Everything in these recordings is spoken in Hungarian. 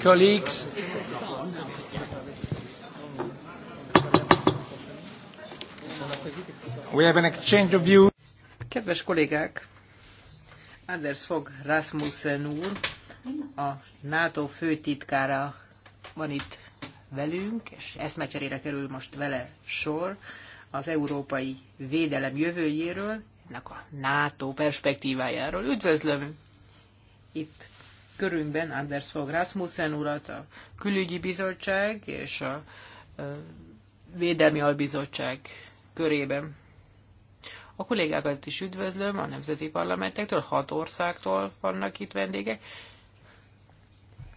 Colleagues, we have an exchange of views. Kedves kollégák, Anders Fogh Rasmussen úr, a NATO főtitkára van itt velünk, és eszmecserére kerül most vele sor az európai védelem jövőjéről, ennek a NATO perspektívájáról. Üdvözlöm itt körünkben Anders Fogh Rasmussen urat, a külügyi bizottság és a védelmi albizottság körében. A kollégákat is üdvözlöm, a nemzeti parlamentektől, hat országtól vannak itt vendégek.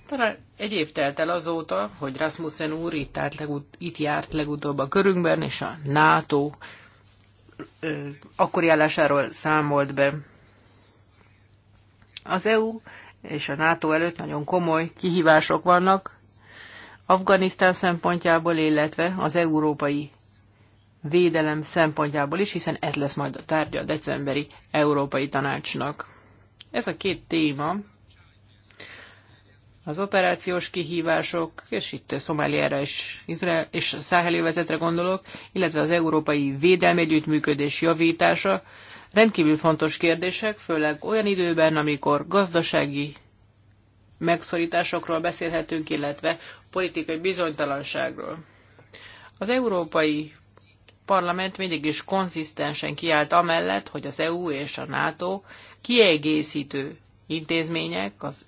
Talán egy év telt el azóta, hogy Rasmussen úr itt, állt legut- itt járt legutóbb a körünkben, és a NATO ö, akkori állásáról számolt be. Az EU és a NATO előtt nagyon komoly kihívások vannak Afganisztán szempontjából, illetve az európai védelem szempontjából is, hiszen ez lesz majd a tárgya a decemberi Európai Tanácsnak. Ez a két téma, az operációs kihívások, és itt Szomáliára és, Izrael, és Száheli vezetre gondolok, illetve az európai védelmi együttműködés javítása, rendkívül fontos kérdések, főleg olyan időben, amikor gazdasági megszorításokról beszélhetünk, illetve politikai bizonytalanságról. Az Európai Parlament mindig is konzisztensen kiállt amellett, hogy az EU és a NATO kiegészítő intézmények az,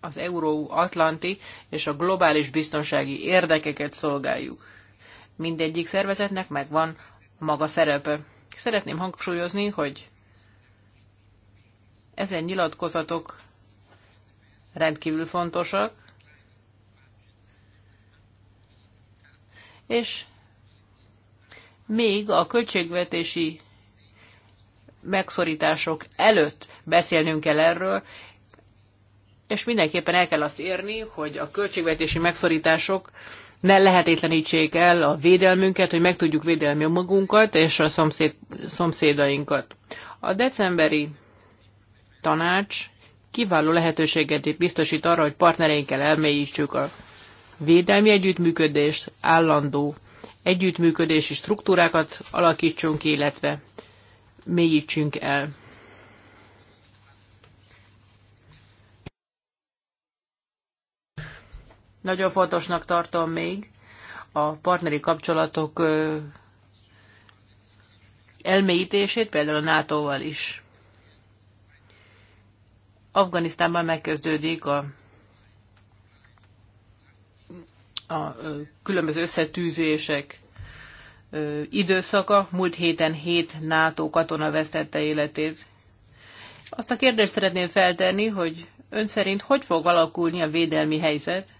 az euró-atlanti és a globális biztonsági érdekeket szolgáljuk. Mindegyik szervezetnek megvan maga szerepe. Szeretném hangsúlyozni, hogy ezen nyilatkozatok rendkívül fontosak, és még a költségvetési megszorítások előtt beszélnünk kell erről, és mindenképpen el kell azt érni, hogy a költségvetési megszorítások ne lehetetlenítsék el a védelmünket, hogy meg tudjuk védelmi magunkat és a szomszéd, szomszédainkat. A decemberi tanács kiváló lehetőséget biztosít arra, hogy partnereinkkel elmélyítsük a védelmi együttműködést, állandó együttműködési struktúrákat alakítsunk, illetve mélyítsünk el. Nagyon fontosnak tartom még a partneri kapcsolatok elmélyítését, például a NATO-val is. Afganisztánban megkezdődik a, a különböző összetűzések időszaka. Múlt héten hét NATO katona vesztette életét. Azt a kérdést szeretném feltenni, hogy ön szerint hogy fog alakulni a védelmi helyzet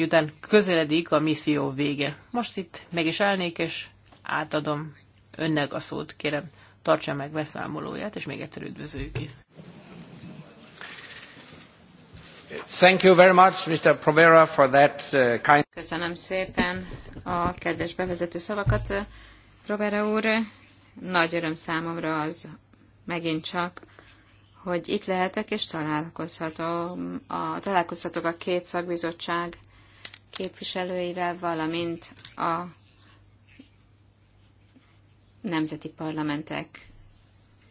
miután közeledik a misszió vége. Most itt meg is állnék, és átadom önnek a szót, kérem, tartsa meg beszámolóját, és még egyszer üdvözöljük itt. Thank you very much, Mr. Provera, for that uh, kind... Köszönöm szépen a kedves bevezető szavakat, uh, Provera úr. Nagy öröm számomra az megint csak, hogy itt lehetek és találkozhatom, a, találkozhatok a két szakbizottság képviselőivel, valamint a nemzeti parlamentek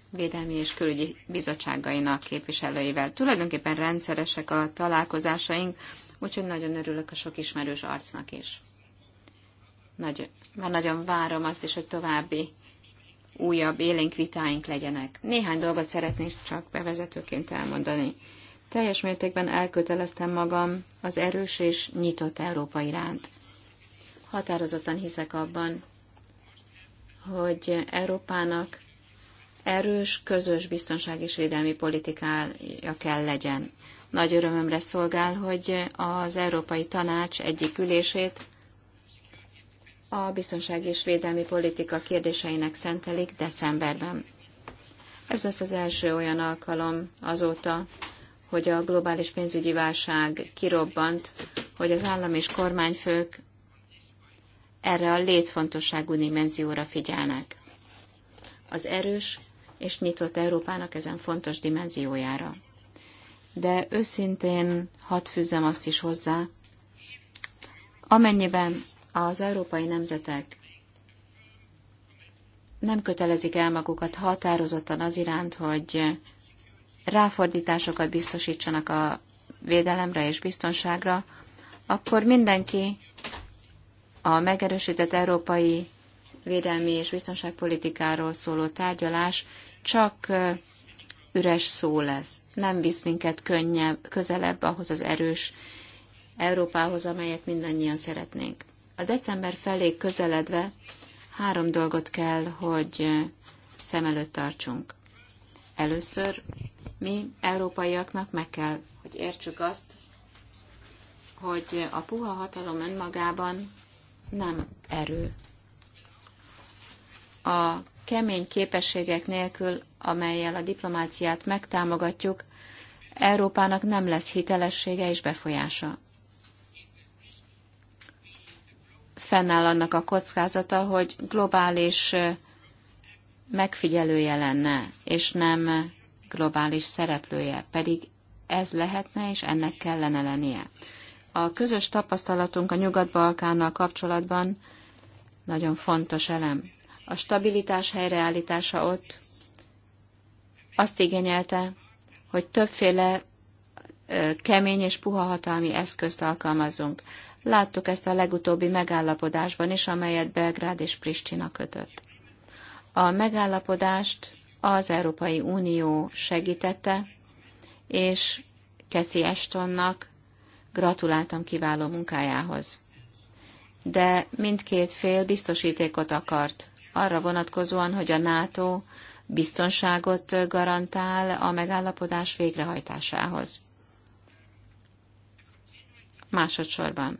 védelmi és külügyi bizottságainak képviselőivel. Tulajdonképpen rendszeresek a találkozásaink, úgyhogy nagyon örülök a sok ismerős arcnak is. Nagy, már nagyon várom azt is, hogy további újabb élénk vitáink legyenek. Néhány dolgot szeretnék csak bevezetőként elmondani teljes mértékben elköteleztem magam az erős és nyitott Európa iránt. Határozottan hiszek abban, hogy Európának erős, közös biztonság és védelmi politikája kell legyen. Nagy örömömre szolgál, hogy az Európai Tanács egyik ülését a biztonság és védelmi politika kérdéseinek szentelik decemberben. Ez lesz az első olyan alkalom azóta, hogy a globális pénzügyi válság kirobbant, hogy az állam és kormányfők erre a létfontosságú dimenzióra figyelnek. Az erős és nyitott Európának ezen fontos dimenziójára. De őszintén hadd fűzem azt is hozzá, amennyiben az európai nemzetek nem kötelezik el magukat határozottan az iránt, hogy ráfordításokat biztosítsanak a védelemre és biztonságra, akkor mindenki a megerősített európai védelmi és biztonságpolitikáról szóló tárgyalás csak üres szó lesz. Nem visz minket könnyebb, közelebb ahhoz az erős Európához, amelyet mindannyian szeretnénk. A december felé közeledve három dolgot kell, hogy szem előtt tartsunk. Először mi európaiaknak meg kell, hogy értsük azt, hogy a puha hatalom önmagában nem erő. A kemény képességek nélkül, amelyel a diplomáciát megtámogatjuk, Európának nem lesz hitelessége és befolyása. Fennáll annak a kockázata, hogy globális megfigyelője lenne, és nem globális szereplője, pedig ez lehetne és ennek kellene lennie. A közös tapasztalatunk a Nyugat-Balkánnal kapcsolatban nagyon fontos elem. A stabilitás helyreállítása ott azt igényelte, hogy többféle kemény és puha hatalmi eszközt alkalmazzunk. Láttuk ezt a legutóbbi megállapodásban is, amelyet Belgrád és Pristina kötött. A megállapodást az Európai Unió segítette, és Keci Estonnak gratuláltam kiváló munkájához. De mindkét fél biztosítékot akart, arra vonatkozóan, hogy a NATO biztonságot garantál a megállapodás végrehajtásához. Másodszorban.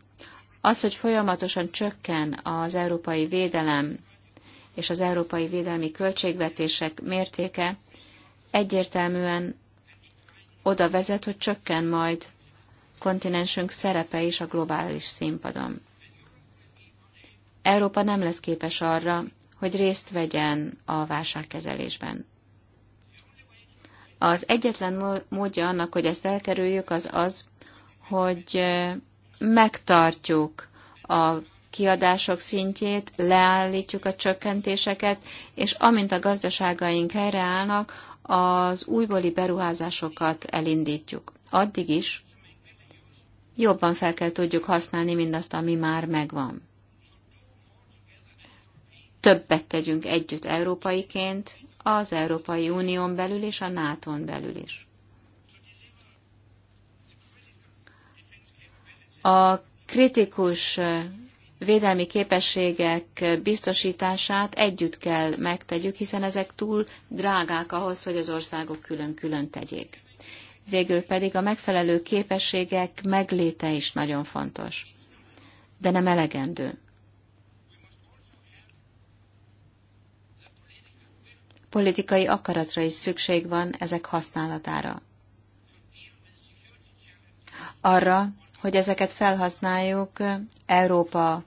Az, hogy folyamatosan csökken az európai védelem és az európai védelmi költségvetések mértéke egyértelműen oda vezet, hogy csökken majd kontinensünk szerepe is a globális színpadon. Európa nem lesz képes arra, hogy részt vegyen a válságkezelésben. Az egyetlen módja annak, hogy ezt elkerüljük, az az, hogy megtartjuk a kiadások szintjét, leállítjuk a csökkentéseket, és amint a gazdaságaink helyreállnak, az újbóli beruházásokat elindítjuk. Addig is jobban fel kell tudjuk használni mindazt, ami már megvan. Többet tegyünk együtt európaiként, az Európai Unión belül és a nato belül is. A kritikus védelmi képességek biztosítását együtt kell megtegyük, hiszen ezek túl drágák ahhoz, hogy az országok külön-külön tegyék. Végül pedig a megfelelő képességek megléte is nagyon fontos, de nem elegendő. Politikai akaratra is szükség van ezek használatára. Arra, hogy ezeket felhasználjuk Európa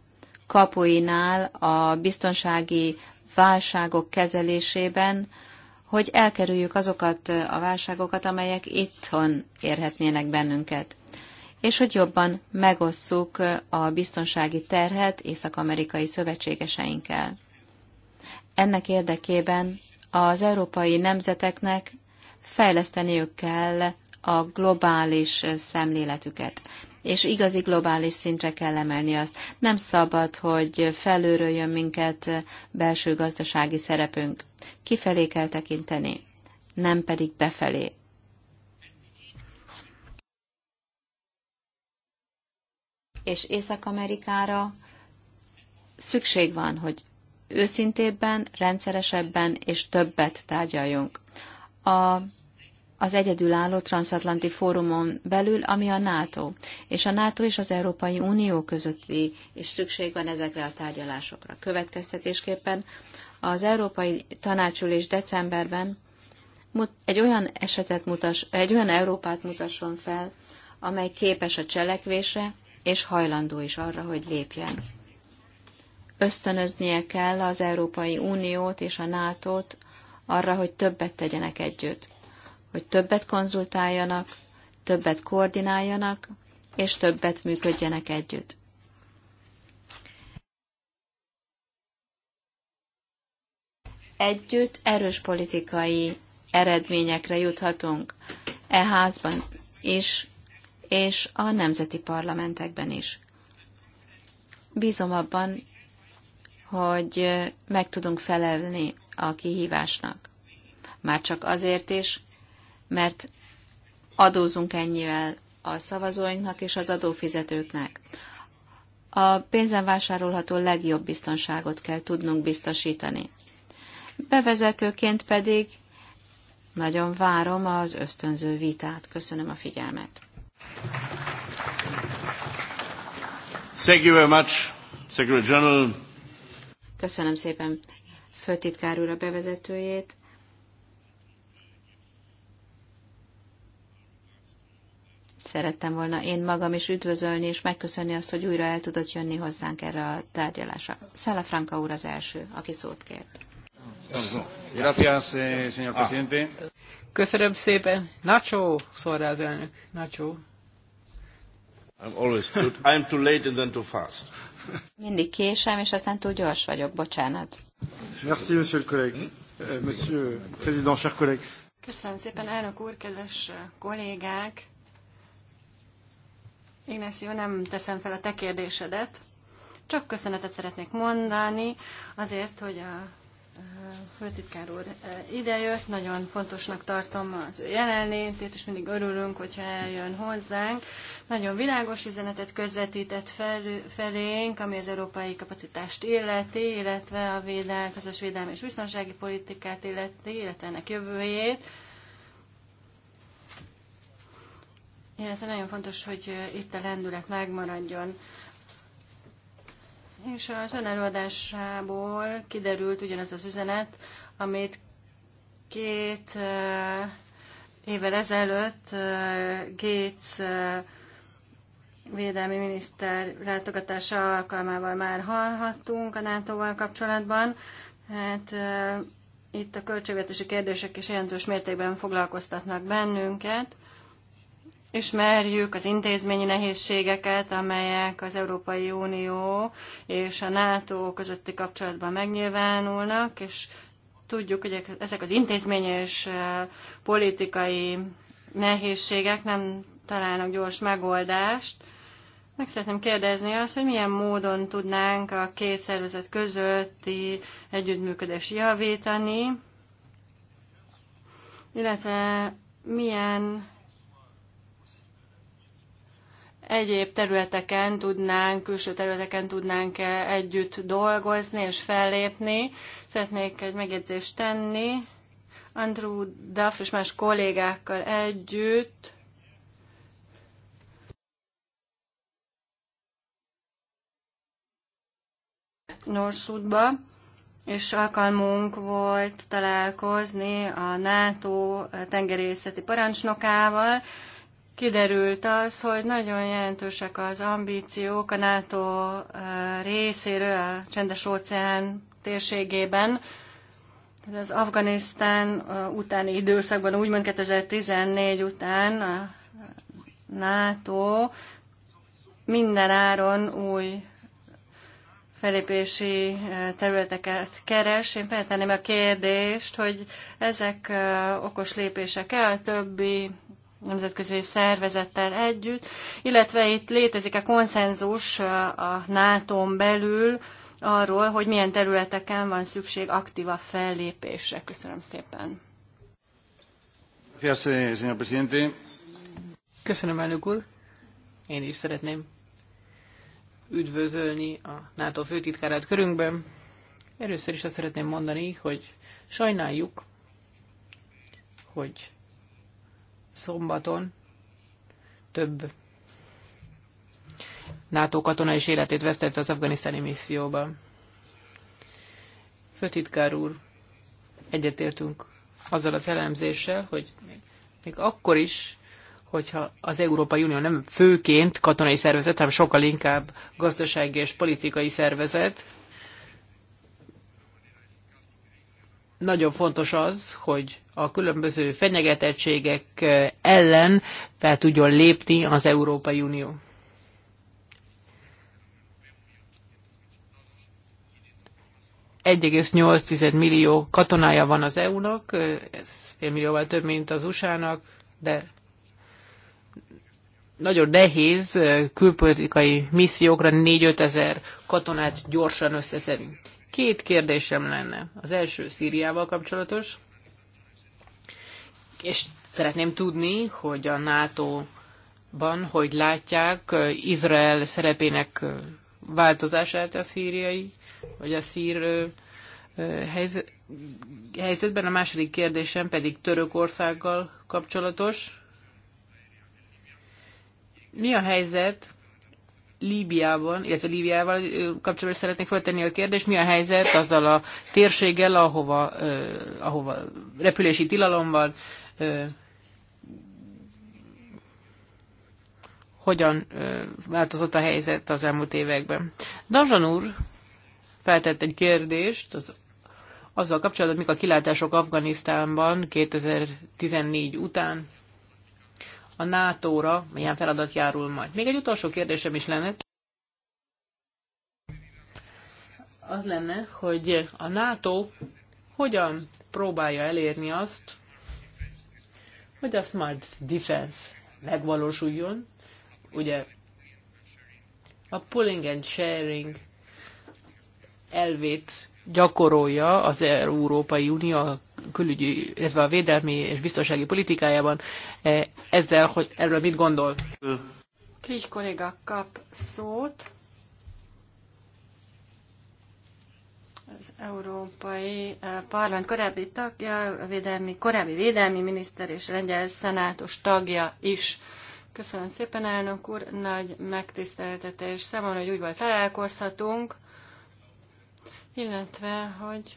kapuinál a biztonsági válságok kezelésében, hogy elkerüljük azokat a válságokat, amelyek itthon érhetnének bennünket, és hogy jobban megosszuk a biztonsági terhet észak-amerikai szövetségeseinkkel. Ennek érdekében az európai nemzeteknek fejleszteniük kell a globális szemléletüket és igazi globális szintre kell emelni azt. Nem szabad, hogy felőről jön minket belső gazdasági szerepünk. Kifelé kell tekinteni, nem pedig befelé. És Észak-Amerikára szükség van, hogy őszintébben, rendszeresebben és többet tárgyaljunk. A az egyedülálló transatlanti fórumon belül, ami a NATO, és a NATO és az Európai Unió közötti is szükség van ezekre a tárgyalásokra. Következtetésképpen az Európai Tanácsülés decemberben egy olyan esetet mutas, egy olyan Európát mutasson fel, amely képes a cselekvésre, és hajlandó is arra, hogy lépjen. Ösztönöznie kell az Európai Uniót és a NATO-t arra, hogy többet tegyenek együtt hogy többet konzultáljanak, többet koordináljanak, és többet működjenek együtt. Együtt erős politikai eredményekre juthatunk e házban is, és a nemzeti parlamentekben is. Bízom abban, hogy meg tudunk felelni a kihívásnak. Már csak azért is, mert adózunk ennyivel a szavazóinknak és az adófizetőknek. A pénzen vásárolható legjobb biztonságot kell tudnunk biztosítani. Bevezetőként pedig nagyon várom az ösztönző vitát. Köszönöm a figyelmet. Thank you very much, Secretary General. Köszönöm szépen főtitkár úr a bevezetőjét. szerettem volna én magam is üdvözölni, és megköszönni azt, hogy újra el tudott jönni hozzánk erre a tárgyalásra. Szala Franka úr az első, aki szót kért. Eh, Köszönöm szépen. Nacho, szóra az elnök. Nacho. I'm always good. I'm too late and then too fast. Mindig késem, és aztán túl gyors vagyok, bocsánat. Merci, monsieur le collègue. Euh, monsieur le président, chers collègues. Köszönöm szépen, elnök úr, kedves eh, kollégák! Ignacio, nem teszem fel a te kérdésedet. Csak köszönetet szeretnék mondani azért, hogy a főtitkár úr e, idejött. Nagyon fontosnak tartom az ő jelenlétét, és mindig örülünk, hogyha eljön hozzánk. Nagyon világos üzenetet közvetített fel, felénk, ami az európai kapacitást illeti, illetve a védel, közös védelmi és biztonsági politikát illeti, illetve ennek jövőjét illetve nagyon fontos, hogy itt a lendület megmaradjon. És az ön előadásából kiderült ugyanaz az üzenet, amit két évvel ezelőtt Gates védelmi miniszter látogatása alkalmával már hallhattunk a NATO-val kapcsolatban. Hát itt a költségvetési kérdések is jelentős mértékben foglalkoztatnak bennünket. Ismerjük az intézményi nehézségeket, amelyek az Európai Unió és a NATO közötti kapcsolatban megnyilvánulnak, és tudjuk, hogy ezek az intézményi és eh, politikai nehézségek nem találnak gyors megoldást. Meg szeretném kérdezni azt, hogy milyen módon tudnánk a két szervezet közötti együttműködést javítani, illetve milyen egyéb területeken tudnánk, külső területeken tudnánk eh, együtt dolgozni és fellépni. Szeretnék egy megjegyzést tenni. Andrew Duff és más kollégákkal együtt Norsudba, és alkalmunk volt találkozni a NATO tengerészeti parancsnokával, kiderült az, hogy nagyon jelentősek az ambíciók a NATO eh, részéről a csendes óceán térségében. Az Afganisztán eh, utáni időszakban, úgymond 2014 után a NATO minden áron új felépési eh, területeket keres. Én feltenném a kérdést, hogy ezek okos lépések-e a többi nemzetközi szervezettel együtt, illetve itt létezik a konszenzus a nato belül arról, hogy milyen területeken van szükség aktíva fellépésre. Köszönöm szépen. Eh, Köszönöm, elnök úr. Én is szeretném üdvözölni a NATO főtitkárát körünkben. Először is azt szeretném mondani, hogy sajnáljuk, hogy szombaton több NATO katona is életét vesztette az afganisztáni misszióban. Főtitkár úr, egyetértünk azzal az elemzéssel, hogy még, még akkor is, hogyha az Európai Unió nem főként katonai szervezet, hanem sokkal inkább gazdasági és politikai szervezet, nagyon fontos az, hogy a különböző fenyegetettségek eh, ellen fel tudjon lépni az Európai Unió. ,8 millió katonája van az EU-nak, eh, ez fél millióval több, mint az USA-nak, de nagyon nehéz eh, külpolitikai missziókra 4-5 ezer katonát gyorsan összeszedni. Két kérdésem lenne. Az első Szíriával kapcsolatos, és szeretném tudni, hogy a NATO-ban hogy látják Izrael szerepének változását a szíriai, vagy a szír helyzetben. A második kérdésem pedig Törökországgal kapcsolatos. Mi a helyzet Líbiában, illetve Líbiával kapcsolatban szeretnék feltenni a kérdést, mi a helyzet azzal a térséggel, ahova, ahova repülési tilalom van, hogyan változott a helyzet az elmúlt években. Danzsan úr feltett egy kérdést az, azzal kapcsolatban, mik a kilátások Afganisztánban 2014 után, a NATO-ra milyen feladat járul majd. Még egy utolsó kérdésem is lenne. Az lenne, hogy a NATO hogyan próbálja elérni azt, hogy a Smart Defense megvalósuljon. Ugye a pulling and sharing elvét gyakorolja az Európai Unió a külügyi, illetve a védelmi és biztonsági politikájában eh, ezzel, hogy erről mit gondol? Krich kolléga kap szót. Az Európai eh, Parlament korábbi tagja, védelmi, korábbi védelmi miniszter és lengyel szenátus tagja is. Köszönöm szépen, elnök úr, nagy megtiszteltetés számomra, hogy úgy volt találkozhatunk, illetve, hogy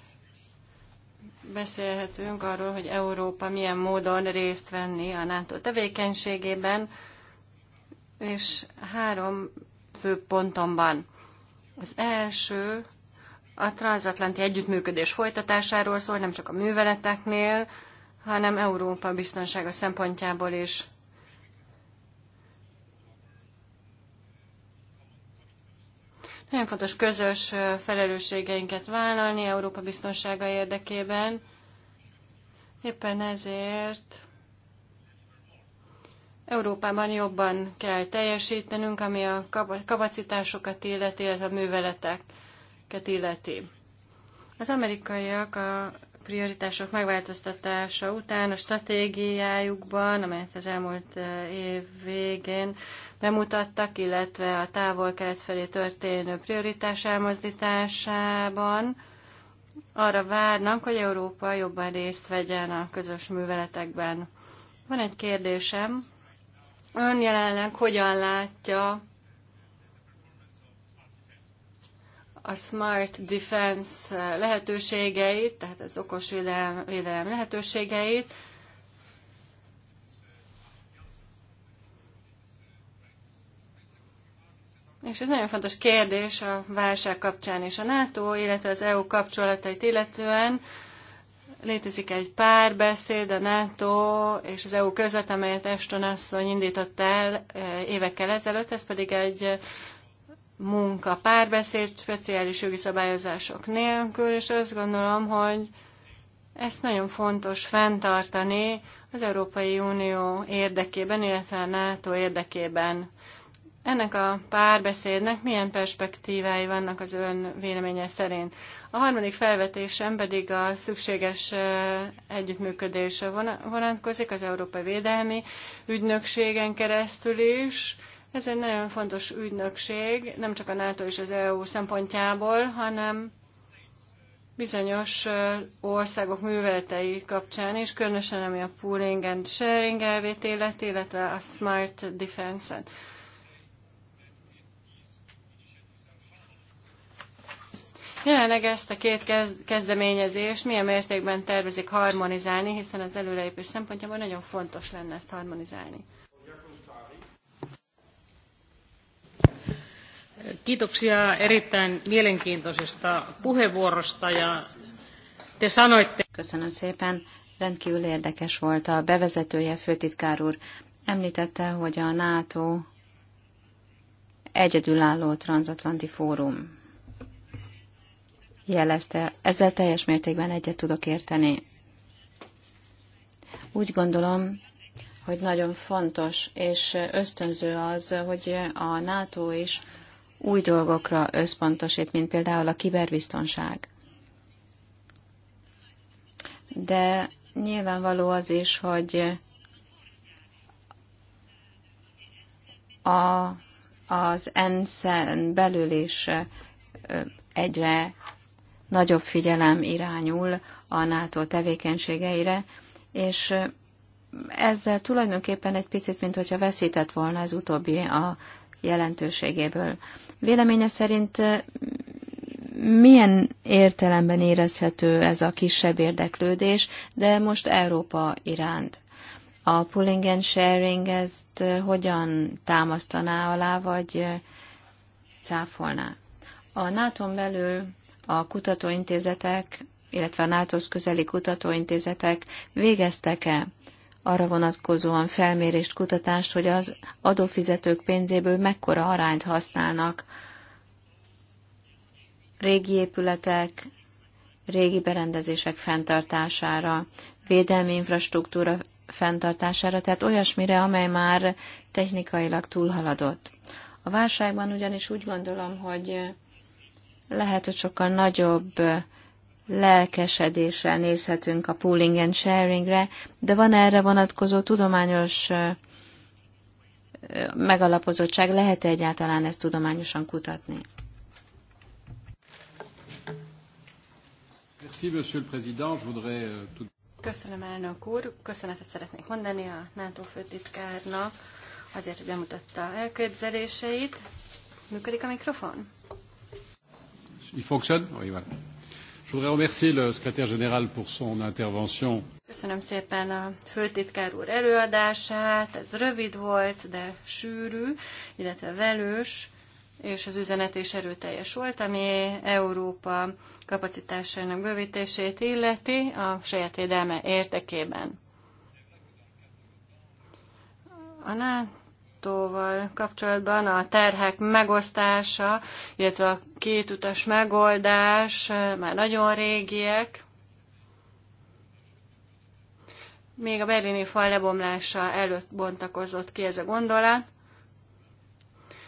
beszélhetünk arról, hogy Európa milyen módon részt venni a NATO tevékenységében, és három fő ponton van. Az első a transatlanti együttműködés folytatásáról szól, nem csak a műveleteknél, hanem Európa biztonsága szempontjából is. Nagyon fontos közös felelősségeinket vállalni Európa biztonsága érdekében. Éppen ezért Európában jobban kell teljesítenünk, ami a kapacitásokat illeti, illetve a műveleteket illeti. Az amerikaiak a prioritások megváltoztatása után a stratégiájukban, amelyet az elmúlt év végén bemutattak, illetve a távol-kelet felé történő prioritás elmozdításában arra várnak, hogy Európa jobban részt vegyen a közös műveletekben. Van egy kérdésem. Ön jelenleg hogyan látja a Smart Defense eh, lehetőségeit, tehát az okos védelem, védelem lehetőségeit. És ez nagyon fontos kérdés a válság kapcsán és a NATO, illetve az EU kapcsolatait illetően. Létezik egy párbeszéd a NATO és az EU között, amelyet Eston asszony indított el eh, évekkel ezelőtt, ez pedig egy munka párbeszéd speciális jogi szabályozások nélkül, és azt gondolom, hogy ezt nagyon fontos fenntartani az Európai Unió érdekében, illetve a NATO érdekében. Ennek a párbeszédnek milyen perspektívái vannak az ön véleménye szerint? A harmadik felvetésem pedig a szükséges együttműködése vonatkozik az Európai Védelmi Ügynökségen keresztül is, ez egy nagyon fontos ügynökség, nem csak a NATO és az EU szempontjából, hanem bizonyos országok műveletei kapcsán is, különösen ami a pooling and sharing elvét illeti, illetve a smart defense en Jelenleg ezt a két kezdeményezést milyen mértékben tervezik harmonizálni, hiszen az előrelépés szempontjából nagyon fontos lenne ezt harmonizálni. Kiitoksia erittäin mielenkiintoisesta puheenvuorosta ja te sanoitte... Köszönöm szépen. Rendkívül érdekes volt a bevezetője, főtitkár úr. Említette, hogy a NATO egyedülálló transatlanti fórum jelezte. Ezzel teljes mértékben egyet tudok érteni. Úgy gondolom, hogy nagyon fontos és ösztönző az, hogy a NATO is új dolgokra összpontosít, mint például a kiberbiztonság. De nyilvánvaló az is, hogy a, az ENSZ-en belül is egyre nagyobb figyelem irányul a NATO tevékenységeire, és ezzel tulajdonképpen egy picit, mint hogyha veszített volna az utóbbi a jelentőségéből. Véleménye szerint milyen értelemben érezhető ez a kisebb érdeklődés, de most Európa iránt? A pulling and sharing ezt hogyan támasztaná alá, vagy cáfolná? A nato belül a kutatóintézetek, illetve a nato közeli kutatóintézetek végeztek-e arra vonatkozóan felmérést, kutatást, hogy az adófizetők pénzéből mekkora arányt használnak régi épületek, régi berendezések fenntartására, védelmi infrastruktúra fenntartására, tehát olyasmire, amely már technikailag túlhaladott. A válságban ugyanis úgy gondolom, hogy lehet, hogy sokkal nagyobb lelkesedéssel nézhetünk a pooling and sharingre, de van erre vonatkozó tudományos megalapozottság, lehet -e egyáltalán ezt tudományosan kutatni? Euh, Köszönöm, elnök úr. Köszönetet szeretnék mondani a NATO főtitkárnak azért, hogy bemutatta elképzeléseit. Működik a mikrofon? Il fonctionne? Oh, oui, voilà. Köszönöm szépen a főtitkár úr előadását, ez rövid volt, de sűrű, illetve velős, és az üzenet is erőteljes volt, ami Európa kapacitásainak bővítését illeti a saját védelme érdekében. A NATO autóval kapcsolatban a terhek megosztása, illetve a kétutas megoldás eh, már nagyon régiek. Még a berlini fal lebomlása előtt bontakozott ki ez a gondolat,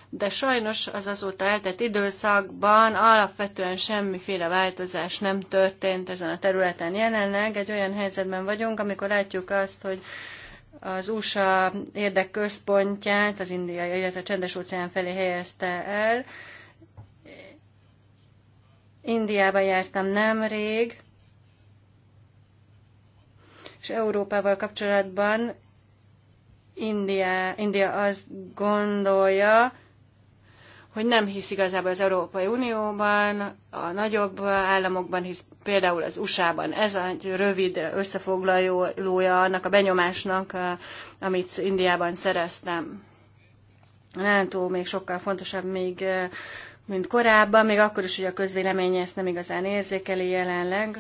de sajnos az azóta eltett időszakban alapvetően semmiféle változás nem történt ezen a területen. Jelenleg egy olyan helyzetben vagyunk, amikor látjuk azt, hogy az USA érdekközpontját az indiai, illetve a csendes óceán felé helyezte el. Indiába jártam nemrég, és Európával kapcsolatban India, India azt gondolja, hogy nem hisz igazából az Európai Unióban, a nagyobb államokban hisz, például az USA-ban. Ez a rövid összefoglalója annak a benyomásnak, eh, amit Indiában szereztem. A NATO még sokkal fontosabb, még eh, mint korábban, még akkor is, hogy a közvélemény ezt nem igazán érzékeli jelenleg.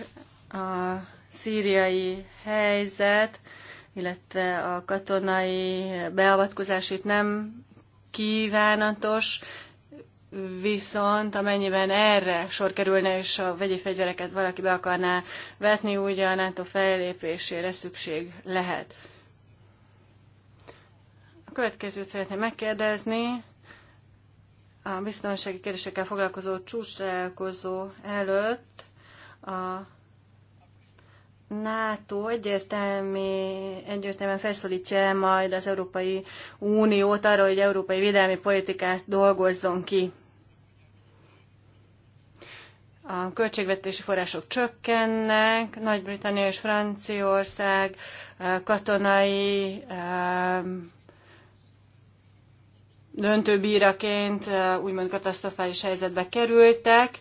A szíriai helyzet, illetve a katonai beavatkozás itt nem kívánatos, Viszont amennyiben erre sor kerülne, és a vegyi fegyvereket valaki be akarná vetni, úgy a NATO fellépésére szükség lehet. A következőt szeretném megkérdezni. A biztonsági kérdésekkel foglalkozó csúcs találkozó előtt a NATO egyértelmű, egyértelműen felszólítja majd az Európai Uniót arra, hogy európai védelmi politikát dolgozzon ki a költségvetési források csökkennek, Nagy-Britannia és Franciaország katonai döntőbíraként úgymond katasztrofális helyzetbe kerültek,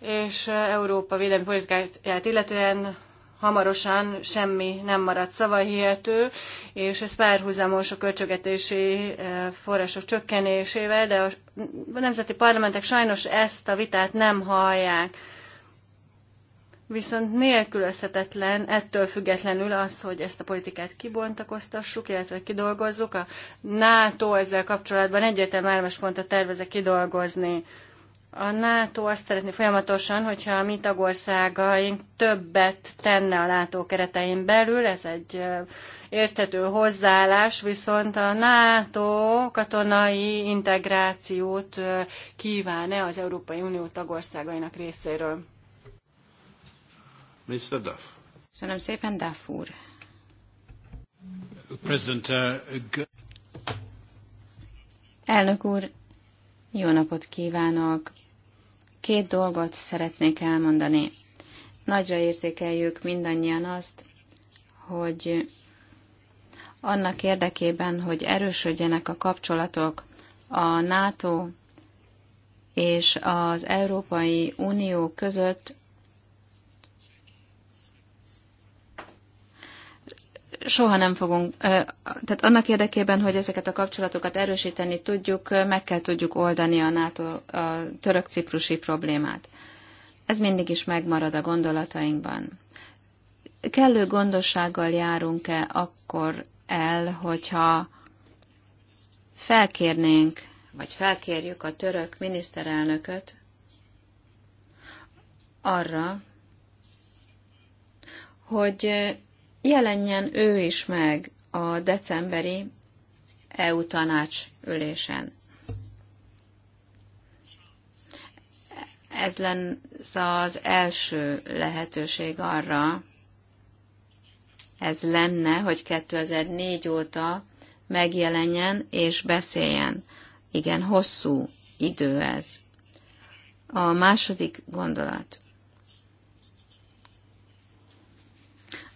és Európa védelmi politikáját illetően hamarosan semmi nem marad szavahihető, és ez párhuzamos a költségvetési eh, források csökkenésével, de a nemzeti parlamentek sajnos ezt a vitát nem hallják. Viszont nélkülözhetetlen ettől függetlenül az, hogy ezt a politikát kibontakoztassuk, illetve kidolgozzuk. A NATO ezzel kapcsolatban egyértelmű álláspontot tervezek kidolgozni. A NATO azt szeretné folyamatosan, hogyha a mi tagországaink többet tenne a NATO keretein belül, ez egy érthető hozzáállás, viszont a NATO katonai integrációt kíván-e az Európai Unió tagországainak részéről? Mr. Duff. Köszönöm szépen, Duff úr. President, uh, Elnök úr, jó napot kívánok! Két dolgot szeretnék elmondani. Nagyra értékeljük mindannyian azt, hogy annak érdekében, hogy erősödjenek a kapcsolatok a NATO és az Európai Unió között soha nem fogunk, tehát annak érdekében, hogy ezeket a kapcsolatokat erősíteni tudjuk, meg kell tudjuk oldani a NATO a török-ciprusi problémát. Ez mindig is megmarad a gondolatainkban. Kellő gondossággal járunk-e akkor el, hogyha felkérnénk, vagy felkérjük a török miniszterelnököt arra, hogy jelenjen ő is meg a decemberi EU tanács ülésen. Ez lesz az első lehetőség arra, ez lenne, hogy 2004 óta megjelenjen és beszéljen. Igen, hosszú idő ez. A második gondolat.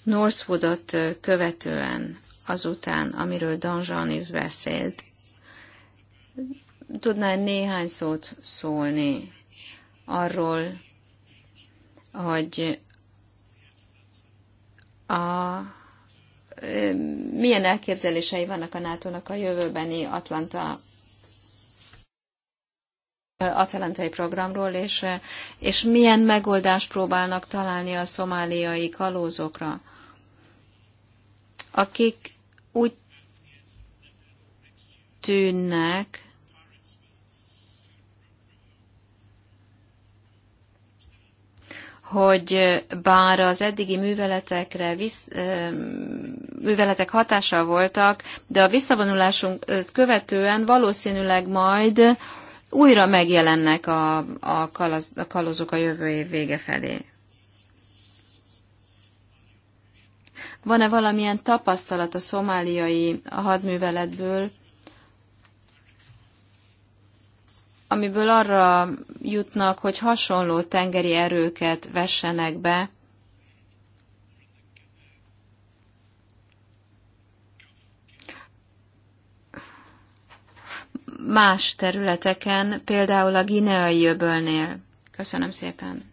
Northwoodot követően azután, amiről Jean is beszélt, tudná néhány szót szólni arról, hogy a, milyen elképzelései vannak a nato a jövőbeni Atlanta atalantai programról, és, és milyen megoldást próbálnak találni a szomáliai kalózokra akik úgy tűnnek, hogy bár az eddigi műveletekre visz, műveletek hatással voltak, de a visszavonulásunk követően valószínűleg majd újra megjelennek a, a, kalaz, a kalózok a jövő év vége felé. Van-e valamilyen tapasztalat a szomáliai hadműveletből, amiből arra jutnak, hogy hasonló tengeri erőket vessenek be, más területeken, például a Gineai öbölnél. Köszönöm szépen.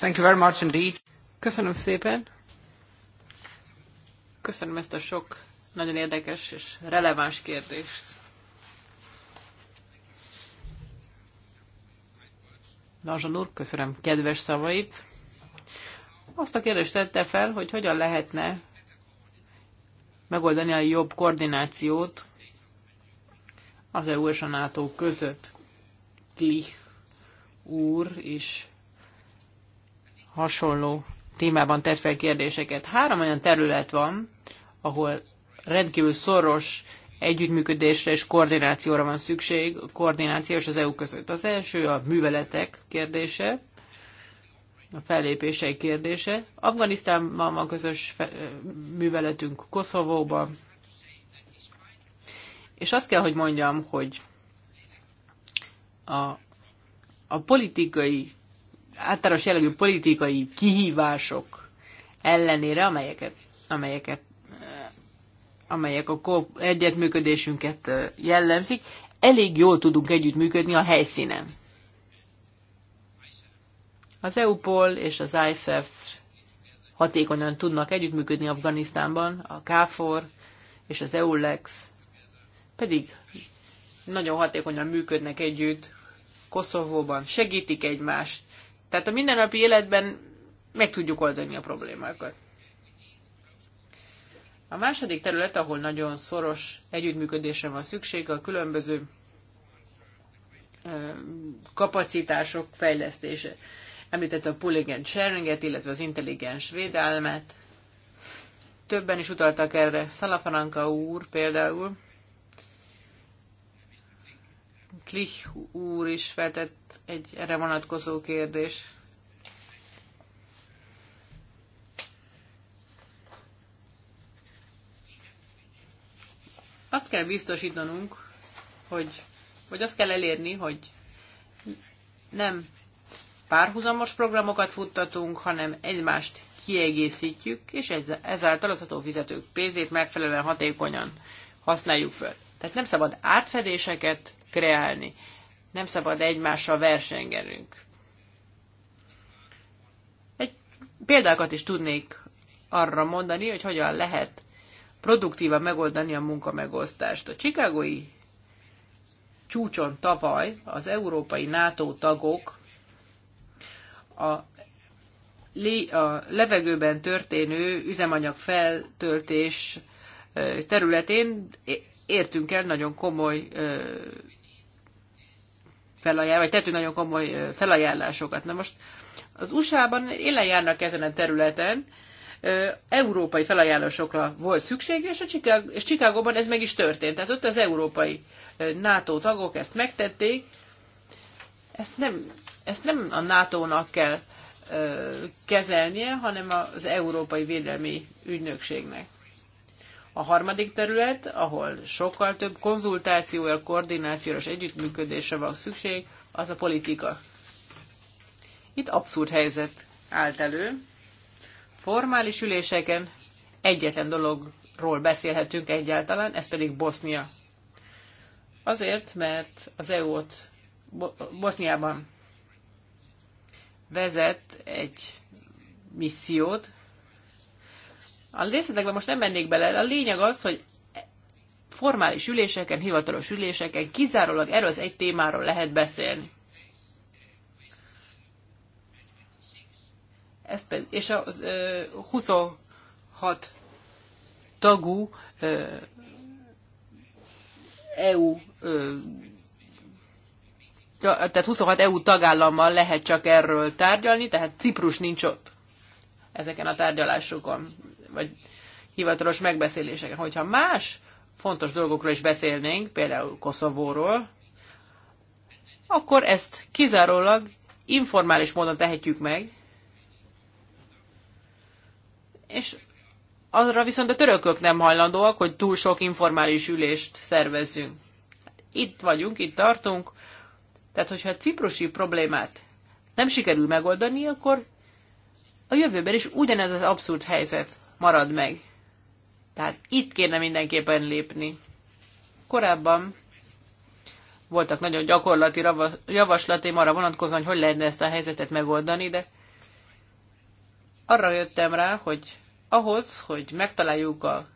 Thank you very much indeed. Köszönöm szépen. Köszönöm ezt a sok nagyon érdekes és releváns kérdést. Lanzsan úr, köszönöm kedves szavait. Azt a kérdést tette fel, hogy hogyan lehetne megoldani a jobb koordinációt az EU és a NATO között. Klich úr is hasonló témában tett fel kérdéseket. Három olyan terület van, ahol rendkívül szoros együttműködésre és koordinációra van szükség, a koordináció és az EU között. Az első a műveletek kérdése, a fellépései kérdése. Afganisztánban van közös műveletünk, Koszovóban. És azt kell, hogy mondjam, hogy a, a politikai általános jellegű politikai kihívások ellenére, amelyeket, amelyeket eh, amelyek a egyetműködésünket eh, jellemzik, elég jól tudunk együttműködni a helyszínen. Az EUPOL és az ISF hatékonyan tudnak együttműködni Afganisztánban, a KFOR és az EULEX pedig nagyon hatékonyan működnek együtt Koszovóban, segítik egymást, tehát a mindennapi életben meg tudjuk oldani a problémákat. A második terület, ahol nagyon szoros együttműködésre van szükség, a különböző kapacitások fejlesztése. Említette a Pulligent Sharinget, illetve az intelligens védelmet. Többen is utaltak erre. Szalafaranka úr például Klich úr is feltett egy erre vonatkozó kérdés. Azt kell biztosítanunk, hogy, vagy azt kell elérni, hogy nem párhuzamos programokat futtatunk, hanem egymást kiegészítjük, és ezáltal az adófizetők pénzét megfelelően hatékonyan használjuk föl. Tehát nem szabad átfedéseket kreálni. Nem szabad egymással versengenünk. Egy példákat is tudnék arra mondani, hogy hogyan lehet produktívan megoldani a munkamegosztást. A chicagói csúcson tavaly az európai NATO tagok a, lé, a levegőben történő üzemanyag feltöltés területén értünk el nagyon komoly felajánlás, vagy tettünk nagyon komoly felajánlásokat. Na most az USA-ban élen járnak ezen a területen, európai felajánlásokra volt szükség, és, a Chicago, és Csikágóban ez meg is történt. Tehát ott az európai NATO tagok ezt megtették. Ezt nem, ezt nem a NATO-nak kell kezelnie, hanem az Európai Védelmi Ügynökségnek. A harmadik terület, ahol sokkal több konzultációra, koordinációra és együttműködésre van szükség, az a politika. Itt abszurd helyzet állt elő. Formális üléseken egyetlen dologról beszélhetünk egyáltalán, ez pedig Bosznia. Azért, mert az EU-t Boszniában vezet egy missziót, a részletekben most nem mennék bele, a lényeg az, hogy formális üléseken, hivatalos üléseken kizárólag erről az egy témáról lehet beszélni. Ez pedig, és az ö, 26 tagú ö, EU ö, tehát 26 EU tagállammal lehet csak erről tárgyalni, tehát Ciprus nincs ott ezeken a tárgyalásokon vagy hivatalos megbeszéléseken. Hogyha más fontos dolgokról is beszélnénk, például Koszovóról, akkor ezt kizárólag informális módon tehetjük meg, és arra viszont a törökök nem hajlandóak, hogy túl sok informális ülést szervezzünk. Itt vagyunk, itt tartunk, tehát hogyha a ciprusi problémát nem sikerül megoldani, akkor a jövőben is ugyanez az abszurd helyzet marad meg. Tehát itt kéne mindenképpen lépni. Korábban voltak nagyon gyakorlati javaslataim arra vonatkozóan, hogy hogy lehetne ezt a helyzetet megoldani, de arra jöttem rá, hogy ahhoz, hogy megtaláljuk a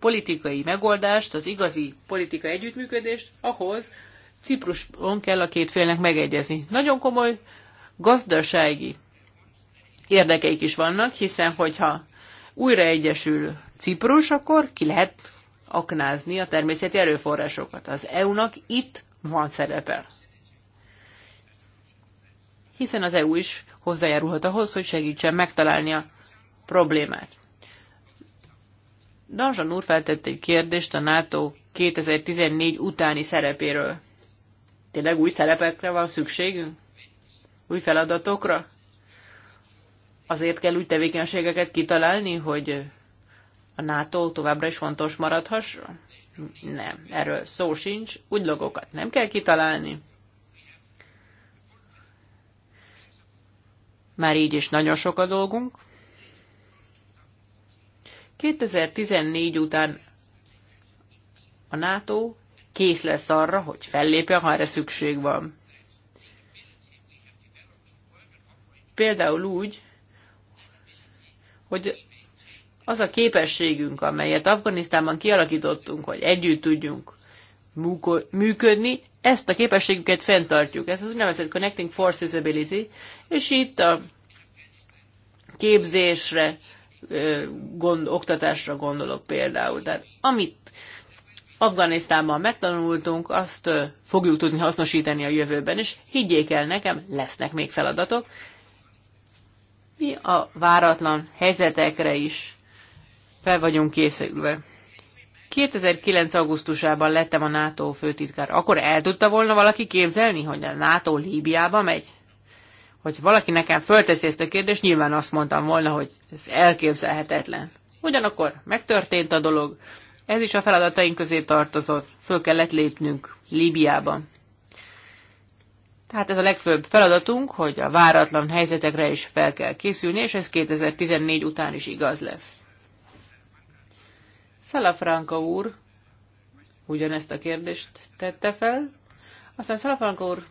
politikai megoldást, az igazi politikai együttműködést, ahhoz Cipruson kell a két félnek megegyezni. Nagyon komoly gazdasági érdekeik is vannak, hiszen hogyha újra egyesül Ciprus, akkor ki lehet aknázni a természeti erőforrásokat. Az EU-nak itt van szerepe. Hiszen az EU is hozzájárulhat ahhoz, hogy segítsen megtalálni a problémát. Danzsan úr feltette egy kérdést a NATO 2014 utáni szerepéről. Tényleg új szerepekre van szükségünk? Új feladatokra? azért kell úgy tevékenységeket kitalálni, hogy a NATO továbbra is fontos maradhasson? Nem, erről szó sincs, úgy logokat nem kell kitalálni. Már így is nagyon sok a dolgunk. 2014 után a NATO kész lesz arra, hogy fellépjen, ha erre szükség van. Például úgy, hogy az a képességünk, amelyet Afganisztánban kialakítottunk, hogy együtt tudjunk működni, ezt a képességüket fenntartjuk. Ez az úgynevezett Connecting Forces Ability, és itt a képzésre, gond, oktatásra gondolok például. Tehát amit Afganisztánban megtanultunk, azt fogjuk tudni hasznosítani a jövőben, és higgyék el nekem, lesznek még feladatok, mi a váratlan helyzetekre is fel vagyunk készülve. 2009. augusztusában lettem a NATO főtitkár. Akkor el tudta volna valaki képzelni, hogy a NATO Líbiába megy? Hogy valaki nekem fölteszi ezt a kérdést, nyilván azt mondtam volna, hogy ez elképzelhetetlen. Ugyanakkor megtörtént a dolog, ez is a feladataink közé tartozott, föl kellett lépnünk Líbiában. Tehát ez a legfőbb feladatunk, hogy a váratlan helyzetekre is fel kell készülni, és ez 2014 után is igaz lesz. Szalafranka úr ugyanezt a kérdést tette fel. Aztán Szalafranka úr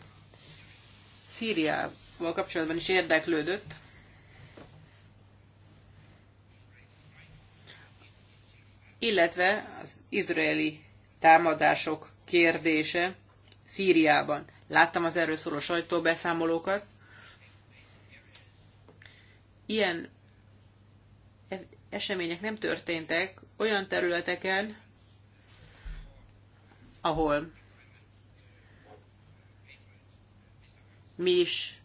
Szíriával kapcsolatban is érdeklődött. Illetve az izraeli támadások kérdése Szíriában. Láttam az erről szóló sajtóbeszámolókat. Ilyen e- események nem történtek olyan területeken, ahol mi is,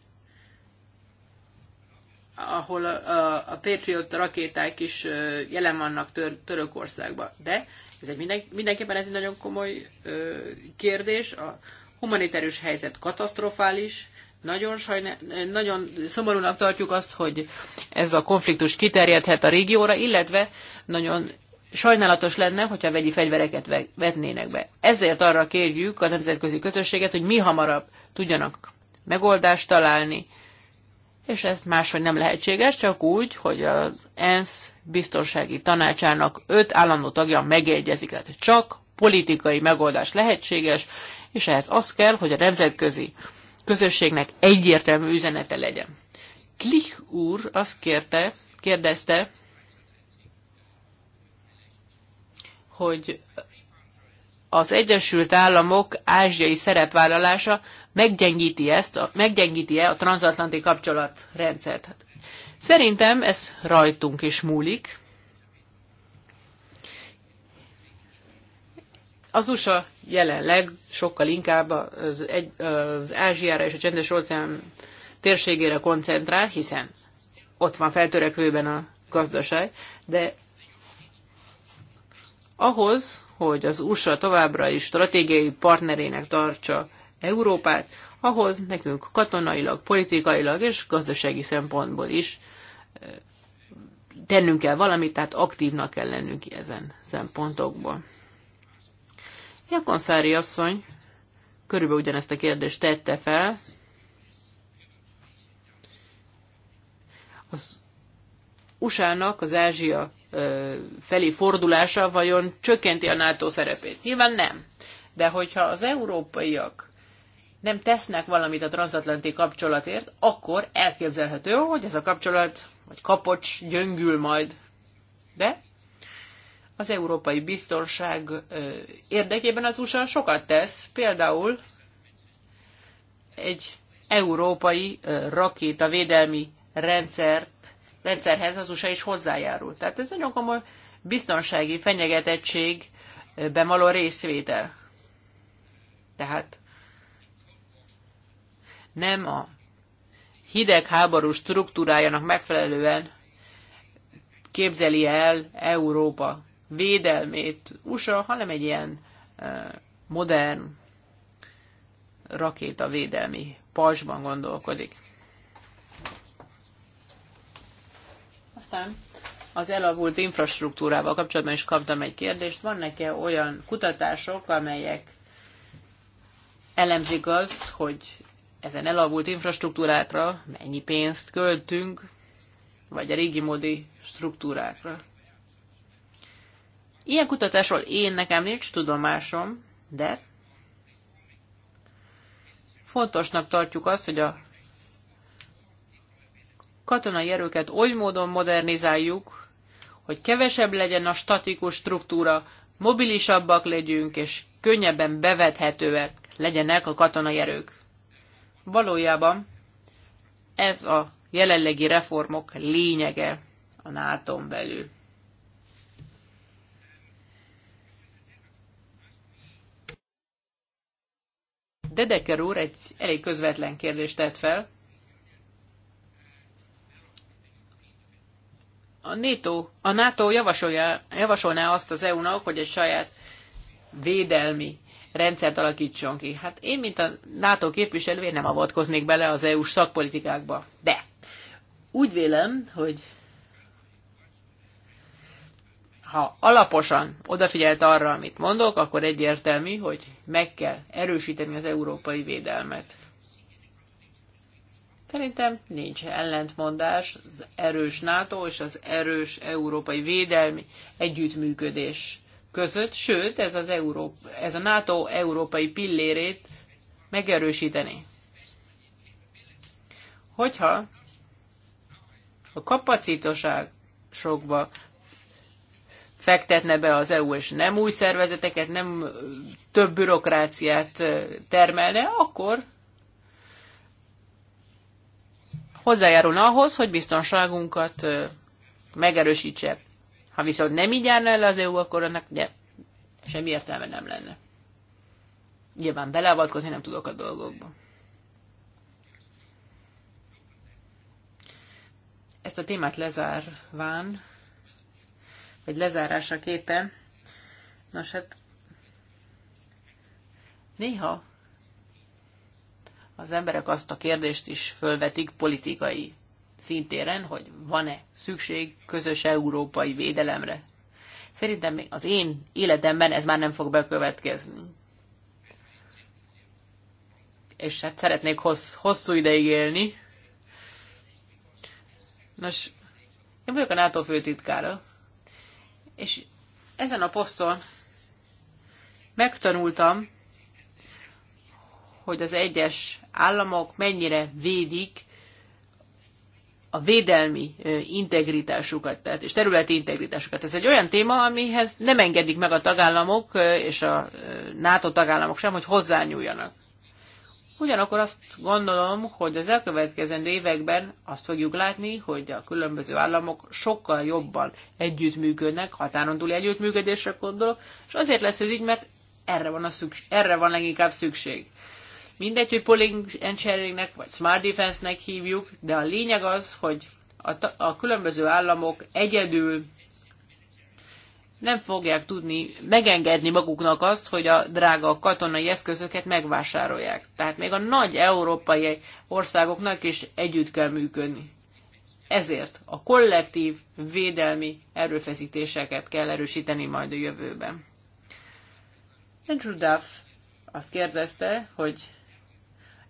ahol a, a, a Patriot rakéták is jelen vannak tör, Törökországban. De ez egy minden, mindenképpen ez egy nagyon komoly ö, kérdés. A humanitárius helyzet katasztrofális, nagyon, sajne, nagyon szomorúnak tartjuk azt, hogy ez a konfliktus kiterjedhet a régióra, illetve nagyon sajnálatos lenne, hogyha vegyi fegyvereket vetnének be. Ezért arra kérjük a nemzetközi közösséget, hogy mi hamarabb tudjanak megoldást találni, és ez máshogy nem lehetséges, csak úgy, hogy az ENSZ biztonsági tanácsának öt állandó tagja megegyezik, tehát csak politikai megoldás lehetséges, és ehhez az kell, hogy a nemzetközi közösségnek egyértelmű üzenete legyen. Klich úr azt kérte, kérdezte, hogy az Egyesült Államok ázsiai szerepvállalása meggyengíti ezt, a, meggyengíti-e a transatlanti kapcsolatrendszert. Szerintem ez rajtunk is múlik. Az USA jelenleg sokkal inkább az, egy, az Ázsiára és a csendes óceán térségére koncentrál, hiszen ott van feltörekvőben a gazdaság, de ahhoz, hogy az USA továbbra is stratégiai partnerének tartsa Európát, ahhoz nekünk katonailag, politikailag és gazdasági szempontból is tennünk kell valamit, tehát aktívnak kell lennünk ezen szempontokból. Szári asszony körülbelül ugyanezt a kérdést tette fel. Az USA-nak az Ázsia felé fordulása vajon csökkenti a NATO szerepét? Nyilván nem. De hogyha az európaiak nem tesznek valamit a transatlanti kapcsolatért, akkor elképzelhető, hogy ez a kapcsolat, vagy kapocs gyöngül majd. De az európai biztonság érdekében az USA sokat tesz, például egy európai rakétavédelmi rendszert, rendszerhez az USA is hozzájárul. Tehát ez nagyon komoly biztonsági fenyegetettségben való részvétel. Tehát nem a hidegháború struktúrájának megfelelően képzeli el Európa védelmét USA, hanem egy ilyen modern rakétavédelmi pajzsban gondolkodik. Aztán az elavult infrastruktúrával kapcsolatban is kaptam egy kérdést. Vannak-e olyan kutatások, amelyek elemzik azt, hogy ezen elavult infrastruktúrákra mennyi pénzt költünk, vagy a régi módi struktúrákra? Ilyen kutatásról én nekem nincs tudomásom, de fontosnak tartjuk azt, hogy a katonai erőket oly módon modernizáljuk, hogy kevesebb legyen a statikus struktúra, mobilisabbak legyünk, és könnyebben bevethetőek legyenek a katonai erők. Valójában ez a jelenlegi reformok lényege a nato belül. Dedeker úr egy elég közvetlen kérdést tett fel. A NATO, a NATO javasolja, javasolná azt az EU-nak, hogy egy saját védelmi rendszert alakítson ki. Hát én, mint a NATO képviselő, én nem avatkoznék bele az EU-s szakpolitikákba. De úgy vélem, hogy ha alaposan odafigyelt arra, amit mondok, akkor egyértelmű, hogy meg kell erősíteni az európai védelmet. Szerintem nincs ellentmondás az erős NATO és az erős európai védelmi együttműködés között, sőt, ez, az Európa, ez a NATO európai pillérét megerősíteni. Hogyha a kapacitóság sokba fektetne be az EU, és nem új szervezeteket, nem több bürokráciát termelne, akkor hozzájárulna ahhoz, hogy biztonságunkat megerősítse. Ha viszont nem így járna el az EU, akkor annak ugye, semmi értelme nem lenne. Nyilván beleavatkozni nem tudok a dolgokba. Ezt a témát lezárván vagy lezárása képen. Nos, hát néha az emberek azt a kérdést is fölvetik politikai szintéren, hogy van-e szükség közös európai védelemre. Szerintem még az én életemben ez már nem fog bekövetkezni. És hát szeretnék hossz, hosszú ideig élni. Nos, én vagyok a NATO főtitkára és ezen a poszton megtanultam, hogy az egyes államok mennyire védik a védelmi integritásukat, tehát, és területi integritásukat. Ez egy olyan téma, amihez nem engedik meg a tagállamok és a NATO tagállamok sem, hogy hozzányúljanak. Ugyanakkor azt gondolom, hogy az elkövetkezendő években azt fogjuk látni, hogy a különböző államok sokkal jobban együttműködnek, határon túli együttműködésre gondolok, és azért lesz ez így, mert erre van, a szükség, erre van leginkább szükség. Mindegy, hogy polling and vagy smart defense-nek hívjuk, de a lényeg az, hogy a, a különböző államok egyedül nem fogják tudni megengedni maguknak azt, hogy a drága katonai eszközöket megvásárolják. Tehát még a nagy európai országoknak is együtt kell működni. Ezért a kollektív védelmi erőfeszítéseket kell erősíteni majd a jövőben. Andrew Duff azt kérdezte, hogy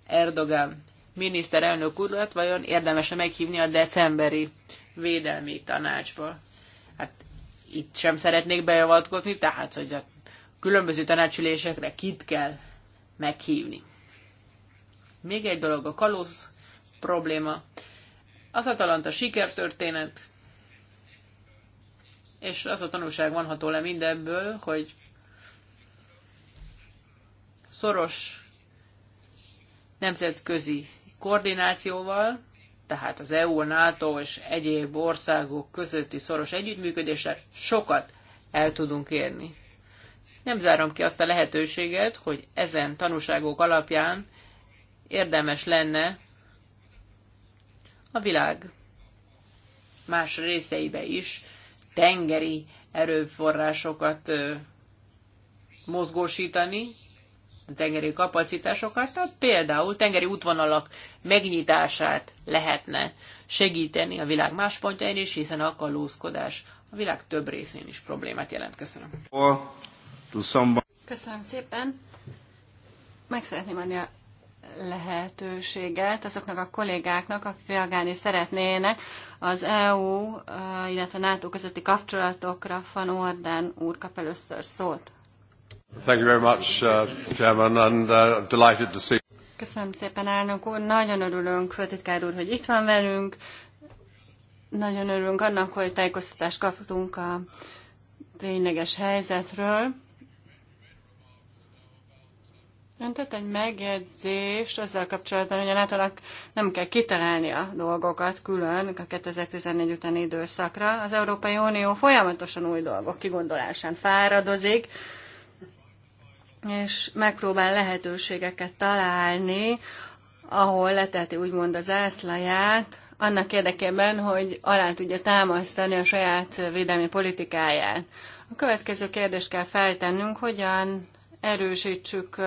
Erdogan miniszterelnök urat vajon érdemes-e meghívni a decemberi védelmi tanácsba. Hát itt sem szeretnék beavatkozni, tehát hogy a különböző tanácsülésekre kit kell meghívni. Még egy dolog, a kalóz probléma. Az Atalanta sikertörténet, és az a tanulság vonható le mindebből, hogy szoros nemzetközi koordinációval tehát az EU, NATO és egyéb országok közötti szoros együttműködéssel sokat el tudunk érni. Nem zárom ki azt a lehetőséget, hogy ezen tanúságok alapján érdemes lenne a világ más részeibe is tengeri erőforrásokat mozgósítani, tengeri kapacitásokat, tehát például tengeri útvonalak megnyitását lehetne segíteni a világ más pontjain is, hiszen a kalózkodás a világ több részén is problémát jelent. Köszönöm. Köszönöm szépen. Meg szeretném adni a lehetőséget azoknak a kollégáknak, akik reagálni szeretnének az EU, illetve NATO közötti kapcsolatokra. Van Orden úr kap először szót. Thank you very much, uh, Chairman, and uh, delighted to see Köszönöm szépen, elnök úr. Nagyon örülünk, főtitkár úr, hogy itt van velünk. Nagyon örülünk annak, hogy tájékoztatást kaptunk a tényleges helyzetről. Ön tett egy megjegyzést azzal kapcsolatban, hogy a nem kell kitalálni a dolgokat külön a 2014 utáni időszakra. Az Európai Unió folyamatosan új dolgok kigondolásán fáradozik és megpróbál lehetőségeket találni, ahol leteti úgymond az ászlaját, annak érdekében, hogy alá tudja támasztani a saját védelmi politikáját. A következő kérdést kell feltennünk, hogyan erősítsük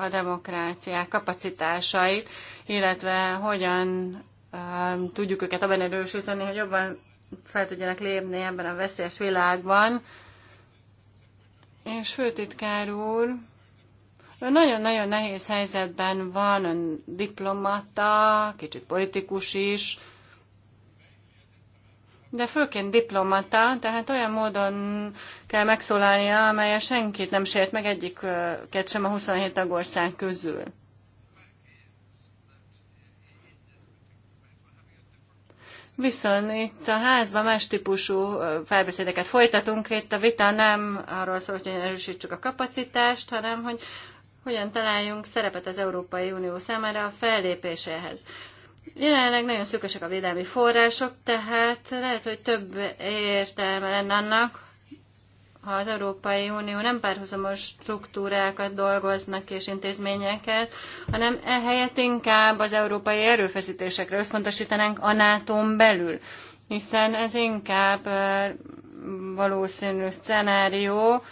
a demokráciák kapacitásait, illetve hogyan tudjuk őket abban erősíteni, hogy jobban fel tudjanak lépni ebben a veszélyes világban. És főtitkár úr, nagyon-nagyon nehéz helyzetben van, ön diplomata, kicsit politikus is, de főként diplomata, tehát olyan módon kell megszólalnia, amelyen senkit nem sért meg egyiket sem a 27 tagország közül. Viszont itt a házban más típusú felbeszédeket folytatunk. Itt a vita nem arról szól, hogy erősítsük a kapacitást, hanem hogy hogyan találjunk szerepet az Európai Unió számára a fellépéséhez. Jelenleg nagyon szűkösek a védelmi források, tehát lehet, hogy több értelme lenne annak, ha az Európai Unió nem párhuzamos struktúrákat dolgoznak és intézményeket, hanem ehelyett inkább az európai erőfeszítésekre összpontosítanánk a nato belül, hiszen ez inkább valószínű szenárió,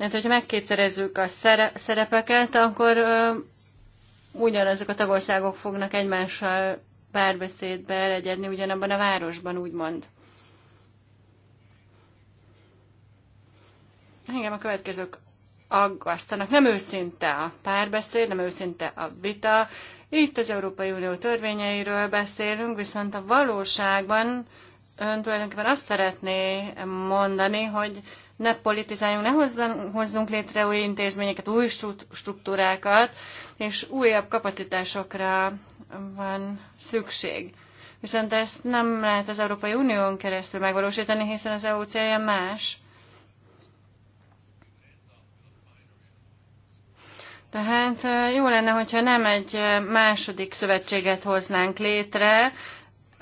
mert hogyha megkétszerezzük a szerepeket, akkor ugyanazok a tagországok fognak egymással párbeszédbe elegyedni ugyanabban a városban, úgymond. Engem a következők aggasztanak. Nem őszinte a párbeszéd, nem őszinte a vita. Itt az Európai Unió törvényeiről beszélünk, viszont a valóságban ön tulajdonképpen azt szeretné mondani, hogy ne politizáljunk, ne hozzunk, hozzunk létre új intézményeket, új struktúrákat, és újabb kapacitásokra van szükség. Viszont ezt nem lehet az Európai Unión keresztül megvalósítani, hiszen az EU célja más. Tehát eh, jó lenne, hogyha nem egy eh, második szövetséget hoznánk létre,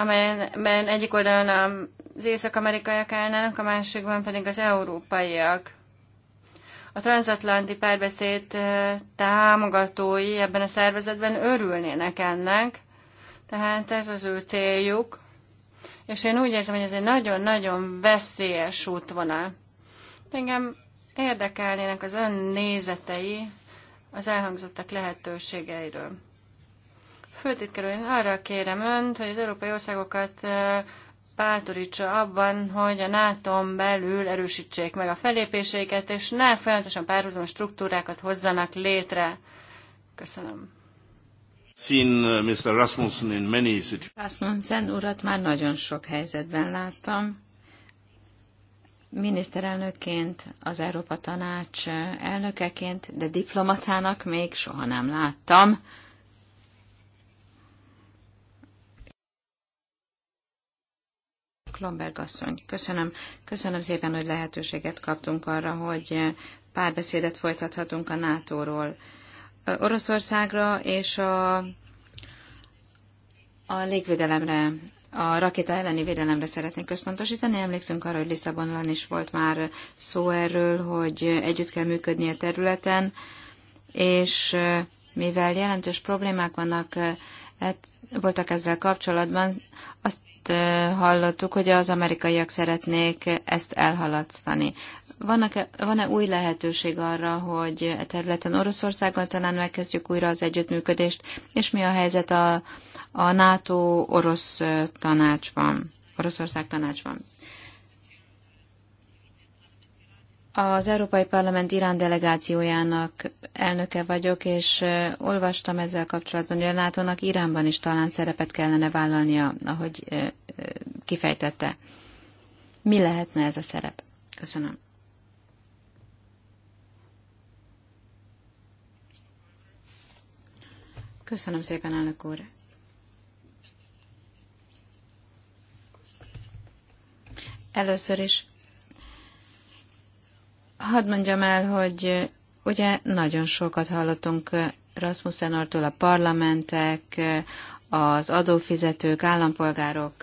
amelyben egyik oldalon az észak-amerikaiak állnának, a másikban pedig az európaiak. A transatlanti párbeszéd eh, támogatói ebben a szervezetben örülnének ennek, tehát ez az ő céljuk. És én úgy érzem, hogy ez egy nagyon-nagyon veszélyes útvonal. Engem érdekelnének az ön nézetei az elhangzottak lehetőségeiről. Főtitkerül, én arra kérem önt, hogy az európai országokat bátorítsa abban, hogy a nato belül erősítsék meg a felépéseiket, és ne folyamatosan párhuzamos struktúrákat hozzanak létre. Köszönöm. Seen uh, Mr. Rasmussen in many Rasmussen urat már nagyon sok helyzetben láttam. Miniszterelnökként, az Európa Tanács uh, elnökeként, de diplomatának még soha nem láttam. Klomberg asszony, köszönöm. Köszönöm szépen, hogy lehetőséget kaptunk arra, hogy párbeszédet folytathatunk a NATO-ról. Oroszországra és a, a légvédelemre a rakéta elleni védelemre szeretnénk központosítani. Emlékszünk arra, hogy Lisszabonban is volt már szó erről, hogy együtt kell működni a területen, és mivel jelentős problémák vannak, hát voltak ezzel kapcsolatban, azt hallottuk, hogy az amerikaiak szeretnék ezt elhalasztani. Vannak-e, van-e új lehetőség arra, hogy e területen oroszországon talán megkezdjük újra az együttműködést, és mi a helyzet a, a NATO-orosz tanácsban, Oroszország tanácsban? Az Európai Parlament Irán delegációjának elnöke vagyok, és olvastam ezzel kapcsolatban, hogy a NATO-nak Iránban is talán szerepet kellene vállalnia, ahogy kifejtette. Mi lehetne ez a szerep? Köszönöm. Köszönöm szépen, elnök úr. Először is Hadd mondjam el, hogy ugye nagyon sokat hallottunk Rasmussen Ortól a parlamentek, az adófizetők, állampolgárok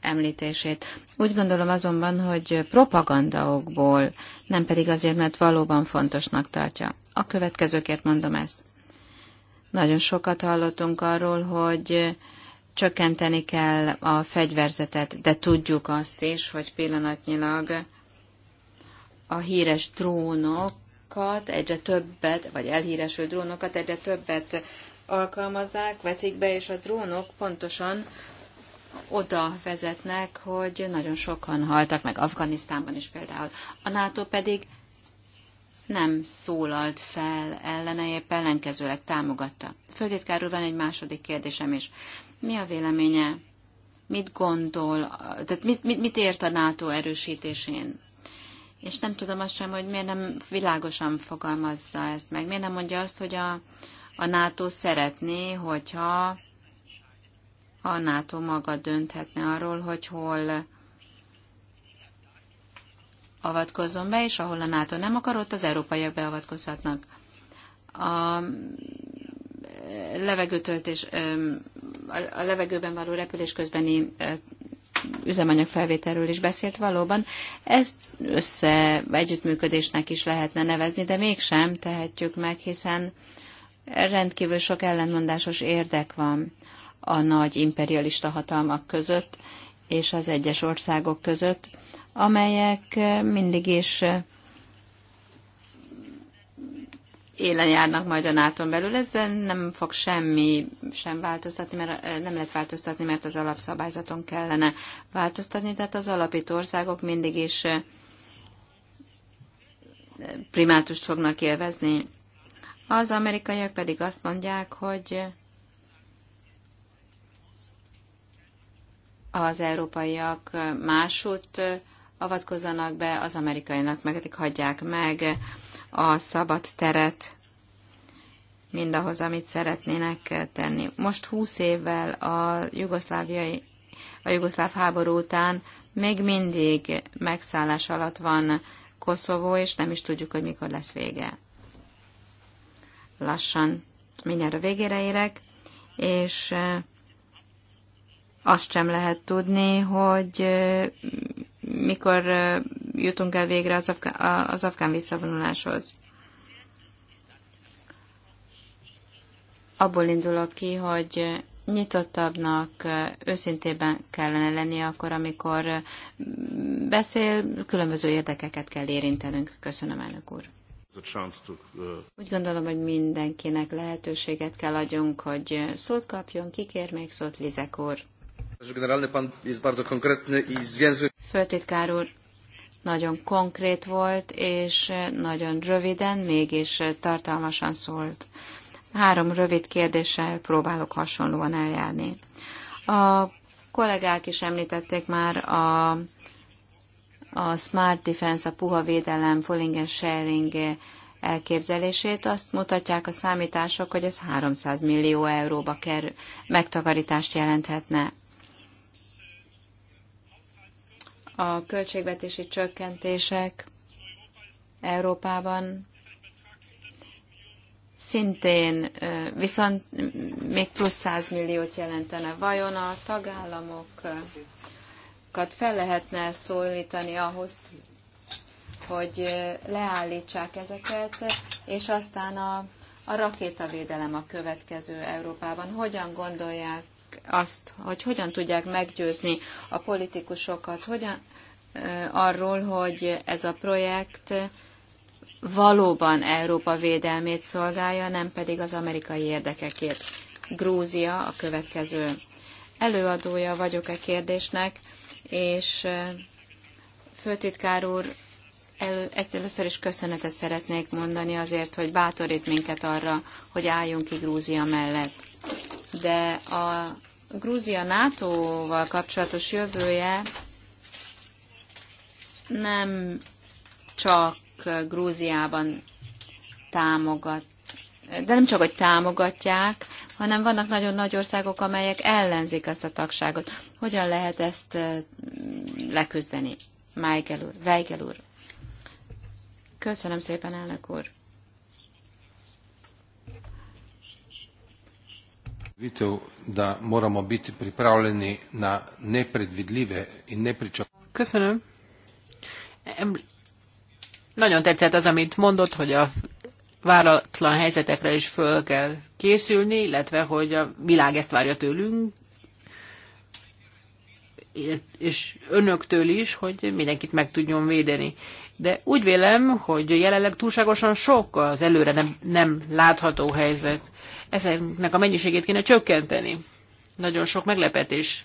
említését. Úgy gondolom azonban, hogy propagandaokból, nem pedig azért, mert valóban fontosnak tartja. A következőkért mondom ezt. Nagyon sokat hallottunk arról, hogy csökkenteni kell a fegyverzetet, de tudjuk azt is, hogy pillanatnyilag a híres drónokat, egyre többet, vagy elhíresült drónokat egyre többet alkalmazzák, vetik be, és a drónok pontosan oda vezetnek, hogy nagyon sokan haltak meg Afganisztánban is például. A NATO pedig nem szólalt fel ellene, épp ellenkezőleg támogatta. Földétkár úr, van egy második kérdésem is. Mi a véleménye? Mit gondol, tehát mit, mit, mit ért a NATO erősítésén? és nem tudom azt sem, hogy miért nem világosan fogalmazza ezt meg. Miért nem mondja azt, hogy a, a NATO szeretné, hogyha a NATO maga dönthetne arról, hogy hol avatkozzon be, és ahol a NATO nem akar, ott az európaiak beavatkozhatnak. A levegőtöltés, a levegőben való repülés közbeni üzemanyag felvételről is beszélt valóban. Ez össze együttműködésnek is lehetne nevezni, de mégsem tehetjük meg, hiszen rendkívül sok ellenmondásos érdek van a nagy imperialista hatalmak között és az egyes országok között, amelyek mindig is élen járnak majd a nato belül. Ezzel nem fog semmi sem változtatni, mert eh, nem lehet változtatni, mert az alapszabályzaton kellene változtatni. Tehát az alapító országok mindig is eh, primátust fognak élvezni. Az amerikaiak pedig azt mondják, hogy az európaiak másút eh, avatkozzanak be, az amerikainak meg hagyják meg a szabad teret mindahhoz, amit szeretnének tenni. Most 20 évvel a jugoszláviai a jugoszláv háború után még mindig megszállás alatt van Koszovó, és nem is tudjuk, hogy mikor lesz vége. Lassan mindjárt a végére érek, és eh, azt sem lehet tudni, hogy eh, mikor eh, jutunk el végre az, afgán, az afgán visszavonuláshoz. Abból indulok ki, hogy nyitottabbnak, őszintében kellene lenni akkor, amikor beszél, különböző érdekeket kell érintenünk. Köszönöm, elnök úr. Úgy gondolom, hogy mindenkinek lehetőséget kell adjunk, hogy szót kapjon. Kikér még szót, Lizek úr? Főtitkár úr, nagyon konkrét volt, és nagyon röviden, mégis tartalmasan szólt. Három rövid kérdéssel próbálok hasonlóan eljárni. A kollégák is említették már a, a Smart Defense, a puha védelem, Falling and Sharing elképzelését, azt mutatják a számítások, hogy ez 300 millió euróba kerül, megtakarítást jelenthetne. a költségvetési csökkentések Európában szintén viszont még plusz 100 milliót jelentene. Vajon a tagállamokat fel lehetne szólítani ahhoz, hogy leállítsák ezeket, és aztán a, a rakétavédelem a következő Európában. Hogyan gondolják azt, hogy hogyan tudják meggyőzni a politikusokat hogyan, arról, hogy ez a projekt valóban Európa védelmét szolgálja, nem pedig az amerikai érdekekért. Grúzia a következő előadója vagyok e kérdésnek, és főtitkár úr, először is köszönetet szeretnék mondani azért, hogy bátorít minket arra, hogy álljunk ki Grúzia mellett. De a Grúzia NATO-val kapcsolatos jövője nem csak Grúziában támogat, de nem csak, hogy támogatják, hanem vannak nagyon nagy országok, amelyek ellenzik ezt a tagságot. Hogyan lehet ezt eh, leküzdeni? Michael úr, Weigel úr. Köszönöm szépen, elnök úr. Köszönöm. Nagyon tetszett az, amit mondott, hogy a váratlan helyzetekre is föl kell készülni, illetve hogy a világ ezt várja tőlünk, és önöktől is, hogy mindenkit meg tudjon védeni de úgy vélem, hogy jelenleg túlságosan sok az előre nem, nem látható helyzet. Ezeknek a mennyiségét kéne csökkenteni. Nagyon sok meglepetés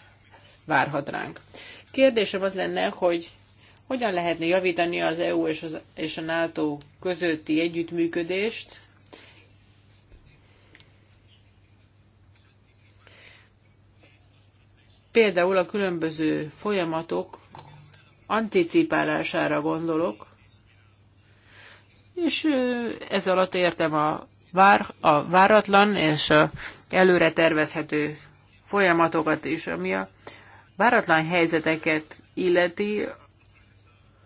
várhat ránk. Kérdésem az lenne, hogy hogyan lehetne javítani az EU és, az, és a NATO közötti együttműködést, például a különböző folyamatok anticipálására gondolok, és ez alatt értem a, vár, a váratlan és a előre tervezhető folyamatokat is, ami a váratlan helyzeteket illeti,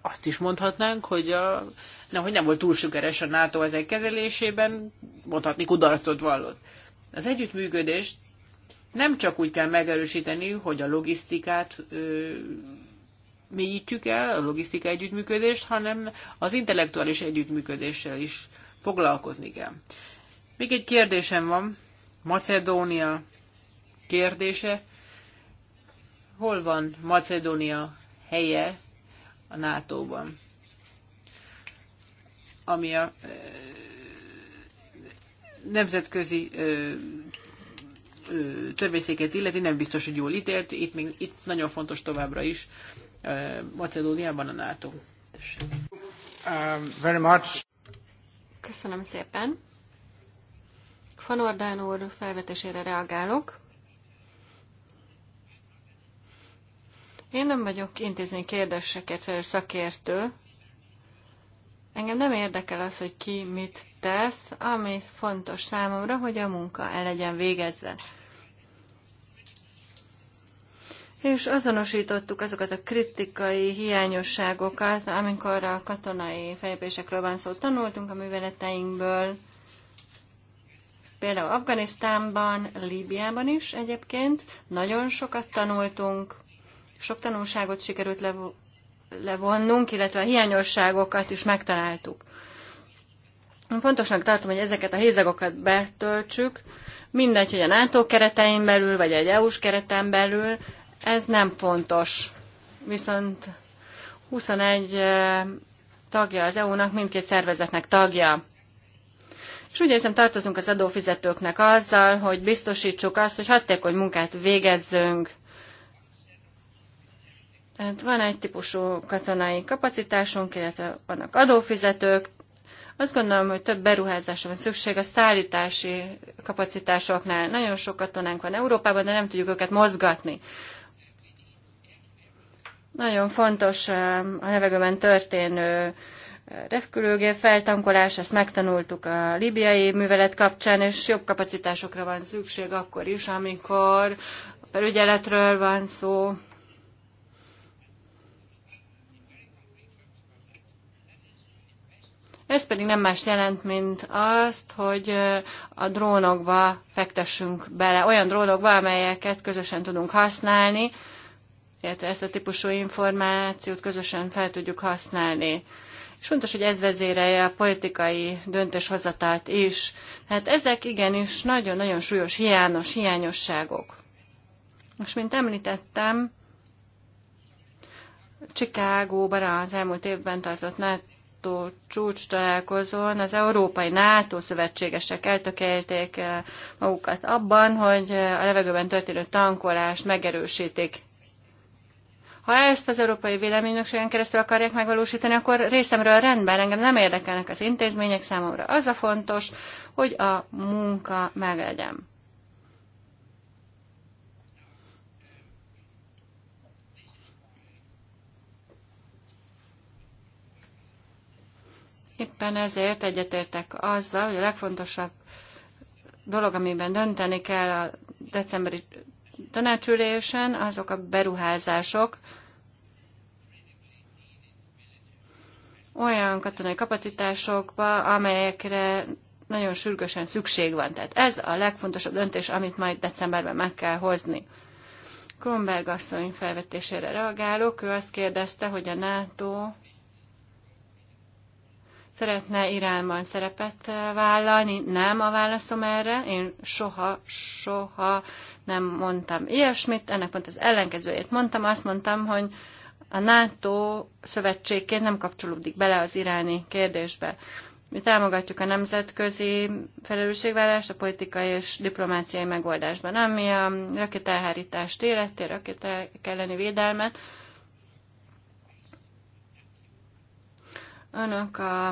azt is mondhatnánk, hogy a, nem, hogy nem volt túl sikeres a NATO ezek kezelésében, mondhatni kudarcot vallott. Az együttműködést nem csak úgy kell megerősíteni, hogy a logisztikát ö, mélyítjük el a logisztika együttműködést, hanem az intellektuális együttműködéssel is foglalkozni kell. Még egy kérdésem van, Macedónia kérdése. Hol van Macedónia helye a NATO-ban? Ami a ö, nemzetközi ö, törvényszéket illeti, nem biztos, hogy jól ítélt, itt, még, itt nagyon fontos továbbra is Eh, Macedóniában a NATO. Um, very much. Köszönöm szépen. Fanordán úr felvetésére reagálok. Én nem vagyok intézni kérdéseket felül szakértő. Engem nem érdekel az, hogy ki mit tesz, ami fontos számomra, hogy a munka el legyen végezve és azonosítottuk azokat a kritikai hiányosságokat, amikor a katonai fejlődésekről van szó. Tanultunk a műveleteinkből, például Afganisztánban, Líbiában is egyébként. Nagyon sokat tanultunk, sok tanulságot sikerült levonnunk, illetve a hiányosságokat is megtaláltuk. Fontosnak tartom, hogy ezeket a hézagokat betöltsük, mindegy, hogy a NATO keretein belül, vagy egy EU-s kereten belül, ez nem fontos. Viszont 21 eh, tagja az EU-nak, mindkét szervezetnek tagja. És úgy érzem, tartozunk az adófizetőknek azzal, hogy biztosítsuk azt, hogy hatékony munkát végezzünk. Tehát van egy típusú katonai kapacitásunk, illetve vannak adófizetők. Azt gondolom, hogy több beruházásra van szükség a szállítási kapacitásoknál. Nagyon sok katonánk van Európában, de nem tudjuk őket mozgatni. Nagyon fontos um, a levegőben történő uh, repülőgép feltankolás, ezt megtanultuk a libiai művelet kapcsán, és jobb kapacitásokra van szükség akkor is, amikor a felügyeletről van szó. Ez pedig nem más jelent, mint azt, hogy uh, a drónokba fektessünk bele, olyan drónokba, amelyeket közösen tudunk használni, illetve ezt a típusú információt közösen fel tudjuk használni. És fontos, hogy ez vezérelje a politikai döntéshozatát is. Hát ezek igenis nagyon-nagyon súlyos hiányos hiányosságok. Most, mint említettem, Csikágóban az elmúlt évben tartott NATO csúcs találkozón az európai NATO szövetségesek eltökélték eh, magukat abban, hogy eh, a levegőben történő tankolást megerősítik. Ha ezt az Európai Véleménynökségen keresztül akarják megvalósítani, akkor részemről rendben, engem nem érdekelnek az intézmények számomra. Az a fontos, hogy a munka meglegyen. Éppen ezért egyetértek azzal, hogy a legfontosabb dolog, amiben dönteni kell a decemberi tanácsülésen, azok a beruházások, olyan katonai kapacitásokba, amelyekre nagyon sürgősen szükség van. Tehát ez a legfontosabb döntés, amit majd decemberben meg kell hozni. Kronberg asszony felvetésére reagálok. Ő azt kérdezte, hogy a NATO szeretne Iránban szerepet vállalni. Nem a válaszom erre. Én soha, soha nem mondtam ilyesmit. Ennek pont az ellenkezőjét mondtam. Azt mondtam, hogy a NATO szövetségként nem kapcsolódik bele az iráni kérdésbe. Mi támogatjuk a nemzetközi felelősségvállást a politikai és diplomáciai megoldásban, ami a rakételhárítást életé, rakéták elleni védelmet. Önök a,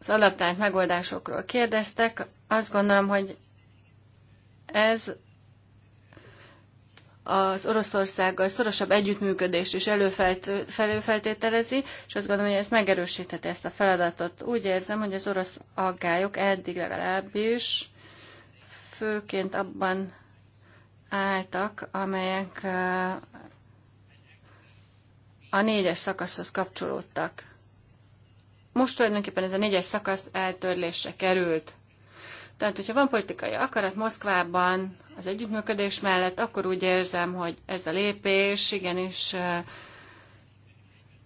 az adaptált megoldásokról kérdeztek. Azt gondolom, hogy ez az Oroszországgal szorosabb együttműködést is előfeltételezi, és azt gondolom, hogy ez megerősítheti ezt a feladatot. Úgy érzem, hogy az orosz aggályok eddig legalábbis főként abban álltak, amelyek a négyes szakaszhoz kapcsolódtak. Most tulajdonképpen ez a négyes szakasz eltörlésre került. Tehát, hogyha van politikai akarat Moszkvában az együttműködés mellett, akkor úgy érzem, hogy ez a lépés igenis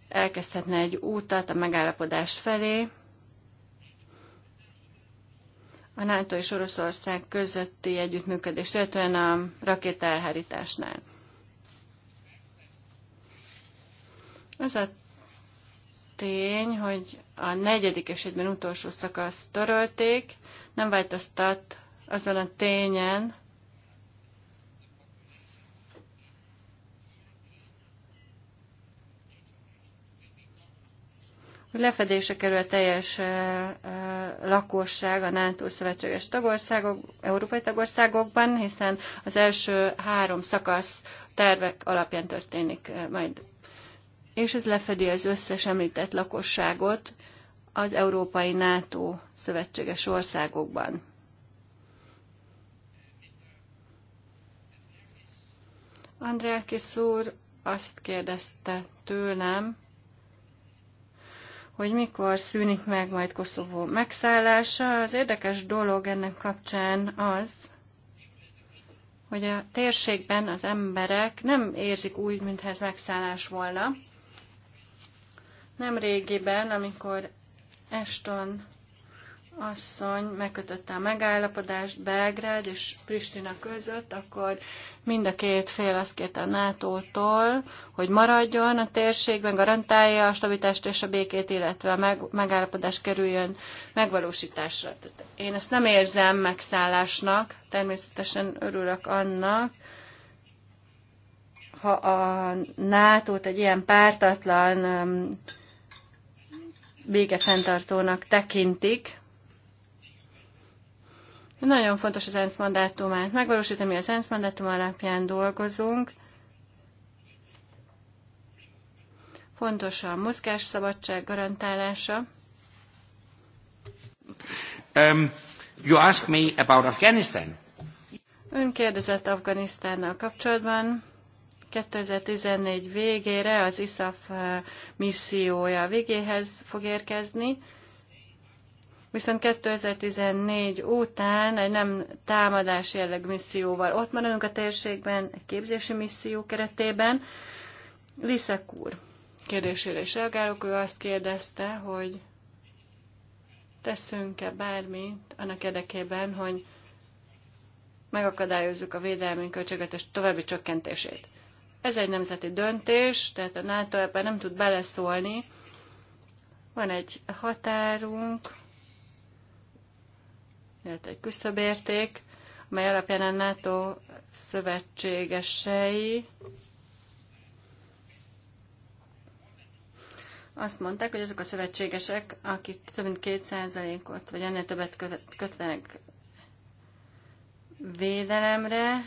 elkezdhetne egy útat a megállapodás felé. A NATO és Oroszország közötti együttműködés, illetően a rakétaelhárításnál. Az a tény, hogy a negyedik és utolsó szakaszt törölték, nem változtat azon a tényen, hogy lefedése kerül a teljes lakosság a NATO szövetséges tagországok, európai tagországokban, hiszen az első három szakasz tervek alapján történik majd. És ez lefedi az összes említett lakosságot, az európai NATO szövetséges országokban. Andrea úr azt kérdezte tőlem, hogy mikor szűnik meg majd Koszovó megszállása. Az érdekes dolog ennek kapcsán az, hogy a térségben az emberek nem érzik úgy, mintha ez megszállás volna. Nem régiben, amikor Eston asszony megkötötte a megállapodást Belgrád és Pristina között, akkor mind a két fél azt kérte a NATO-tól, hogy maradjon a térségben, garantálja a stabilitást és a békét, illetve a meg, megállapodás kerüljön megvalósításra. Tehát én ezt nem érzem megszállásnak, természetesen örülök annak, ha a NATO-t egy ilyen pártatlan um, békefenntartónak tekintik. Nagyon fontos az ENSZ mandátumát megvalósítani, mi az ENSZ mandátum alapján dolgozunk. Fontos a mozgásszabadság garantálása. Um, you ask me about Afghanistan. Ön kérdezett Afganisztánnal kapcsolatban. 2014 végére az ISAF eh, missziója végéhez fog érkezni, viszont 2014 után egy nem támadás jellegű misszióval ott maradunk a térségben, egy képzési misszió keretében. Liszek úr kérdésére is reagálok, ő azt kérdezte, hogy teszünk-e bármit annak érdekében, hogy megakadályozzuk a védelmi költségvetés további csökkentését. Ez egy nemzeti döntés, tehát a NATO ebben nem tud beleszólni. Van egy határunk, illetve egy küszöbérték, amely alapján a NATO szövetségesei azt mondták, hogy azok a szövetségesek, akik több mint 2%-ot, vagy ennél többet kötnek védelemre,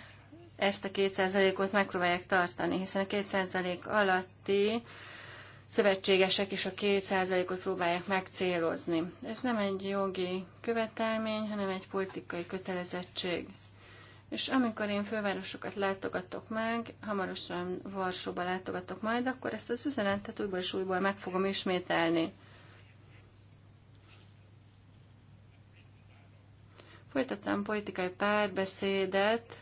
ezt a kétszerzalékot megpróbálják tartani, hiszen a kétszerzalék alatti szövetségesek is a kétszerzalékot próbálják megcélozni. Ez nem egy jogi követelmény, hanem egy politikai kötelezettség. És amikor én fővárosokat látogatok meg, hamarosan Varsóba látogatok majd, akkor ezt az üzenetet újból és újból meg fogom ismételni. Folytattam politikai párbeszédet,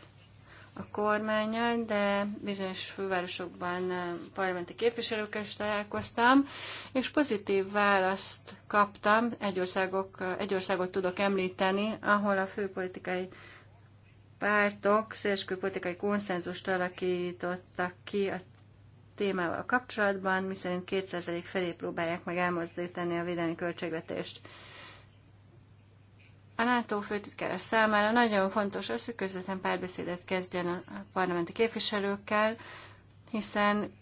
a kormányon, de bizonyos fővárosokban eh, parlamenti képviselőkkel is találkoztam, és pozitív választ kaptam. Egy, országok, eh, egy országot tudok említeni, ahol a főpolitikai pártok szélsőpolitikai konszenzust alakítottak ki a témával kapcsolatban, miszerint 2% felé próbálják meg elmozdítani a védelmi költségvetést. A NATO főtitkára számára nagyon fontos az, hogy közvetlen párbeszédet kezdjen a parlamenti képviselőkkel, hiszen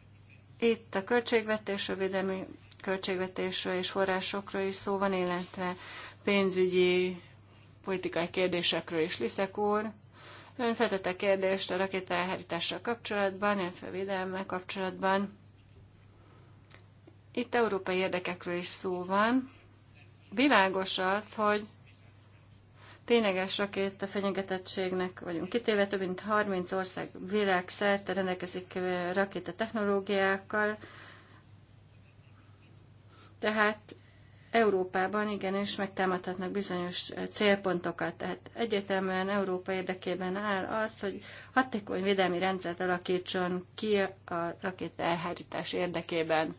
itt a költségvetésről, védelmi költségvetésről és forrásokról is szó van, illetve pénzügyi politikai kérdésekről is. Liszek úr, ön feltette kérdést a rakétaelhárítással kapcsolatban, illetve védelemmel kapcsolatban. Itt európai érdekekről is szó van. Világos az, hogy tényleges rakéta fenyegetettségnek vagyunk kitéve, több mint 30 ország világszerte rendelkezik rakéta technológiákkal, tehát Európában igenis megtámadhatnak bizonyos célpontokat, tehát egyértelműen Európa érdekében áll az, hogy hatékony védelmi rendszert alakítson ki a rakéta elhárítás érdekében.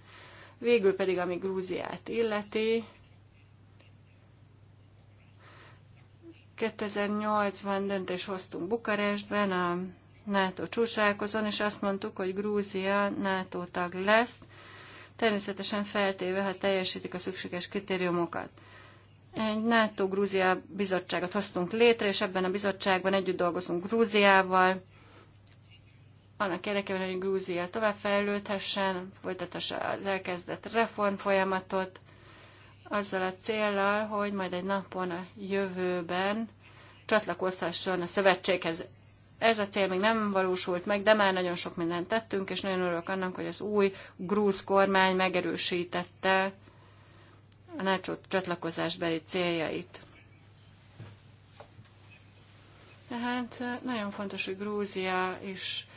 Végül pedig, ami Grúziát illeti, 2008-ban döntést hoztunk Bukarestben a NATO csúcsálkozón, és azt mondtuk, hogy Grúzia NATO tag lesz, természetesen feltéve, ha teljesítik a szükséges kritériumokat. Egy NATO-Grúzia bizottságot hoztunk létre, és ebben a bizottságban együtt dolgozunk Grúziával, annak érdekében, hogy Grúzia továbbfejlődhessen, folytatása az elkezdett reformfolyamatot, azzal a céllal, hogy majd egy napon a jövőben csatlakozhasson a szövetséghez. Ez a cél még nem valósult meg, de már nagyon sok mindent tettünk, és nagyon örülök annak, hogy az új grúz kormány megerősítette a NATO csatlakozásbeli céljait. Tehát eh, nagyon fontos, hogy Grúzia is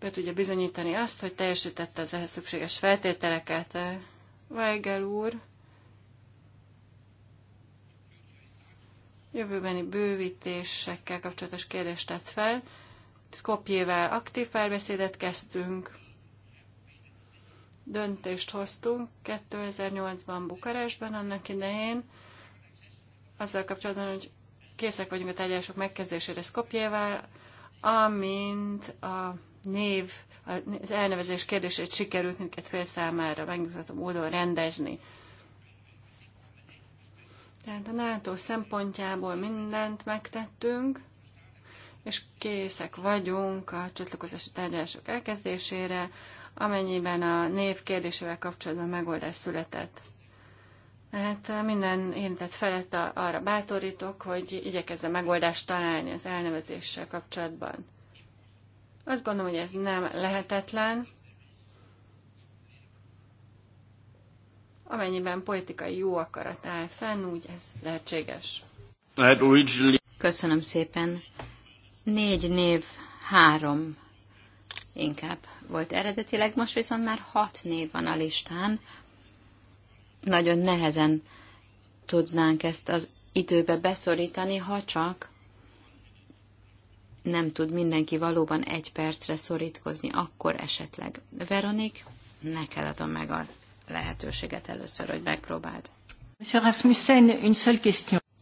be tudja bizonyítani azt, hogy teljesítette az ehhez szükséges feltételeket. Eh, Weigel úr jövőbeni bővítésekkel kapcsolatos kérdést tett fel. Skopjével aktív párbeszédet kezdtünk, döntést hoztunk 2008-ban Bukarestben annak idején, azzal kapcsolatban, hogy készek vagyunk a tárgyalások megkezdésére Skopjével, amint a név, az elnevezés kérdését sikerült minket fél számára megnyugtató módon rendezni. Tehát a NATO szempontjából mindent megtettünk, és készek vagyunk a csatlakozási tárgyalások elkezdésére, amennyiben a név kérdésével kapcsolatban megoldás született. Tehát minden érintett felett arra bátorítok, hogy igyekezze megoldást találni az elnevezéssel kapcsolatban. Azt gondolom, hogy ez nem lehetetlen, amennyiben politikai jó akarat áll fenn, úgy ez lehetséges. Köszönöm szépen. Négy név, három inkább volt eredetileg, most viszont már hat név van a listán. Nagyon nehezen tudnánk ezt az időbe beszorítani, ha csak nem tud mindenki valóban egy percre szorítkozni, akkor esetleg. Veronik, neked adom meg a lehetőséget először, hogy megpróbáld. Rasmussen,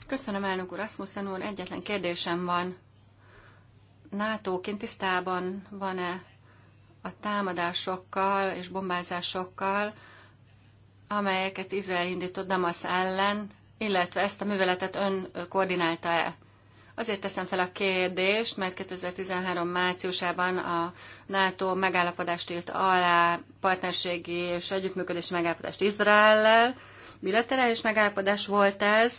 Köszönöm, elnök úr. Rasmussen úr, egyetlen kérdésem van. NATO-ként tisztában van-e a támadásokkal és bombázásokkal, amelyeket Izrael indított Damasz ellen, illetve ezt a műveletet ön koordinálta-e? Azért teszem fel a kérdést, mert 2013 márciusában a NATO megállapodást írt alá partnerségi és együttműködési megállapodást Izrael-lel. Bilaterális megállapodás volt ez,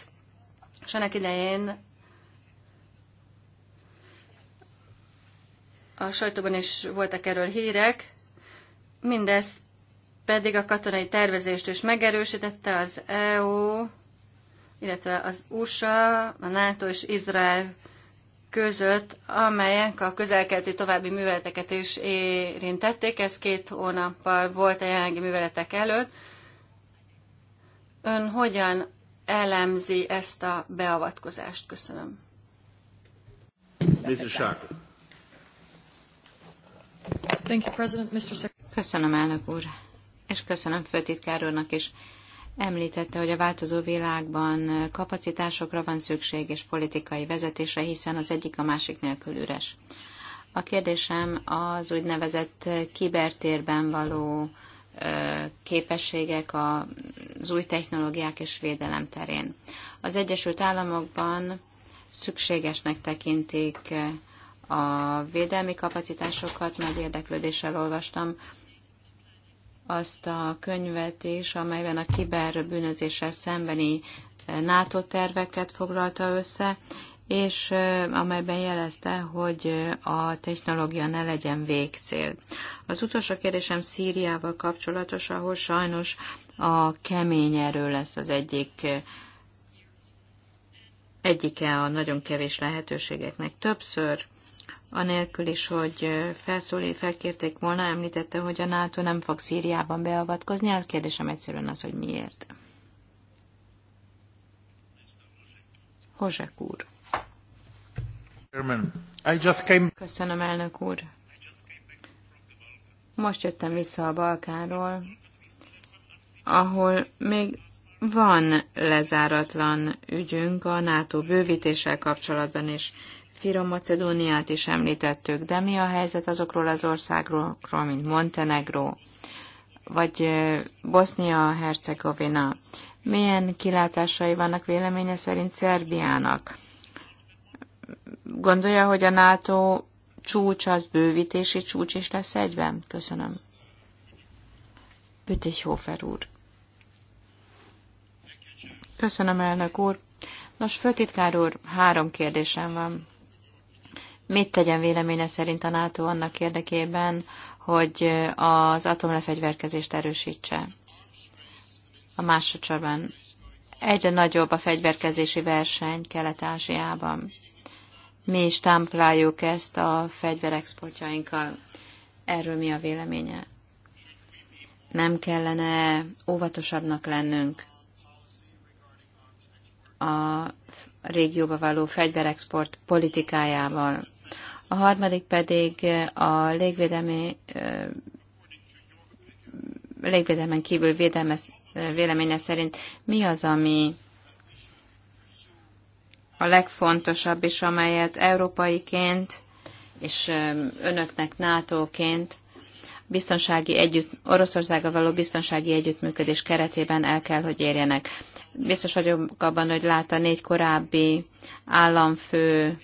és annak idején a sajtóban is voltak erről hírek, mindez pedig a katonai tervezést is megerősítette az EU, illetve az USA, a NATO és Izrael között, amelyek a közelkelti további műveleteket is érintették. Ez két hónappal volt a jelenlegi műveletek előtt. Ön hogyan elemzi ezt a beavatkozást? Köszönöm. Mr. Shark. Köszönöm, elnök úr, és köszönöm főtitkár úrnak is. Említette, hogy a változó világban kapacitásokra van szükség és politikai vezetésre, hiszen az egyik a másik nélkül üres. A kérdésem az úgynevezett kibertérben való képességek az új technológiák és védelem terén. Az Egyesült Államokban szükségesnek tekintik a védelmi kapacitásokat, nagy érdeklődéssel olvastam azt a könyvet is, amelyben a kiberbűnözéssel szembeni eh, NATO terveket foglalta össze, és eh, amelyben jelezte, hogy eh, a technológia ne legyen végcél. Az utolsó kérdésem Szíriával kapcsolatos, ahol sajnos a kemény erő lesz az egyik egyike a nagyon kevés lehetőségeknek. Többször anélkül is, hogy felszólé, felkérték volna, említette, hogy a NATO nem fog Szíriában beavatkozni. A kérdésem egyszerűen az, hogy miért. Hozsek úr. Köszönöm, elnök úr. Most jöttem vissza a Balkánról, ahol még van lezáratlan ügyünk a NATO bővítéssel kapcsolatban is. Firom Macedóniát is említettük, de mi a helyzet azokról az országról, mint Montenegro vagy bosnia hercegovina Milyen kilátásai vannak véleménye szerint Szerbiának? Gondolja, hogy a NATO csúcs az bővítési csúcs is lesz egyben? Köszönöm. Bütichhofer úr. Köszönöm, elnök úr. Nos, főtitkár úr, három kérdésem van. Mit tegyen véleménye szerint a NATO annak érdekében, hogy az atomlefegyverkezést erősítse? A másodszorban egyre nagyobb a fegyverkezési verseny Kelet-Ázsiában. Mi is támpláljuk ezt a fegyverexportjainkkal. Erről mi a véleménye? Nem kellene óvatosabbnak lennünk a régióba való fegyverexport politikájával a harmadik pedig a légvédelmi légvédelmen kívül védelmez, véleménye szerint mi az, ami a legfontosabb, és amelyet európaiként és önöknek NATO-ként biztonsági együtt, Oroszországgal való biztonsági együttműködés keretében el kell, hogy érjenek. Biztos vagyok abban, hogy lát a négy korábbi államfő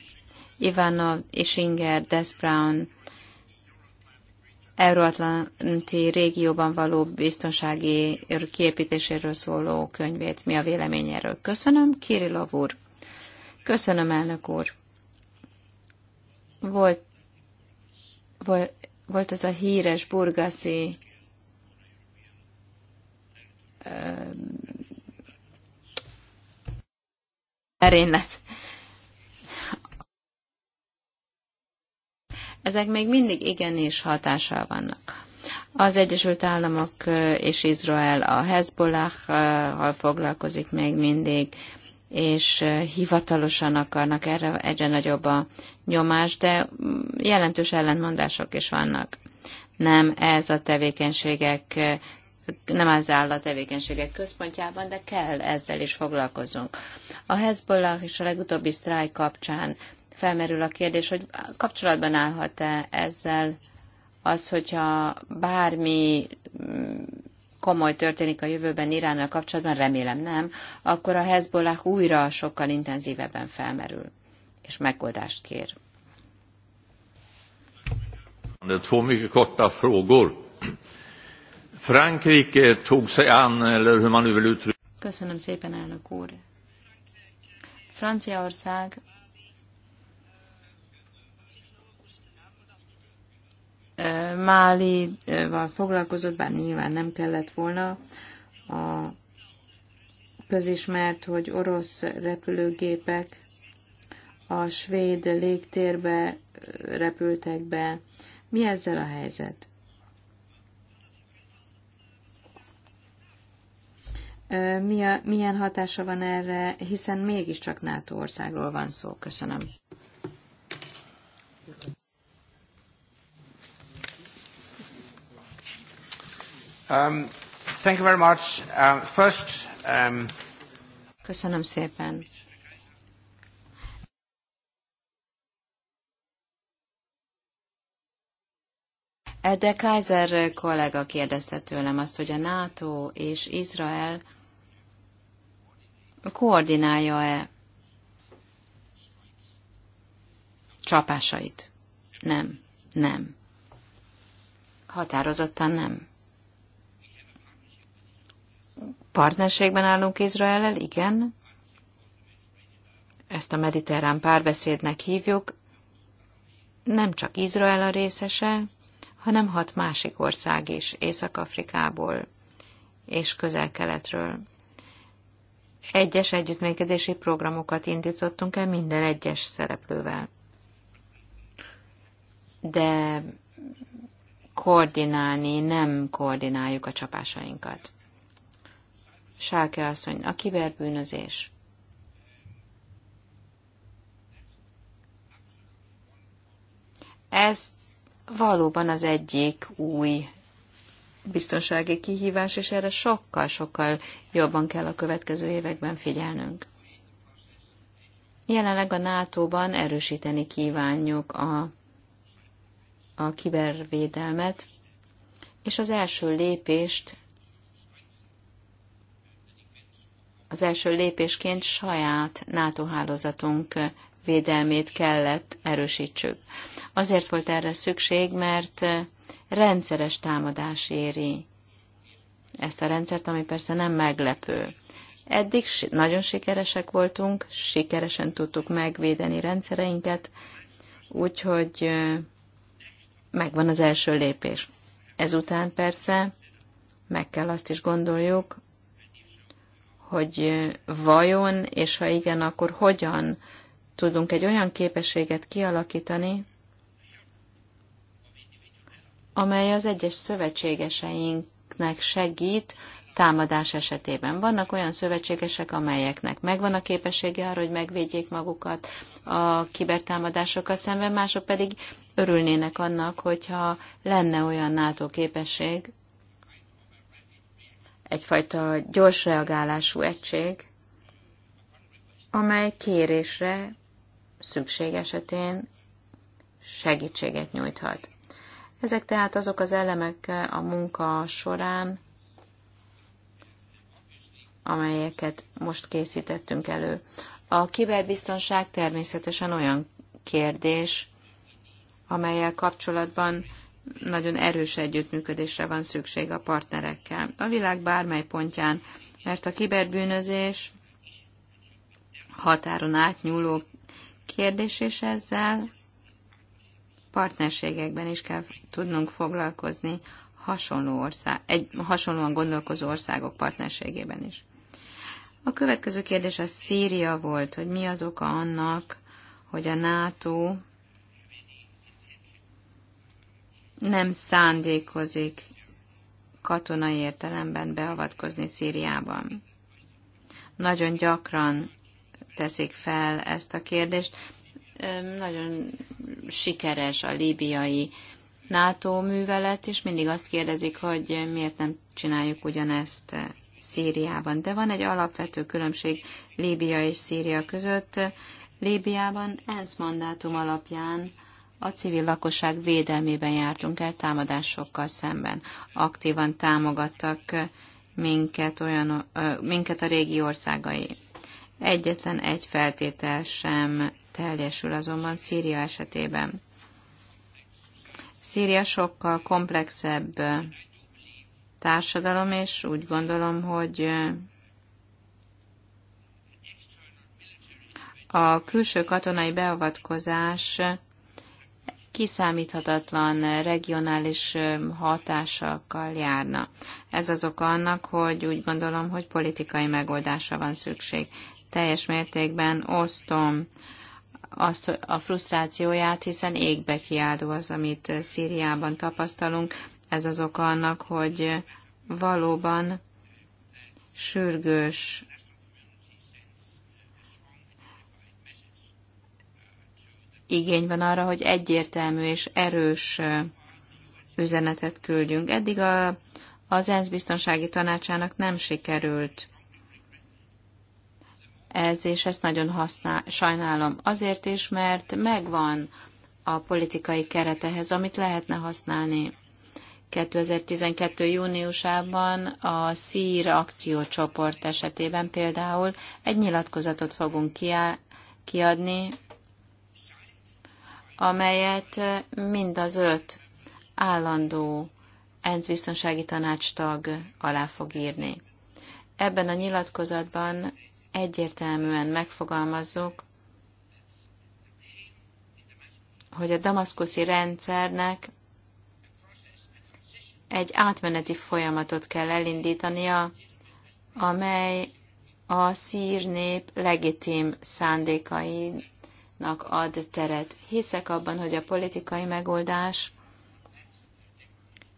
Ivanov, Isinger, Des Brown Euróatlanti régióban való biztonsági kiépítéséről szóló könyvét. Mi a vélemény erről? Köszönöm, Kirillov úr. Köszönöm, elnök úr. Volt, volt, volt az a híres burgaszi merénylet. ezek még mindig igenis hatással vannak. Az Egyesült Államok és Izrael a Hezbollah foglalkozik még mindig, és hivatalosan akarnak erre egyre nagyobb a nyomás, de mm, jelentős ellentmondások is vannak. Nem ez a tevékenységek, nem az áll a tevékenységek központjában, de kell ezzel is foglalkozunk. A Hezbollah és a legutóbbi sztrájk kapcsán felmerül a kérdés, hogy kapcsolatban állhat-e ezzel az, hogyha bármi mm, komoly történik a jövőben Iránnal kapcsolatban, remélem nem, akkor a Hezbollah újra sokkal intenzívebben felmerül, és megoldást kér. Två mycket korta frågor. Frankrike tog sig an, eller hur man nu vill uttrycka Köszönöm szépen, elnök úr. Franciaország Málival foglalkozott, bár nyilván nem kellett volna. A közismert, hogy orosz repülőgépek a svéd légtérbe repültek be. Mi ezzel a helyzet? Milyen hatása van erre, hiszen mégiscsak NATO országról van szó. Köszönöm. Um, thank you very much. Uh, first, um... Köszönöm szépen. De Kaiser kollega kérdezte tőlem azt, hogy a NATO és Izrael koordinálja-e csapásait? Nem, nem. Határozottan nem. Partnerségben állunk Izraellel, igen. Ezt a mediterrán párbeszédnek hívjuk. Nem csak Izrael a részese, hanem hat másik ország is, Észak-Afrikából és közel-keletről. Egyes együttműködési programokat indítottunk el minden egyes szereplővel. De koordinálni nem koordináljuk a csapásainkat. Sáke asszony, a kiberbűnözés. Ez valóban az egyik új biztonsági kihívás, és erre sokkal-sokkal jobban kell a következő években figyelnünk. Jelenleg a NATO-ban erősíteni kívánjuk a, a kibervédelmet, és az első lépést az első lépésként saját NATO hálózatunk védelmét kellett erősítsük. Azért volt erre szükség, mert rendszeres támadás éri ezt a rendszert, ami persze nem meglepő. Eddig nagyon sikeresek voltunk, sikeresen tudtuk megvédeni rendszereinket, úgyhogy megvan az első lépés. Ezután persze meg kell azt is gondoljuk, hogy vajon, és ha igen, akkor hogyan tudunk egy olyan képességet kialakítani, amely az egyes szövetségeseinknek segít támadás esetében. Vannak olyan szövetségesek, amelyeknek megvan a képessége arra, hogy megvédjék magukat a kibertámadásokkal szemben, mások pedig örülnének annak, hogyha lenne olyan NATO képesség, egyfajta gyors reagálású egység, amely kérésre szükség esetén segítséget nyújthat. Ezek tehát azok az elemek a munka során, amelyeket most készítettünk elő. A kiberbiztonság természetesen olyan kérdés, amelyel kapcsolatban nagyon erős együttműködésre van szükség a partnerekkel a világ bármely pontján, mert a kiberbűnözés határon átnyúló kérdés, és ezzel partnerségekben is kell tudnunk foglalkozni hasonló ország, egy, hasonlóan gondolkozó országok partnerségében is. A következő kérdés a Szíria volt, hogy mi az oka annak, hogy a NATO nem szándékozik katonai értelemben beavatkozni Szíriában. Nagyon gyakran teszik fel ezt a kérdést. Nagyon sikeres a líbiai NATO művelet, és mindig azt kérdezik, hogy miért nem csináljuk ugyanezt Szíriában. De van egy alapvető különbség Líbia és Szíria között. Líbiában ENSZ mandátum alapján a civil lakosság védelmében jártunk el támadásokkal szemben. Aktívan támogattak minket, olyan, minket a régi országai. Egyetlen egy feltétel sem teljesül azonban Szíria esetében. Szíria sokkal komplexebb társadalom, és úgy gondolom, hogy a külső katonai beavatkozás kiszámíthatatlan regionális hatásakkal járna. Ez az oka annak, hogy úgy gondolom, hogy politikai megoldásra van szükség. Teljes mértékben osztom azt a frusztrációját, hiszen égbe kiáldó az, amit Szíriában tapasztalunk. Ez az oka annak, hogy valóban sürgős igény van arra, hogy egyértelmű és erős üzenetet küldjünk. Eddig a, az ENSZ biztonsági tanácsának nem sikerült ez, és ezt nagyon használ, sajnálom. Azért is, mert megvan a politikai keretehez, amit lehetne használni. 2012. júniusában a szír akciócsoport esetében például egy nyilatkozatot fogunk kiadni, amelyet mind az öt állandó ENSZ biztonsági tanácstag alá fog írni. Ebben a nyilatkozatban egyértelműen megfogalmazzuk, hogy a damaszkuszi rendszernek egy átmeneti folyamatot kell elindítania, amely a szír nép legitim szándékain vitáknak ad teret. Hiszek abban, hogy a politikai megoldás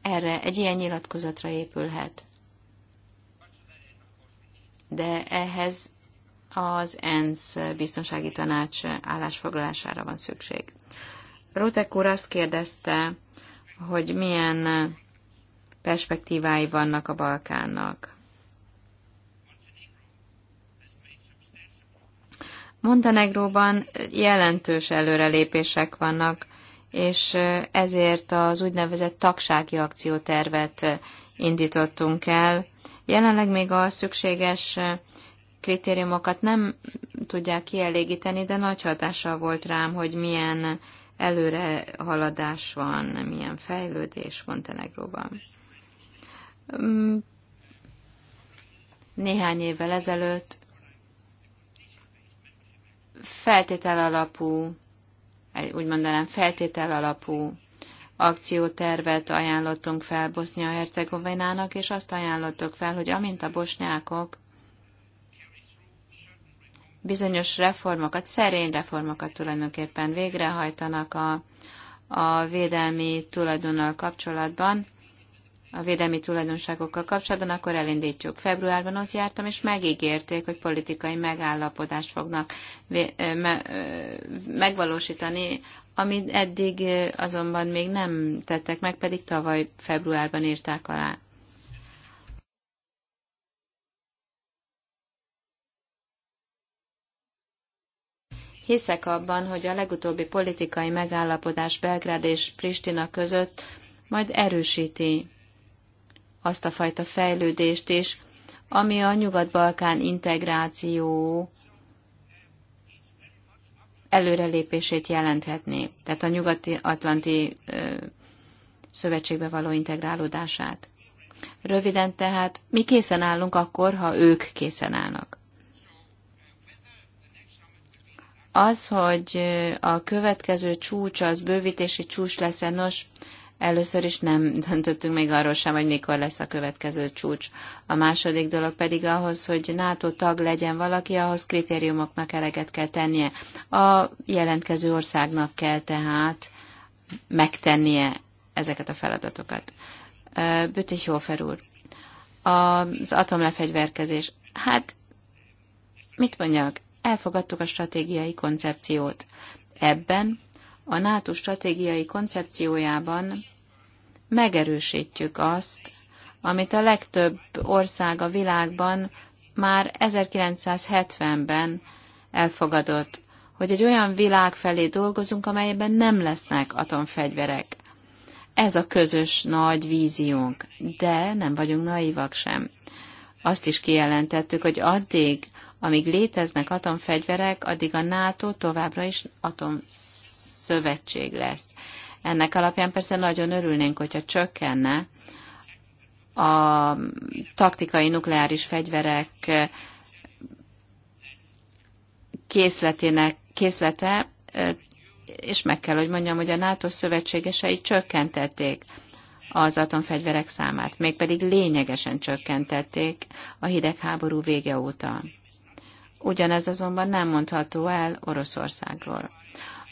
erre egy ilyen nyilatkozatra épülhet. De ehhez az ENSZ biztonsági tanács állásfoglalására van szükség. Rótek úr azt kérdezte, hogy milyen perspektívái vannak a Balkánnak. Montenegróban jelentős előrelépések vannak, és ezért az úgynevezett tagsági akciótervet indítottunk el. Jelenleg még a szükséges kritériumokat nem tudják kielégíteni, de nagy hatással volt rám, hogy milyen előre haladás van, milyen fejlődés Montenegróban. Néhány évvel ezelőtt feltétel alapú, úgy mondanám, feltétel alapú akciótervet ajánlottunk fel Bosznia-Hercegovinának, és azt ajánlottuk fel, hogy amint a bosnyákok bizonyos reformokat, szerény reformokat tulajdonképpen végrehajtanak a, a védelmi tulajdonnal kapcsolatban, a védelmi tulajdonságokkal kapcsolatban, akkor elindítjuk. Februárban ott jártam, és megígérték, hogy politikai megállapodást fognak megvalósítani, amit eddig azonban még nem tettek meg, pedig tavaly februárban írták alá. Hiszek abban, hogy a legutóbbi politikai megállapodás Belgrád és Pristina között majd erősíti azt a fajta fejlődést is, ami a Nyugat-Balkán integráció előrelépését jelenthetné, tehát a Nyugati-Atlanti Szövetségbe való integrálódását. Röviden tehát, mi készen állunk akkor, ha ők készen állnak. Az, hogy a következő csúcs az bővítési csúcs lesz, nos, Először is nem döntöttünk még arról sem, hogy mikor lesz a következő csúcs. A második dolog pedig ahhoz, hogy NATO tag legyen valaki, ahhoz kritériumoknak eleget kell tennie. A jelentkező országnak kell tehát megtennie ezeket a feladatokat. Bütis Hofer úr, az atomlefegyverkezés. Hát, mit mondjak? Elfogadtuk a stratégiai koncepciót. Ebben a NATO stratégiai koncepciójában megerősítjük azt, amit a legtöbb ország a világban már 1970-ben elfogadott, hogy egy olyan világ felé dolgozunk, amelyben nem lesznek atomfegyverek. Ez a közös nagy víziónk, de nem vagyunk naivak sem. Azt is kijelentettük, hogy addig, amíg léteznek atomfegyverek, addig a NATO továbbra is atomszövetség lesz. Ennek alapján persze nagyon örülnénk, hogyha csökkenne a taktikai nukleáris fegyverek készletének készlete, és meg kell, hogy mondjam, hogy a NATO szövetségesei csökkentették az atomfegyverek számát, mégpedig lényegesen csökkentették a hidegháború vége óta. Ugyanez azonban nem mondható el Oroszországról.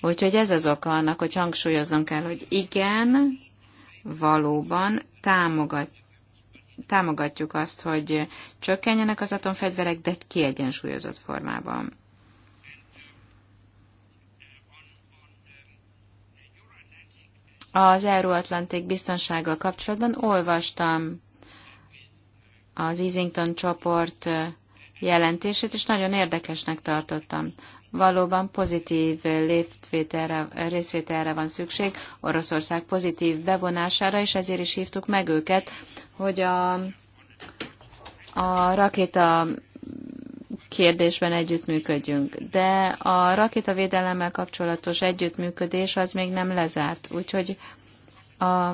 Úgyhogy ez az oka annak, hogy hangsúlyoznom kell, hogy igen, valóban támogat, támogatjuk azt, hogy csökkenjenek az atomfegyverek, de kiegyensúlyozott formában. Az Euróatlantik biztonsággal kapcsolatban olvastam az Easington csoport jelentését, és nagyon érdekesnek tartottam valóban pozitív lépvételre, részvételre van szükség, Oroszország pozitív bevonására, és ezért is hívtuk meg őket, hogy a, a rakéta kérdésben együttműködjünk. De a rakétavédelemmel kapcsolatos együttműködés az még nem lezárt, úgyhogy a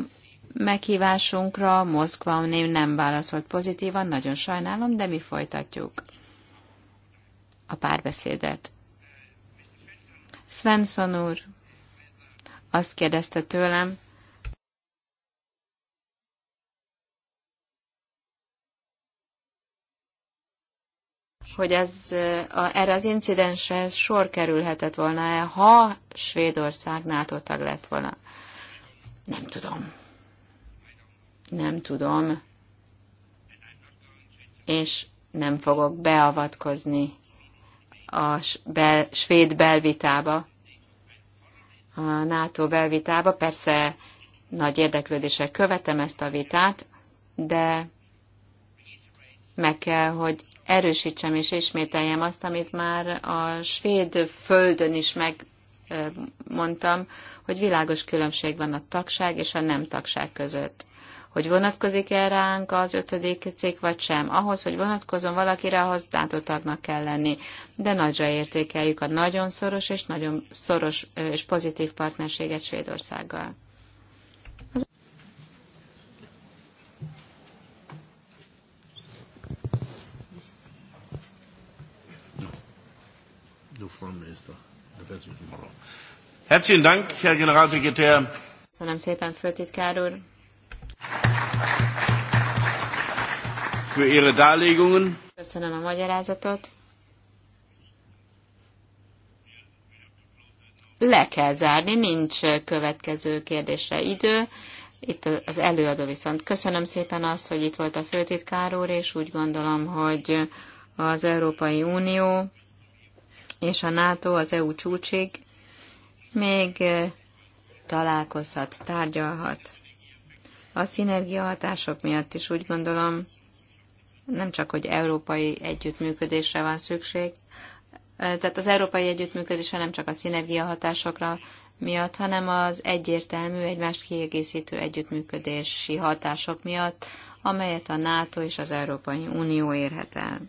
meghívásunkra Moszkva nem válaszolt pozitívan, nagyon sajnálom, de mi folytatjuk a párbeszédet. Svensson úr azt kérdezte tőlem, hogy ez, a, erre az incidensre sor kerülhetett volna-e, ha Svédország NATO tag lett volna. Nem tudom. Nem tudom. És nem fogok beavatkozni a bel, svéd belvitába, a NATO belvitába. Persze nagy érdeklődéssel követem ezt a vitát, de meg kell, hogy erősítsem és ismételjem azt, amit már a svéd földön is megmondtam, hogy világos különbség van a tagság és a nem tagság között hogy vonatkozik-e ránk az ötödik cikk, vagy sem. Ahhoz, hogy vonatkozom valakire, ahhoz látottaknak kell lenni. De nagyra értékeljük a nagyon szoros és nagyon szoros és pozitív partnerséget Svédországgal. Herzlichen Dank, Herr Generalsekretär. Köszönöm szépen, főtitkár úr. Köszönöm a magyarázatot. Le kell zárni, nincs következő kérdésre idő. Itt az előadó viszont. Köszönöm szépen azt, hogy itt volt a főtitkár úr, és úgy gondolom, hogy az Európai Unió és a NATO az EU csúcsig még találkozhat, tárgyalhat. A szinergia hatások miatt is úgy gondolom, nem csak, hogy európai együttműködésre van szükség, tehát az európai együttműködésre nem csak a szinergia hatásokra miatt, hanem az egyértelmű, egymást kiegészítő együttműködési hatások miatt, amelyet a NATO és az Európai Unió érhet el.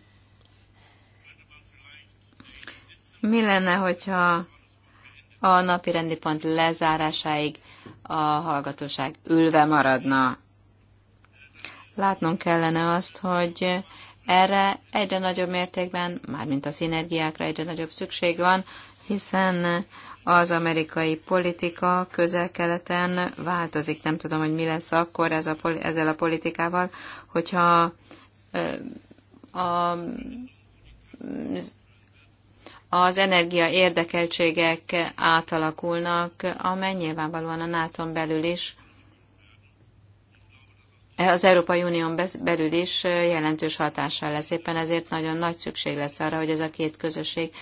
Mi lenne, hogyha a napi rendi pont lezárásáig a hallgatóság ülve maradna. Látnunk kellene azt, hogy erre egyre nagyobb mértékben, mármint a szinergiákra egyre nagyobb szükség van, hiszen az amerikai politika közel-keleten változik. Nem tudom, hogy mi lesz akkor ez a, ezzel a politikával, hogyha a az energia érdekeltségek átalakulnak, amely nyilvánvalóan a nato belül is, az Európai Unión belül is jelentős hatással lesz. Éppen ezért nagyon nagy szükség lesz arra, hogy ez a két közösség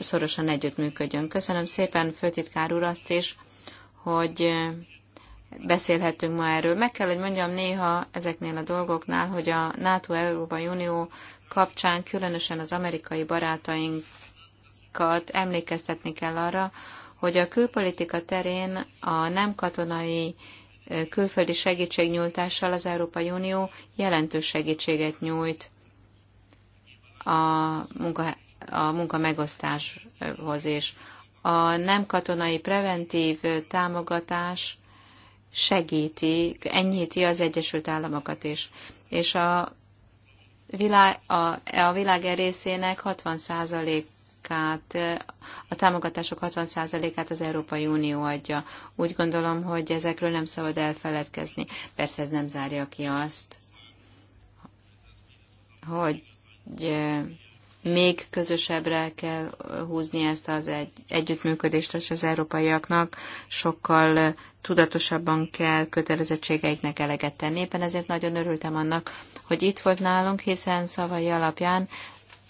szorosan együttműködjön. Köszönöm szépen, főtitkár úr, azt is, hogy beszélhetünk ma erről. Meg kell, hogy mondjam néha ezeknél a dolgoknál, hogy a NATO-Európai Unió kapcsán, különösen az amerikai barátaink kollégákat emlékeztetni kell arra, hogy a külpolitika terén a nem katonai külföldi segítségnyújtással az Európai Unió jelentős segítséget nyújt a munka, a munka megosztáshoz is. A nem katonai preventív támogatás segíti, enyhíti az Egyesült Államokat is. És a világ, a, a világ e részének 60% át a támogatások 60%-át az Európai Unió adja. Úgy gondolom, hogy ezekről nem szabad elfeledkezni. Persze ez nem zárja ki azt, hogy még közösebbre kell húzni ezt az egy, együttműködést és az európaiaknak, sokkal tudatosabban kell kötelezettségeiknek eleget tenni. Éppen ezért nagyon örültem annak, hogy itt volt nálunk, hiszen szavai alapján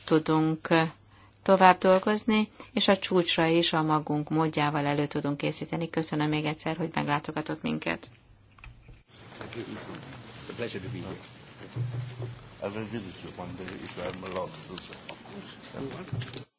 tudunk tovább dolgozni, és a csúcsra is a magunk módjával elő tudunk készíteni. Köszönöm még egyszer, hogy meglátogatott minket. I will visit you one day if allowed to do so. Of course.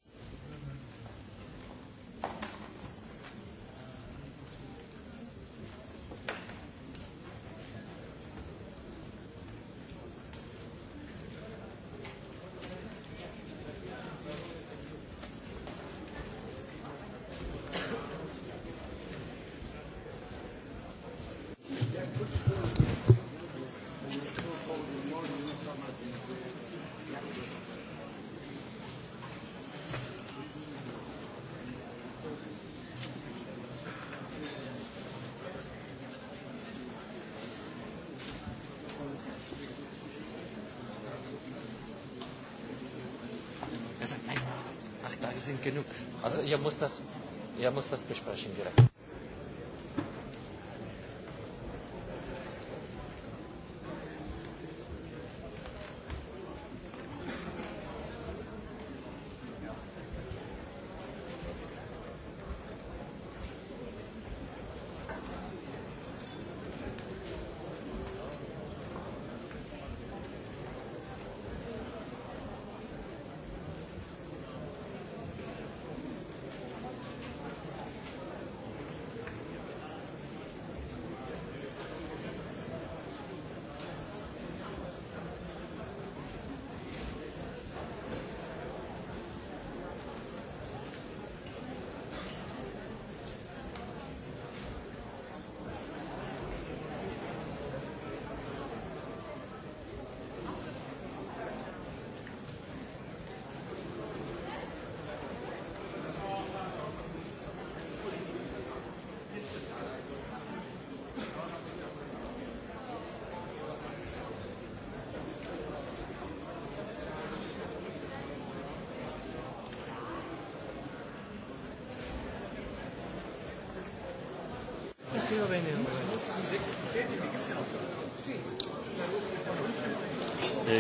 sind genug. Also ihr müsst das, ihr muss das besprechen direkt.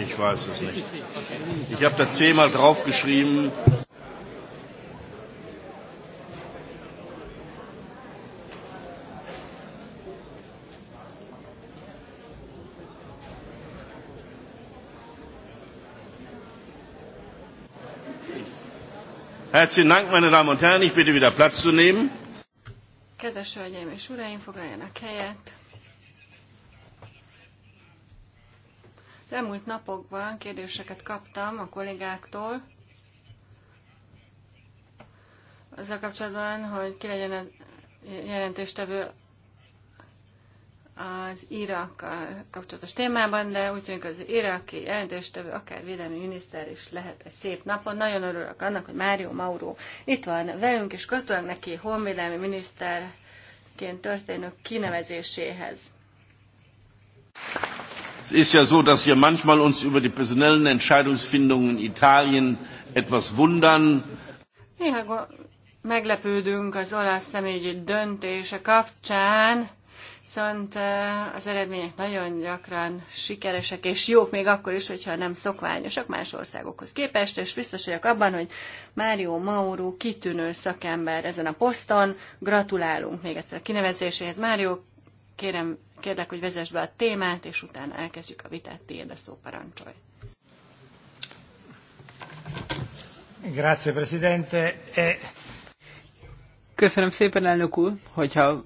Ich weiß es nicht. Ich habe da zehnmal draufgeschrieben. Herzlichen Dank, meine Damen und Herren. Ich bitte wieder Platz zu nehmen. Kedves hölgyeim és uraim, foglaljanak helyet. Az elmúlt napokban kérdéseket kaptam a kollégáktól, azzal kapcsolatban, hogy ki legyen a jelentéstevő az Irakkal kapcsolatos témában, de úgy tűnik az iraki jelentéstevő, akár védelmi miniszter is lehet egy szép napon. Nagyon örülök annak, hogy Mário Mauro itt van velünk, és gratulálok neki honvédelmi miniszter ként történő kinevezéséhez. Es ist ja so, dass wir manchmal uns über die personellen Entscheidungsfindungen in Italien etwas wundern. Néha meglepődünk az olasz személyi döntése kapcsán, Viszont az eredmények nagyon gyakran sikeresek és jók, még akkor is, hogyha nem szokványosak más országokhoz képest, és biztos vagyok abban, hogy Mário Mauro kitűnő szakember ezen a poszton. Gratulálunk még egyszer a kinevezéséhez. Mário, kérem, kérlek, hogy vezess be a témát, és utána elkezdjük a vitát, tiéd a szó parancsolj. Grazie, Presidente. E- Köszönöm szépen, elnök úr, hogyha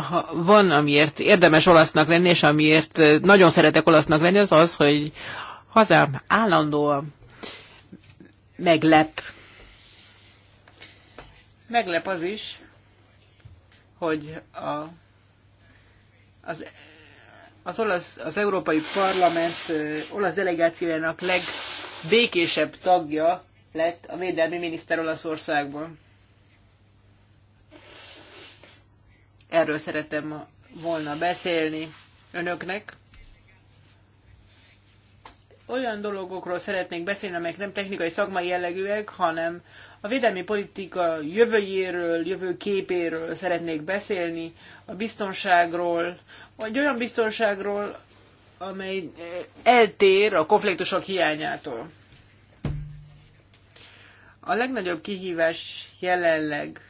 ha van, amiért érdemes olasznak lenni, és amiért nagyon szeretek olasznak lenni, az az, hogy hazám állandóan meglep. Meglep az is, hogy a, az, az, olasz, az Európai Parlament olasz delegációjának legbékésebb tagja lett a védelmi miniszter Olaszországban. Erről szeretem volna beszélni önöknek. Olyan dologokról szeretnék beszélni, amelyek nem technikai, szakmai jellegűek, hanem a védelmi politika jövőjéről, jövőképéről szeretnék beszélni, a biztonságról, vagy olyan biztonságról, amely eh, eltér a konfliktusok hiányától. A legnagyobb kihívás jelenleg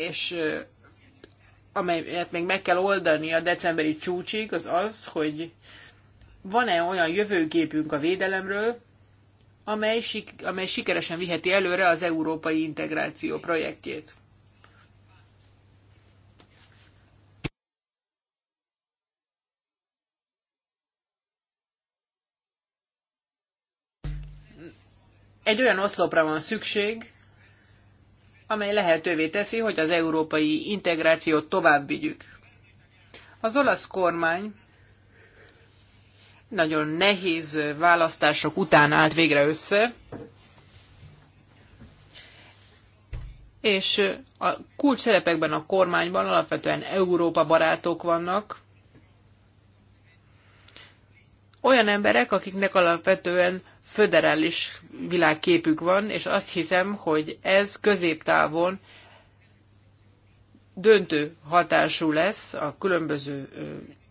és amelyet még meg kell oldani a decemberi csúcsig, az az, hogy van-e olyan jövőképünk a védelemről, amely, sik- amely sikeresen viheti előre az európai integráció projektjét. Egy olyan oszlopra van szükség, amely lehetővé teszi, hogy az európai integrációt tovább vigyük. Az olasz kormány nagyon nehéz választások után állt végre össze, és a kulcs szerepekben a kormányban alapvetően Európa barátok vannak, olyan emberek, akiknek alapvetően föderális világképük van, és azt hiszem, hogy ez középtávon döntő hatású lesz a különböző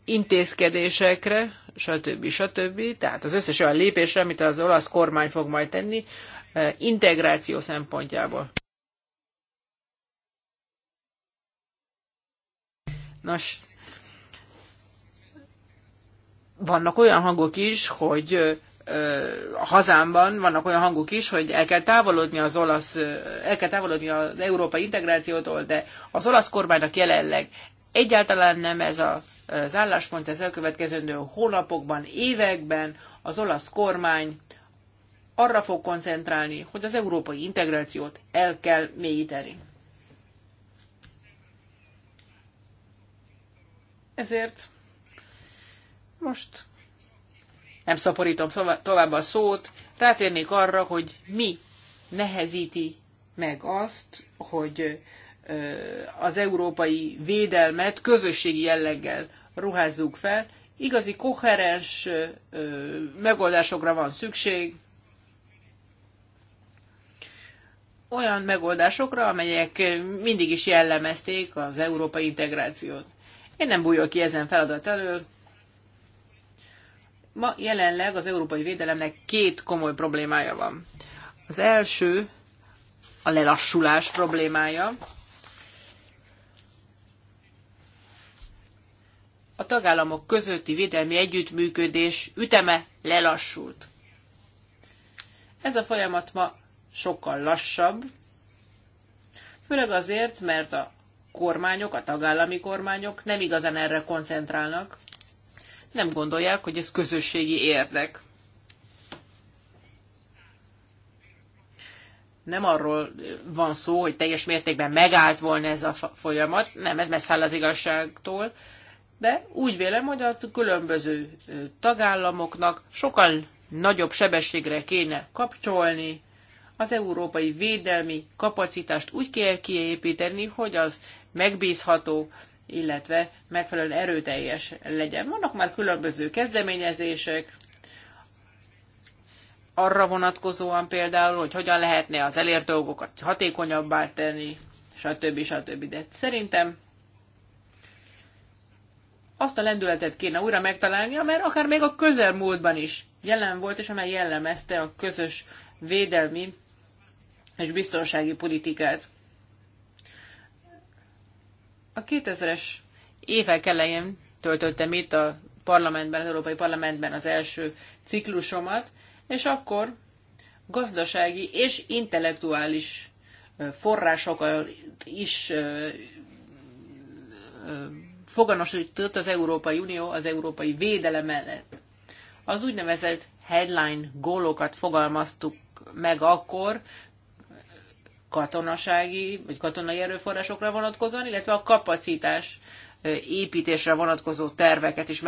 intézkedésekre, stb. stb. Tehát az összes olyan lépésre, amit az olasz kormány fog majd tenni, integráció szempontjából. Nos, vannak olyan hangok is, hogy a hazámban vannak olyan hangok is, hogy el kell távolodni az olasz, el kell távolodni az európai integrációtól, de az olasz kormánynak jelenleg egyáltalán nem ez a, az álláspont, ez elkövetkezendő hónapokban, években az olasz kormány arra fog koncentrálni, hogy az európai integrációt el kell mélyíteni. Ezért most nem szaporítom tovább a szót, rátérnék arra, hogy mi nehezíti meg azt, hogy az európai védelmet közösségi jelleggel ruházzuk fel. Igazi koherens megoldásokra van szükség, olyan megoldásokra, amelyek mindig is jellemezték az európai integrációt. Én nem bújok ki ezen feladat elől, Ma jelenleg az európai védelemnek két komoly problémája van. Az első a lelassulás problémája. A tagállamok közötti védelmi együttműködés üteme lelassult. Ez a folyamat ma sokkal lassabb, főleg azért, mert a kormányok, a tagállami kormányok nem igazán erre koncentrálnak, nem gondolják, hogy ez közösségi érdek. Nem arról van szó, hogy teljes mértékben megállt volna ez a folyamat, nem, ez messzáll az igazságtól, de úgy vélem, hogy a különböző tagállamoknak sokkal nagyobb sebességre kéne kapcsolni, az európai védelmi kapacitást úgy kell kiépíteni, hogy az megbízható illetve megfelelően erőteljes legyen. Vannak már különböző kezdeményezések, arra vonatkozóan például, hogy hogyan lehetne az elért dolgokat hatékonyabbá tenni, stb. stb. De szerintem azt a lendületet kéne újra megtalálni, amely akár még a közelmúltban is jelen volt, és amely jellemezte a közös védelmi és biztonsági politikát. A 2000-es évek elején töltöttem itt a parlamentben, az Európai Parlamentben az első ciklusomat, és akkor gazdasági és intellektuális forrásokkal is foganosított az Európai Unió az európai védelem mellett. Az úgynevezett headline gólokat fogalmaztuk meg akkor, katonasági vagy katonai erőforrásokra vonatkozóan, illetve a kapacitás építésre vonatkozó terveket is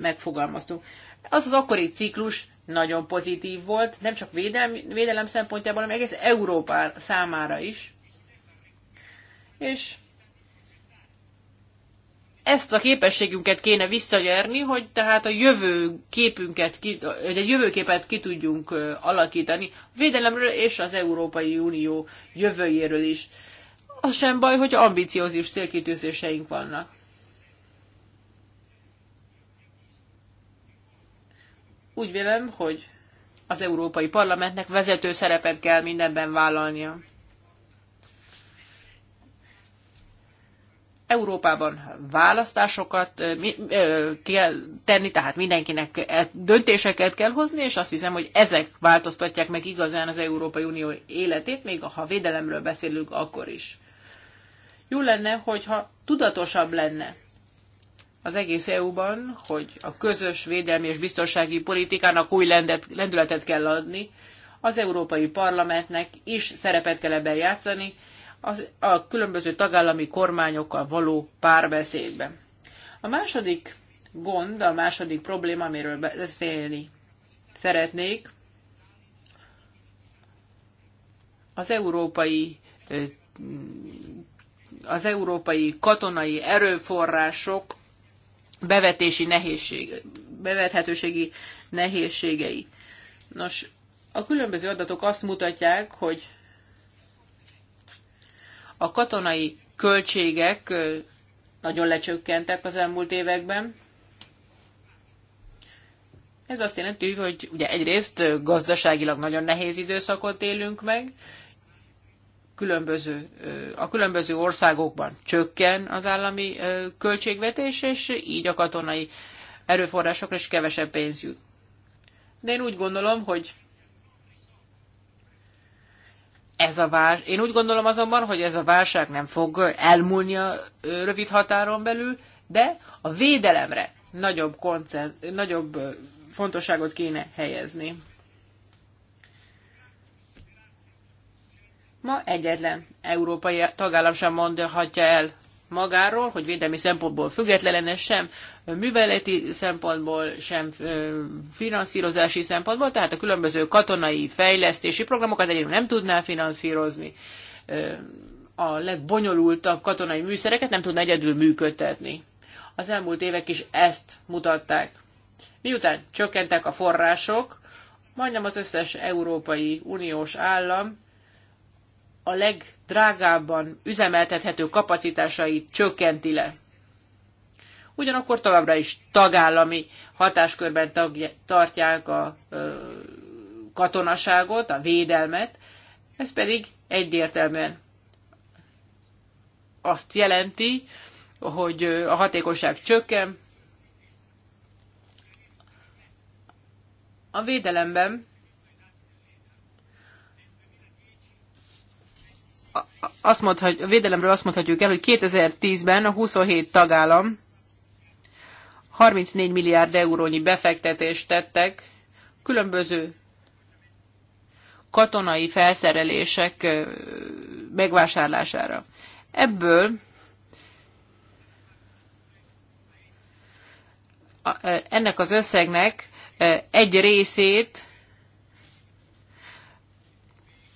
megfogalmaztunk. Az az akkori ciklus nagyon pozitív volt, nem csak védelmi, védelem szempontjából, hanem egész Európa számára is. És ezt a képességünket kéne visszagyerni, hogy tehát a jövő képünket, egy jövőképet ki tudjunk alakítani a védelemről és az Európai Unió jövőjéről is. Az sem baj, hogy ambiciózis célkitűzéseink vannak. Úgy vélem, hogy az Európai Parlamentnek vezető szerepet kell mindenben vállalnia. Európában választásokat kell tenni, tehát mindenkinek e, döntéseket kell hozni, és azt hiszem, hogy ezek változtatják meg igazán az Európai Unió életét, még ha védelemről beszélünk, akkor is. Jó lenne, hogyha tudatosabb lenne az egész EU-ban, hogy a közös védelmi és biztonsági politikának új lendületet kell adni, az Európai Parlamentnek is szerepet kell ebben játszani, az, a különböző tagállami kormányokkal való párbeszédbe. A második gond, a második probléma, amiről beszélni szeretnék, az európai az európai katonai erőforrások bevetési nehézség, bevethetőségi nehézségei. Nos, a különböző adatok azt mutatják, hogy a katonai költségek nagyon lecsökkentek az elmúlt években. Ez azt jelenti, hogy ugye egyrészt gazdaságilag nagyon nehéz időszakot élünk meg, különböző, a különböző országokban csökken az állami költségvetés, és így a katonai erőforrásokra is kevesebb pénz jut. De én úgy gondolom, hogy ez a válság, én úgy gondolom azonban, hogy ez a válság nem fog elmúlni a rövid határon belül, de a védelemre nagyobb, koncert, nagyobb fontosságot kéne helyezni. Ma egyetlen európai tagállam sem mondhatja el magáról, hogy védelmi szempontból függetlene sem műveleti szempontból, sem finanszírozási szempontból, tehát a különböző katonai fejlesztési programokat egyébként nem tudná finanszírozni, a legbonyolultabb katonai műszereket nem tudna egyedül működtetni. Az elmúlt évek is ezt mutatták. Miután csökkentek a források, majdnem az összes Európai Uniós állam a legdrágábban üzemeltethető kapacitásait csökkenti le. Ugyanakkor továbbra is tagállami hatáskörben tagja, tartják a ö, katonaságot, a védelmet, ez pedig egyértelműen azt jelenti, hogy a hatékonyság csökken. A védelemben azt mondhat, a védelemről azt mondhatjuk el, hogy 2010-ben a 27 tagállam 34 milliárd eurónyi befektetést tettek különböző katonai felszerelések megvásárlására. Ebből ennek az összegnek egy részét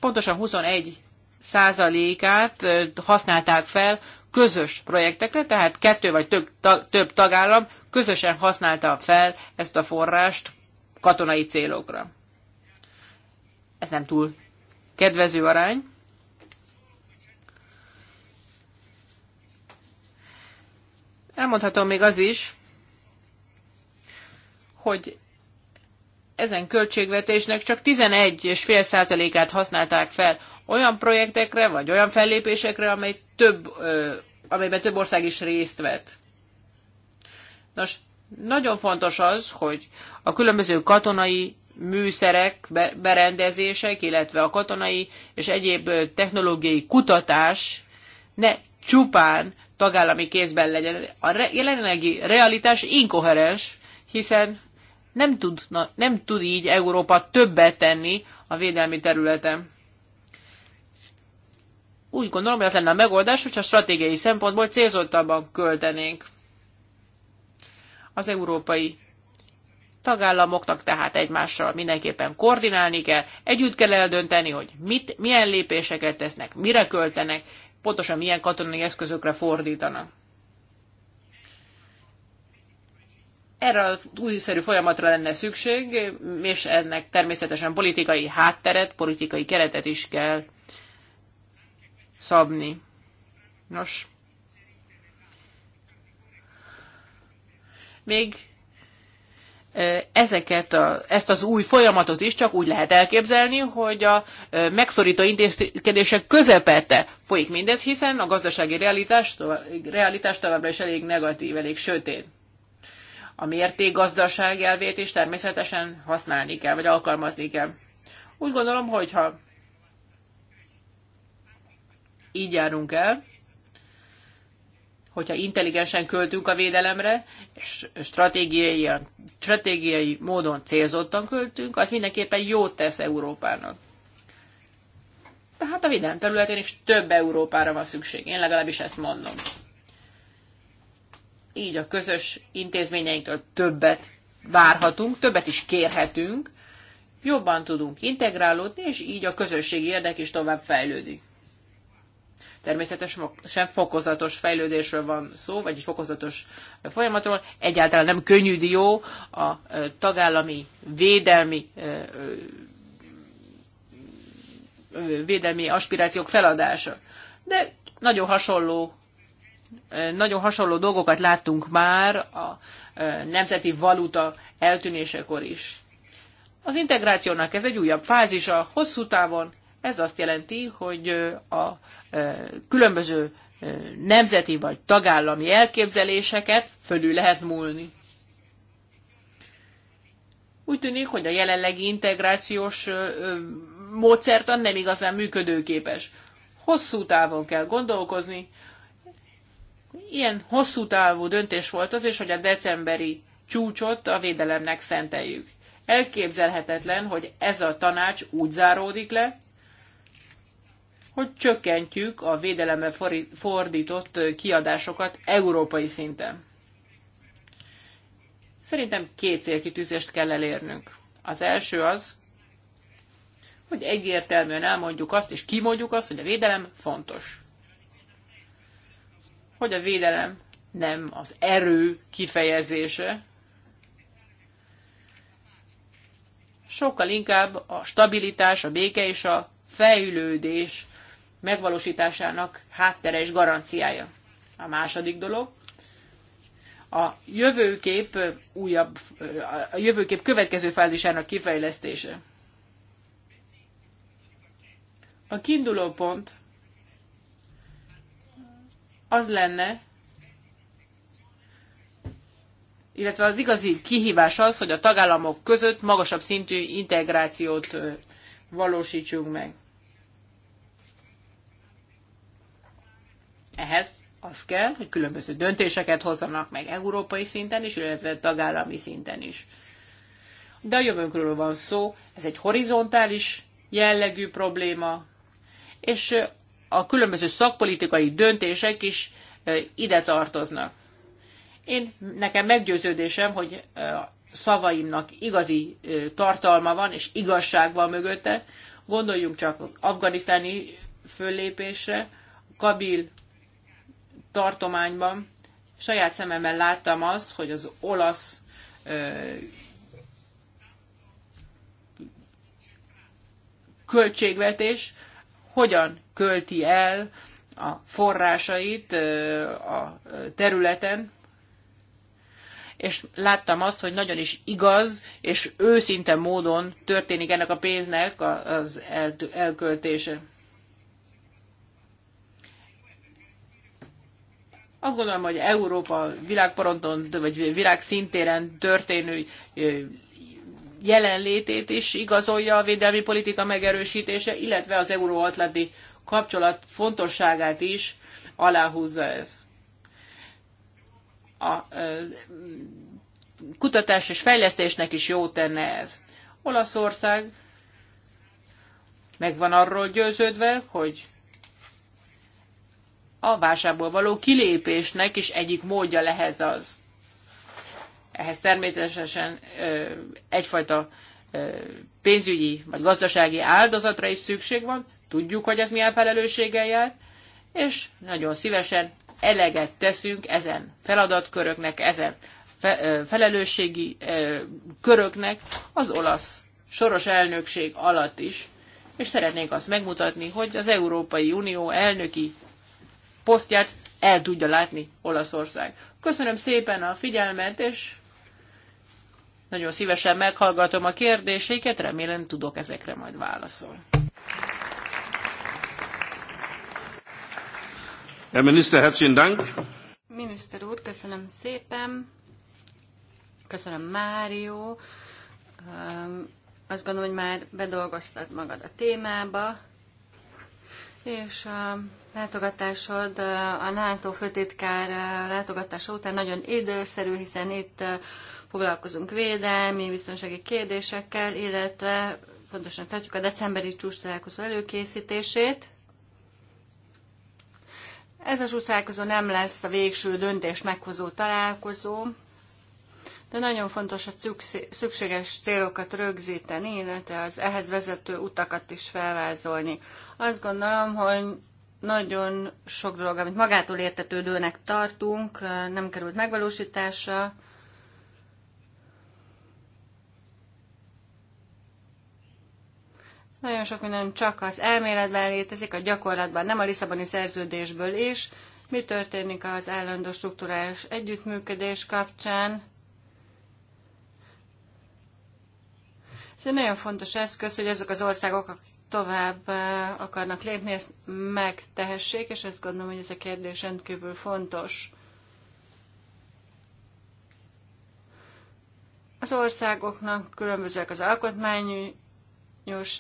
pontosan 21 százalékát használták fel közös projektekre, tehát kettő vagy több, tag, több tagállam közösen használta fel ezt a forrást katonai célokra. Ez nem túl kedvező arány. Elmondhatom még az is, hogy ezen költségvetésnek csak 11,5%-át használták fel olyan projektekre, vagy olyan fellépésekre, amely több, amelyben több ország is részt vett. Nos, nagyon fontos az, hogy a különböző katonai műszerek, berendezések, illetve a katonai és egyéb technológiai kutatás ne csupán tagállami kézben legyen. A jelenlegi realitás inkoherens, hiszen nem tud, na, nem tud így Európa többet tenni a védelmi területen. Úgy gondolom, hogy az lenne a megoldás, hogyha stratégiai szempontból célzottabban költenénk. Az európai tagállamoknak tehát egymással mindenképpen koordinálni kell, együtt kell eldönteni, hogy mit, milyen lépéseket tesznek, mire költenek, pontosan milyen katonai eszközökre fordítanak. Erre a újszerű folyamatra lenne szükség, és ennek természetesen politikai hátteret, politikai keretet is kell szabni. Nos, még ezeket a, ezt az új folyamatot is csak úgy lehet elképzelni, hogy a megszorító intézkedések közepette folyik mindez, hiszen a gazdasági realitás, realitás továbbra is elég negatív, elég sötét. A gazdaság elvét is természetesen használni kell, vagy alkalmazni kell. Úgy gondolom, hogyha így járunk el, hogyha intelligensen költünk a védelemre, és stratégiai, stratégiai módon célzottan költünk, az mindenképpen jót tesz Európának. Tehát a védelem területén is több Európára van szükség. Én legalábbis ezt mondom. Így a közös intézményeinktől többet várhatunk, többet is kérhetünk, jobban tudunk integrálódni, és így a közösségi érdek is tovább fejlődik természetesen fokozatos fejlődésről van szó, vagy egy fokozatos folyamatról. Egyáltalán nem könnyű dió a tagállami védelmi védelmi aspirációk feladása. De nagyon hasonló nagyon hasonló dolgokat láttunk már a nemzeti valuta eltűnésekor is. Az integrációnak ez egy újabb fázisa hosszú távon, ez azt jelenti, hogy a különböző nemzeti vagy tagállami elképzeléseket fölül lehet múlni. Úgy tűnik, hogy a jelenlegi integrációs módszertan nem igazán működőképes. Hosszú távon kell gondolkozni. Ilyen hosszú távú döntés volt az is, hogy a decemberi csúcsot a védelemnek szenteljük. Elképzelhetetlen, hogy ez a tanács úgy záródik le, hogy csökkentjük a védelemre fordított kiadásokat európai szinten. Szerintem két célkitűzést kell elérnünk. Az első az, hogy egyértelműen elmondjuk azt, és kimondjuk azt, hogy a védelem fontos. Hogy a védelem nem az erő kifejezése, sokkal inkább a stabilitás, a béke és a fejlődés megvalósításának háttere és garanciája. A második dolog, a jövőkép újabb, a jövőkép következő fázisának kifejlesztése. A kiinduló pont az lenne, illetve az igazi kihívás az, hogy a tagállamok között magasabb szintű integrációt valósítsunk meg. Ehhez az kell, hogy különböző döntéseket hozzanak meg európai szinten is, illetve tagállami szinten is. De a jövőnkről van szó, ez egy horizontális jellegű probléma, és a különböző szakpolitikai döntések is ide tartoznak. Én nekem meggyőződésem, hogy szavaimnak igazi tartalma van, és igazság van mögötte. Gondoljunk csak az afganisztáni föllépésre, Kabil tartományban saját szememmel láttam azt, hogy az olasz költségvetés hogyan költi el a forrásait a területen, és láttam azt, hogy nagyon is igaz és őszinte módon történik ennek a pénznek az elköltése. Azt gondolom, hogy Európa világparonton, vagy világszintéren történő jelenlétét is igazolja a védelmi politika megerősítése, illetve az euróatlanti kapcsolat fontosságát is aláhúzza ez. A, kutatás és fejlesztésnek is jó tenne ez. Olaszország meg van arról győződve, hogy a válságból való kilépésnek is egyik módja lehet az. Ehhez természetesen ö, egyfajta ö, pénzügyi vagy gazdasági áldozatra is szükség van, tudjuk, hogy ez milyen felelősséggel jár, és nagyon szívesen eleget teszünk ezen feladatköröknek, ezen fe, felelősségi ö, köröknek az olasz soros elnökség alatt is, és szeretnénk azt megmutatni, hogy az Európai Unió elnöki posztját el tudja látni Olaszország. Köszönöm szépen a figyelmet, és nagyon szívesen meghallgatom a kérdéseiket, remélem tudok ezekre majd válaszolni. Herr Minister, herzlichen Dank. Miniszter úr, köszönöm szépen. Köszönöm, Mário. Azt gondolom, hogy már bedolgoztad magad a témába, és látogatásod, a NATO főtitkár látogatása után nagyon időszerű, hiszen itt foglalkozunk védelmi, biztonsági kérdésekkel, illetve fontosnak tartjuk a decemberi csúcs találkozó előkészítését. Ez a csúcs találkozó nem lesz a végső döntés meghozó találkozó, de nagyon fontos a szükséges célokat rögzíteni, illetve az ehhez vezető utakat is felvázolni. Azt gondolom, hogy nagyon sok dolog, amit magától értetődőnek tartunk, nem került megvalósításra. Nagyon sok minden csak az elméletben létezik, a gyakorlatban, nem a Lisszaboni szerződésből is. Mi történik az állandó struktúrális együttműködés kapcsán? Ez egy nagyon fontos eszköz, hogy azok az országok, akik tovább akarnak lépni, ezt megtehessék, és ezt gondolom, hogy ez a kérdés rendkívül fontos. Az országoknak különbözőek az alkotmányos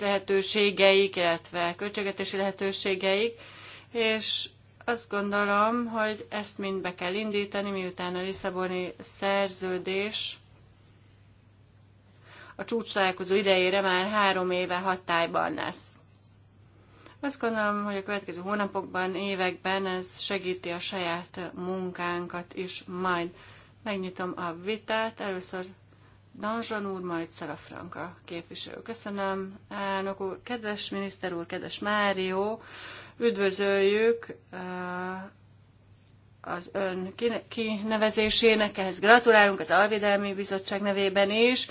lehetőségeik, illetve költségetési lehetőségeik, és azt gondolom, hogy ezt mind be kell indítani, miután a Lisszaboni szerződés a csúcs találkozó idejére már három éve hatályban lesz. Azt gondolom, hogy a következő hónapokban, években ez segíti a saját munkánkat is majd. Megnyitom a vitát. Először Danzsan úr, majd Franka képviselő. Köszönöm, elnök úr, kedves miniszter úr, kedves Mário, üdvözöljük uh, az ön kinevezésének, ehhez gratulálunk az Alvédelmi Bizottság nevében is,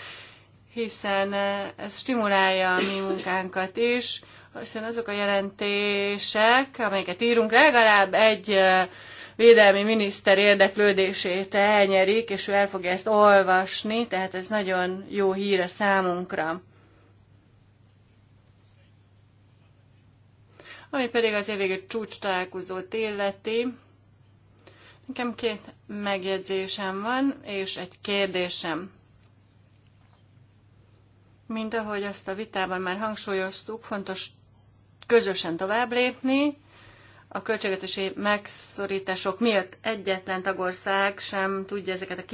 hiszen eh, ez stimulálja a mi munkánkat is, hiszen azok a jelentések, amelyeket írunk, legalább egy eh, védelmi miniszter érdeklődését elnyerik, és ő el fogja ezt olvasni, tehát ez nagyon jó hír a számunkra. Ami pedig az évvégi csúcs találkozót illeti, nekem két megjegyzésem van, és egy kérdésem. Mint ahogy ezt a vitában már hangsúlyoztuk, fontos közösen tovább lépni. A költségvetési megszorítások miatt egyetlen tagország sem tudja ezeket a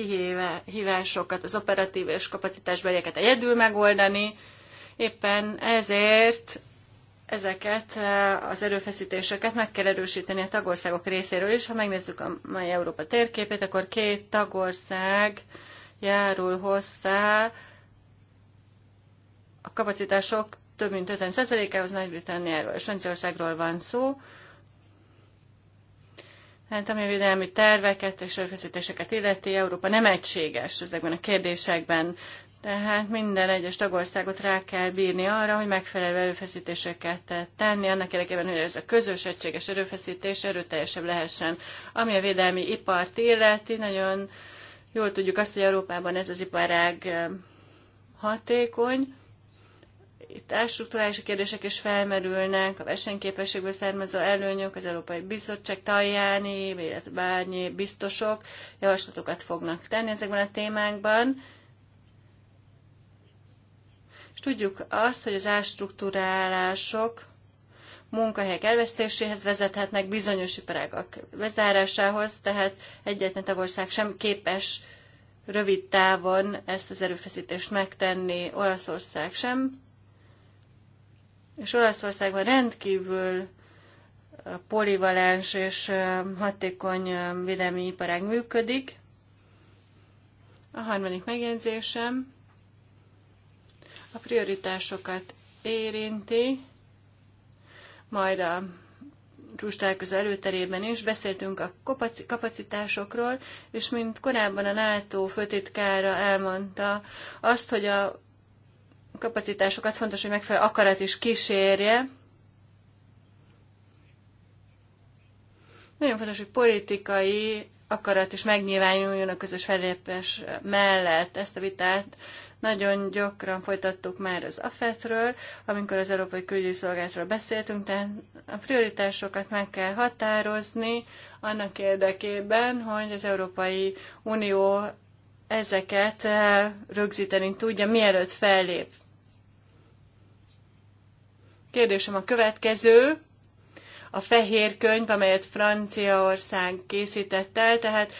kihívásokat, az operatív és kapacitásbelieket egyedül megoldani. Éppen ezért ezeket eh, az erőfeszítéseket meg kell erősíteni a tagországok részéről is. Ha megnézzük a mai Európa térképét, akkor két tagország járul hozzá a kapacitások több mint 50%-ához Nagy-Britanniáról és Franciaországról van szó. Hát ami a védelmi terveket és erőfeszítéseket illeti, Európa nem egységes ezekben a kérdésekben. Tehát minden egyes tagországot rá kell bírni arra, hogy megfelelő erőfeszítéseket tenni, annak érdekében, hogy ez a közös egységes erőfeszítés erőteljesebb lehessen. Ami a védelmi ipart illeti, nagyon jól tudjuk azt, hogy Európában ez az iparág eh, hatékony, itt árstruktúrális kérdések is felmerülnek, a versenyképességből származó előnyök, az Európai Bizottság taljáni, illetve bárnyi biztosok javaslatokat fognak tenni ezekben a témákban. És tudjuk azt, hogy az ástruktúrálások munkahelyek elvesztéséhez vezethetnek, bizonyos iparágak bezárásához, tehát egyetlen tagország sem képes rövid távon ezt az erőfeszítést megtenni, Olaszország sem és Olaszországban rendkívül polivalens és hatékony védelmi iparág működik. A harmadik megjegyzésem a prioritásokat érinti, majd a csústálkozó előterében is beszéltünk a kapacitásokról, és mint korábban a NATO főtitkára elmondta azt, hogy a kapacitásokat fontos, hogy megfelelő akarat is kísérje. Nagyon fontos, hogy politikai akarat is megnyilvánuljon a közös fellépés mellett. Ezt a vitát nagyon gyakran folytattuk már az AFET-ről, amikor az Európai Külügyi Szolgálatról beszéltünk, tehát a prioritásokat meg kell határozni annak érdekében, hogy az Európai Unió ezeket eh, rögzíteni tudja, mielőtt fellép. Kérdésem a következő. A fehér könyv, amelyet Franciaország készített el, tehát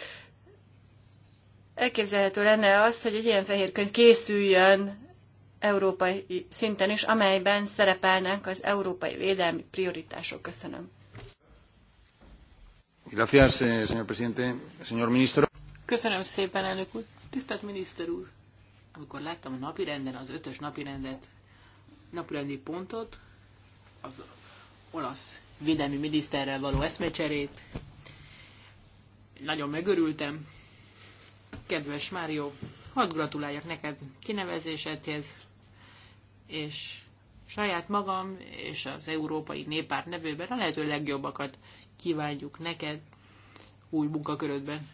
elképzelhető lenne az, hogy egy ilyen fehér könyv készüljön európai szinten is, amelyben szerepelnek az európai védelmi prioritások. Köszönöm. Gracias, eh, señor presidente. Señor ministro. Köszönöm szépen, elnök úr. Tisztelt miniszter úr! Amikor láttam a napirenden, az ötös napirendet, napirendi pontot, az olasz védelmi miniszterrel való eszmecserét. Nagyon megörültem. Kedves Mário, hadd gratuláljak neked kinevezésedhez, és saját magam és az Európai Néppárt nevében a lehető legjobbakat kívánjuk neked új munkakörödben.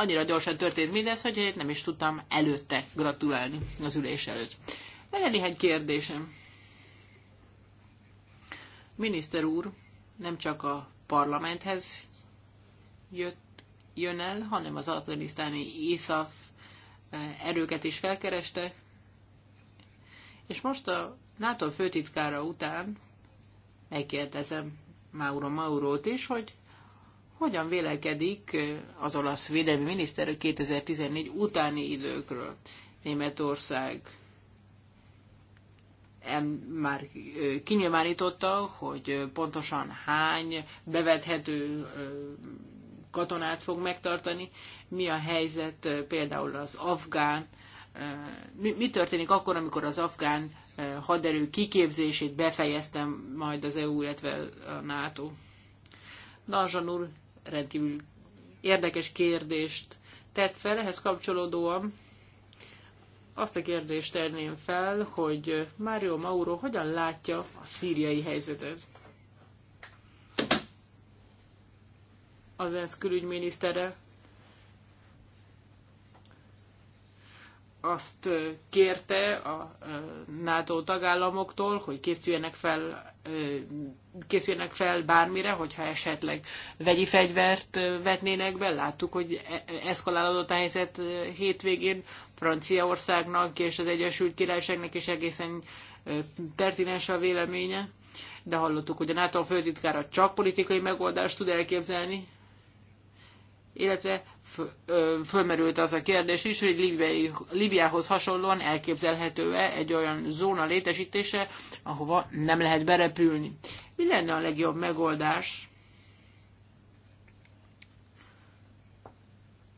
annyira gyorsan történt mindez, hogy én nem is tudtam előtte gratulálni az ülés előtt. Legyen néhány kérdésem. Miniszter úr nem csak a parlamenthez jött, jön el, hanem az afganisztáni ISAF eh, erőket is felkereste, és most a NATO főtitkára után megkérdezem Mauro Maurót is, hogy hogyan vélekedik az olasz védelmi miniszter 2014 utáni időkről. Németország már kinyilvánította, hogy pontosan hány bevethető katonát fog megtartani, mi a helyzet például az afgán, mi, mi történik akkor, amikor az afgán haderő kiképzését befejeztem majd az EU, illetve a NATO. Na, Zsanur, rendkívül érdekes kérdést tett fel, ehhez kapcsolódóan azt a kérdést tenném fel, hogy Mário Mauro hogyan látja a szíriai helyzetet. Az ENSZ külügyminisztere azt kérte a NATO tagállamoktól, hogy készüljenek fel, készüljenek fel bármire, hogyha esetleg vegyi fegyvert vetnének be. Láttuk, hogy e, eszkalálódott a helyzet hétvégén Franciaországnak és az Egyesült Királyságnak is egészen pertinens a véleménye, de hallottuk, hogy a NATO főtitkára csak politikai megoldást tud elképzelni illetve fölmerült az a kérdés is, hogy Libiai, Libiához hasonlóan elképzelhető-e egy olyan zóna létesítése, ahova nem lehet berepülni. Mi lenne a legjobb megoldás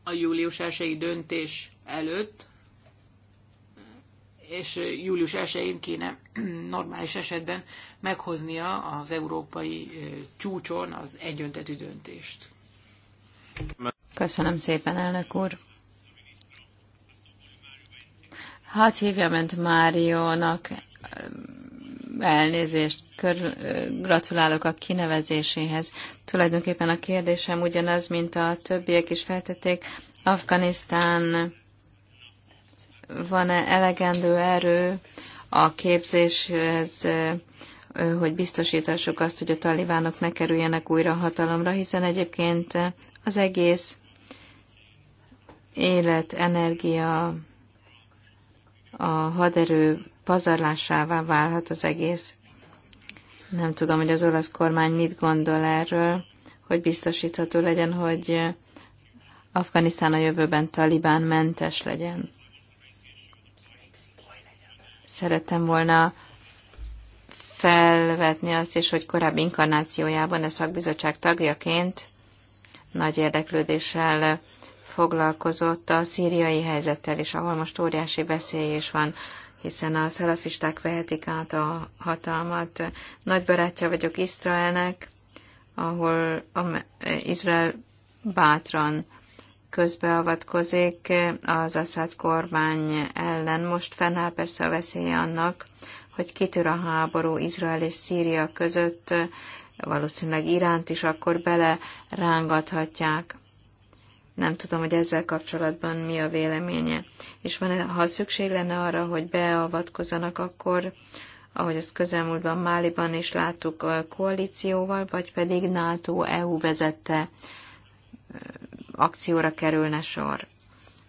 a július 1 döntés előtt, és július 1-én kéne normális esetben meghoznia az európai csúcson az egyöntetű döntést. Köszönöm szépen, elnök úr. Hát hívja önt Máriónak, elnézést, kör, gratulálok a kinevezéséhez. Tulajdonképpen a kérdésem ugyanaz, mint a többiek is feltették. Afganisztán van-e elegendő erő a képzéshez, hogy biztosítassuk azt, hogy a talibánok ne kerüljenek újra hatalomra, hiszen egyébként az egész élet, energia, a haderő pazarlásává válhat az egész. Nem tudom, hogy az olasz kormány mit gondol erről, hogy biztosítható legyen, hogy Afganisztán a jövőben talibán mentes legyen. Szerettem volna felvetni azt is, hogy korábbi inkarnációjában a szakbizottság tagjaként nagy érdeklődéssel foglalkozott a szíriai helyzettel is, ahol most óriási veszély is van, hiszen a szelefisták vehetik át a hatalmat. Nagy barátja vagyok Izraelnek, ahol Izrael bátran közbeavatkozik az Assad kormány ellen. Most fennáll persze a veszélye annak, hogy kitör a háború Izrael és Szíria között, valószínűleg Iránt is akkor bele rángathatják. Nem tudom, hogy ezzel kapcsolatban mi a véleménye. És van, ha szükség lenne arra, hogy beavatkozanak, akkor, ahogy ezt közelmúltban Máliban is láttuk, koalícióval, vagy pedig NATO-EU vezette akcióra kerülne sor.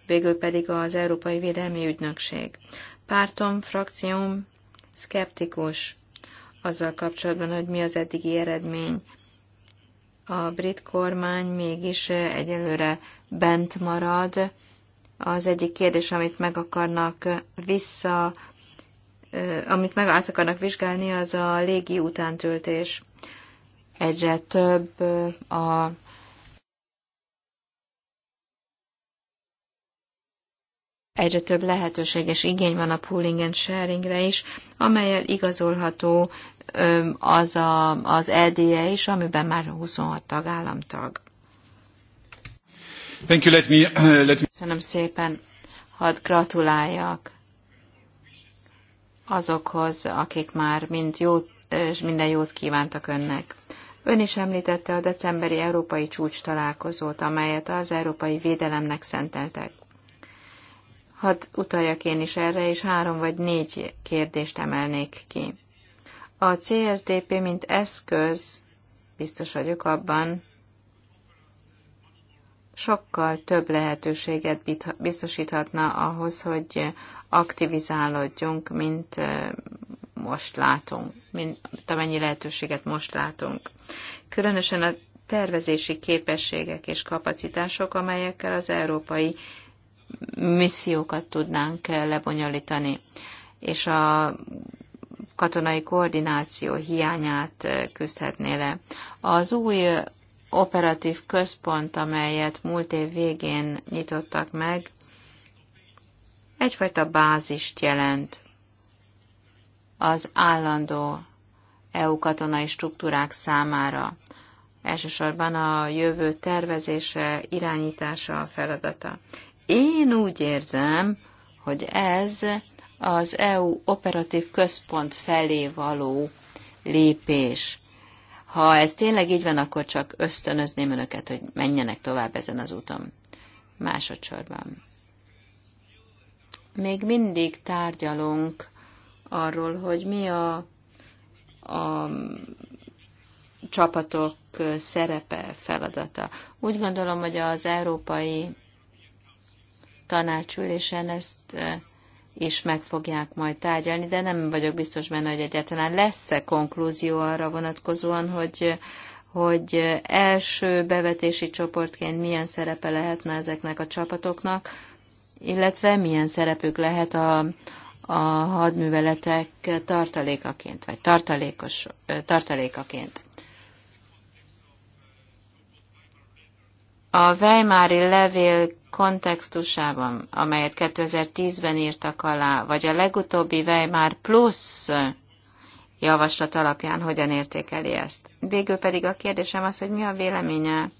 Végül pedig az Európai Védelmi Ügynökség. Pártom, frakcióm szkeptikus azzal kapcsolatban, hogy mi az eddigi eredmény. A brit kormány mégis egyelőre bent marad. Az egyik kérdés, amit meg akarnak vissza, amit meg át akarnak vizsgálni, az a légi utántöltés. Egyre több a egyre több lehetőség és igény van a pooling and sharingre is, amelyel igazolható az a, az LDE is, amiben már 26 tagállam tag. Thank you, let me, let me... Köszönöm szépen. Hadd gratuláljak azokhoz, akik már mind jót, és minden jót kívántak önnek. Ön is említette a decemberi európai csúcs találkozót, amelyet az európai védelemnek szenteltek. Hadd utaljak én is erre, és három vagy négy kérdést emelnék ki. A CSDP, mint eszköz, biztos vagyok abban, sokkal több lehetőséget biztosíthatna ahhoz, hogy aktivizálódjunk, mint most látunk, mint amennyi lehetőséget most látunk. Különösen a tervezési képességek és kapacitások, amelyekkel az európai missziókat tudnánk lebonyolítani, és a katonai koordináció hiányát küzdhetné le. Az új operatív központ, amelyet múlt év végén nyitottak meg, egyfajta bázist jelent az állandó EU katonai struktúrák számára. Elsősorban a jövő tervezése, irányítása a feladata. Én úgy érzem, hogy ez az EU operatív központ felé való lépés. Ha ez tényleg így van, akkor csak ösztönözném önöket, hogy menjenek tovább ezen az úton. Másodszorban. Még mindig tárgyalunk arról, hogy mi a, a csapatok szerepe, feladata. Úgy gondolom, hogy az európai tanácsülésen ezt is meg fogják majd tárgyalni, de nem vagyok biztos benne, hogy egyáltalán lesz-e konklúzió arra vonatkozóan, hogy, hogy első bevetési csoportként milyen szerepe lehetne ezeknek a csapatoknak, illetve milyen szerepük lehet a, a hadműveletek tartalékaként, vagy tartalékos, tartalékaként. A Weimári levél kontextusában, amelyet 2010-ben írtak alá, vagy a legutóbbi Weimar plusz javaslat alapján hogyan értékeli ezt. Végül pedig a kérdésem az, hogy mi a véleménye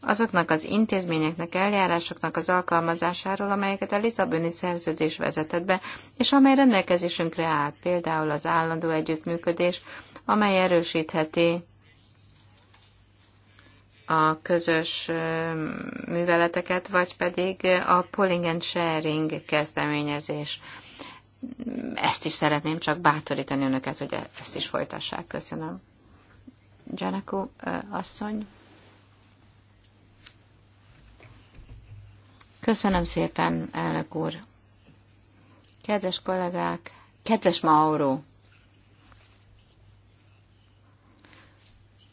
azoknak az intézményeknek, eljárásoknak az alkalmazásáról, amelyeket a Lisszaboni szerződés vezetett be, és amely rendelkezésünkre áll, például az állandó együttműködés, amely erősítheti a közös műveleteket, vagy pedig a Pulling and Sharing kezdeményezés. Ezt is szeretném csak bátorítani önöket, hogy e- ezt is folytassák. Köszönöm. Janakó asszony. Köszönöm szépen, elnök úr. Kedves kollégák, kedves Mauro.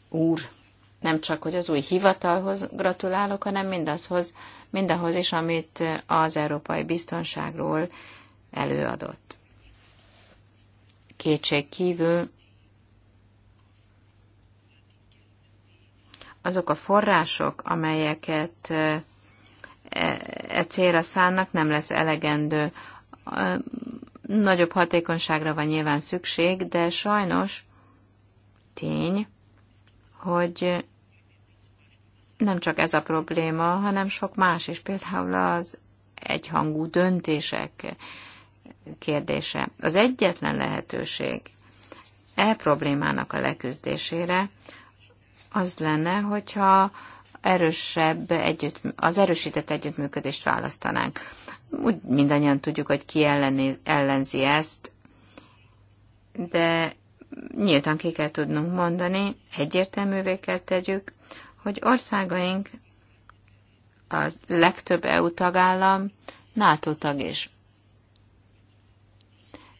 Úr. Nem csak, hogy az új hivatalhoz gratulálok, hanem mindazhoz, mindahhoz is, amit az európai biztonságról előadott. Kétség kívül azok a források, amelyeket e, e célra szánnak, nem lesz elegendő. Nagyobb hatékonyságra van nyilván szükség, de sajnos tény, hogy nem csak ez a probléma, hanem sok más is, például az egyhangú döntések kérdése. Az egyetlen lehetőség e problémának a leküzdésére az lenne, hogyha erősebb együtt, az erősített együttműködést választanánk. Úgy mindannyian tudjuk, hogy ki elleni, ellenzi ezt, de nyíltan ki kell tudnunk mondani, egyértelművé kell tegyük, hogy országaink a legtöbb EU tagállam NATO tag is.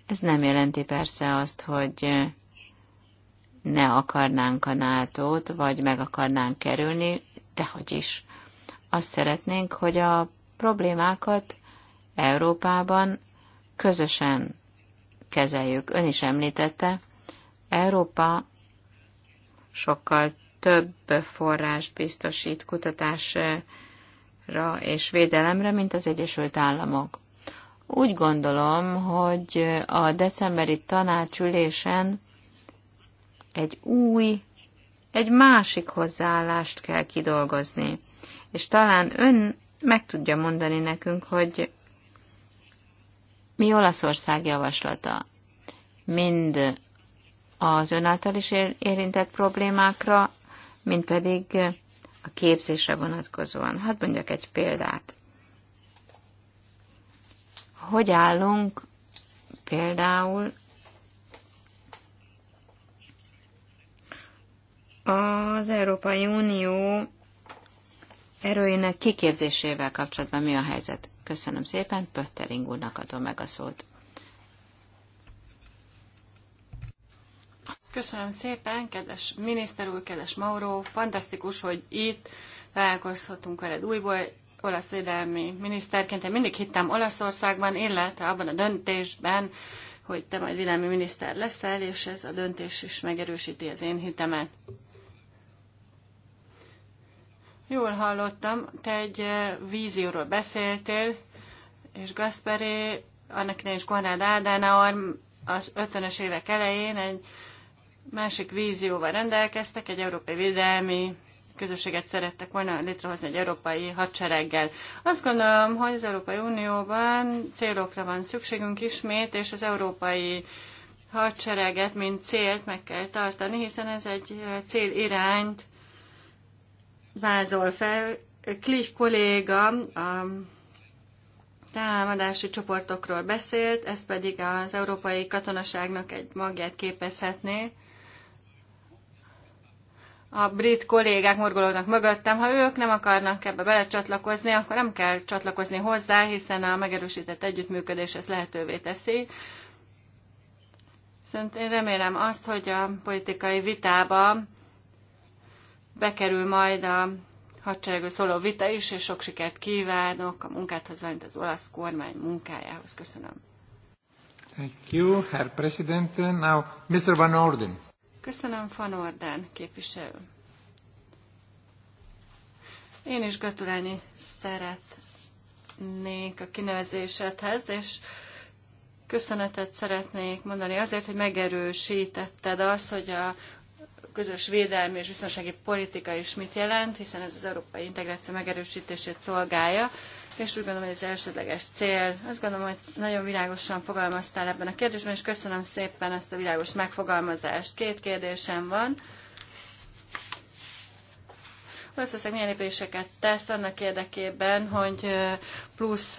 Ez nem jelenti persze azt, hogy ne akarnánk a nato vagy meg akarnánk kerülni, dehogy is. Azt szeretnénk, hogy a problémákat Európában közösen kezeljük. Ön is említette, Európa sokkal több forrás biztosít kutatásra és védelemre, mint az Egyesült Államok. Úgy gondolom, hogy a decemberi tanácsülésen egy új, egy másik hozzáállást kell kidolgozni. És talán ön meg tudja mondani nekünk, hogy mi Olaszország javaslata mind az ön által is érintett problémákra, mint pedig a képzésre vonatkozóan. Hadd mondjak egy példát. Hogy állunk például az Európai Unió erőinek kiképzésével kapcsolatban mi a helyzet? Köszönöm szépen, Pöttering úrnak adom meg a szót. Köszönöm szépen, kedves miniszter úr, kedves Mauro, fantasztikus, hogy itt találkozhatunk veled újból, olasz védelmi miniszterként. Én mindig hittem Olaszországban, illetve abban a döntésben, hogy te majd védelmi miniszter leszel, és ez a döntés is megerősíti az én hitemet. Jól hallottam, te egy eh, vízióról beszéltél, és Gasperi, annak idején is Konrád Adenauer az 50-es évek elején egy másik vízióval rendelkeztek, egy európai védelmi közösséget szerettek volna létrehozni egy európai hadsereggel. Azt gondolom, hogy az Európai Unióban célokra van szükségünk ismét, és az európai hadsereget, mint célt meg kell tartani, hiszen ez egy cél irányt vázol fel. Klich kolléga a támadási csoportokról beszélt, ez pedig az európai katonaságnak egy magját képezhetné a brit kollégák morgolódnak mögöttem, ha ők nem akarnak ebbe belecsatlakozni, akkor nem kell csatlakozni hozzá, hiszen a megerősített együttműködés ezt lehetővé teszi. Szóval én remélem azt, hogy a politikai vitába bekerül majd a hadseregő szóló vita is, és sok sikert kívánok a munkáthoz, mint az olasz kormány munkájához. Köszönöm. Thank you, Herr President. Now, Mr. Van Orden. Köszönöm, Fanordán képviselő. Én is gratulálni szeretnék a kinevezésedhez, és köszönetet szeretnék mondani azért, hogy megerősítetted azt, hogy a közös védelmi és biztonsági politika is mit jelent, hiszen ez az európai integráció megerősítését szolgálja és úgy gondolom, hogy ez elsődleges cél. Azt gondolom, hogy nagyon világosan fogalmaztál ebben a kérdésben, és köszönöm szépen ezt a világos megfogalmazást. Két kérdésem van. Olaszország milyen lépéseket tesz annak érdekében, hogy plusz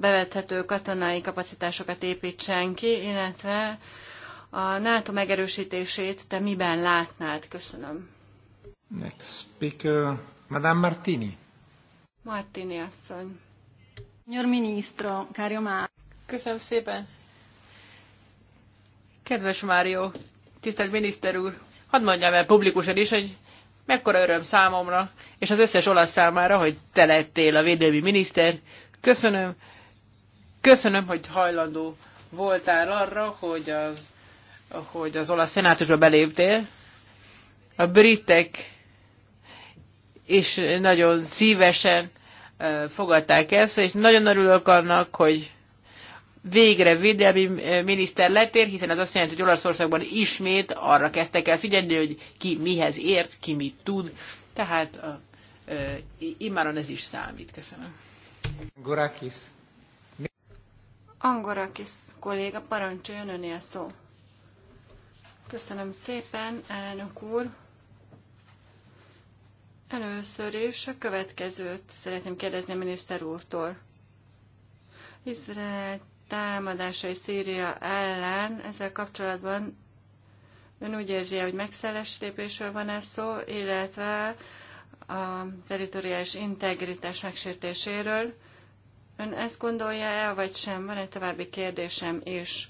bevethető katonai kapacitásokat építsen ki, illetve a NATO megerősítését te miben látnád? Köszönöm. Next speaker, Madame Martini. Martini asszony. Signor Ministro, caro Köszönöm szépen. Kedves Mário, tisztelt miniszter úr, hadd mondjam el publikusan is, hogy mekkora öröm számomra, és az összes olasz számára, hogy te lettél a védelmi miniszter. Köszönöm, köszönöm, hogy hajlandó voltál arra, hogy az, hogy az olasz szenátusba beléptél. A britek és nagyon szívesen fogadták ezt, szóval, és nagyon örülök annak, hogy végre védelmi miniszter letér, hiszen ez azt jelenti, hogy Olaszországban ismét arra kezdtek el figyelni, hogy ki mihez ért, ki mit tud. Tehát a, immáron ez is számít. Köszönöm. Gorakis. Angorakis kolléga, parancsoljon önél szó. Köszönöm szépen, elnök úr. Először is a következőt szeretném kérdezni a miniszter úrtól. Izrael támadásai Szíria ellen ezzel kapcsolatban ön úgy érzi, hogy megszeles lépésről van ez szó, illetve a teritoriális integritás megsértéséről. Ön ezt gondolja el, vagy sem? Van egy további kérdésem is.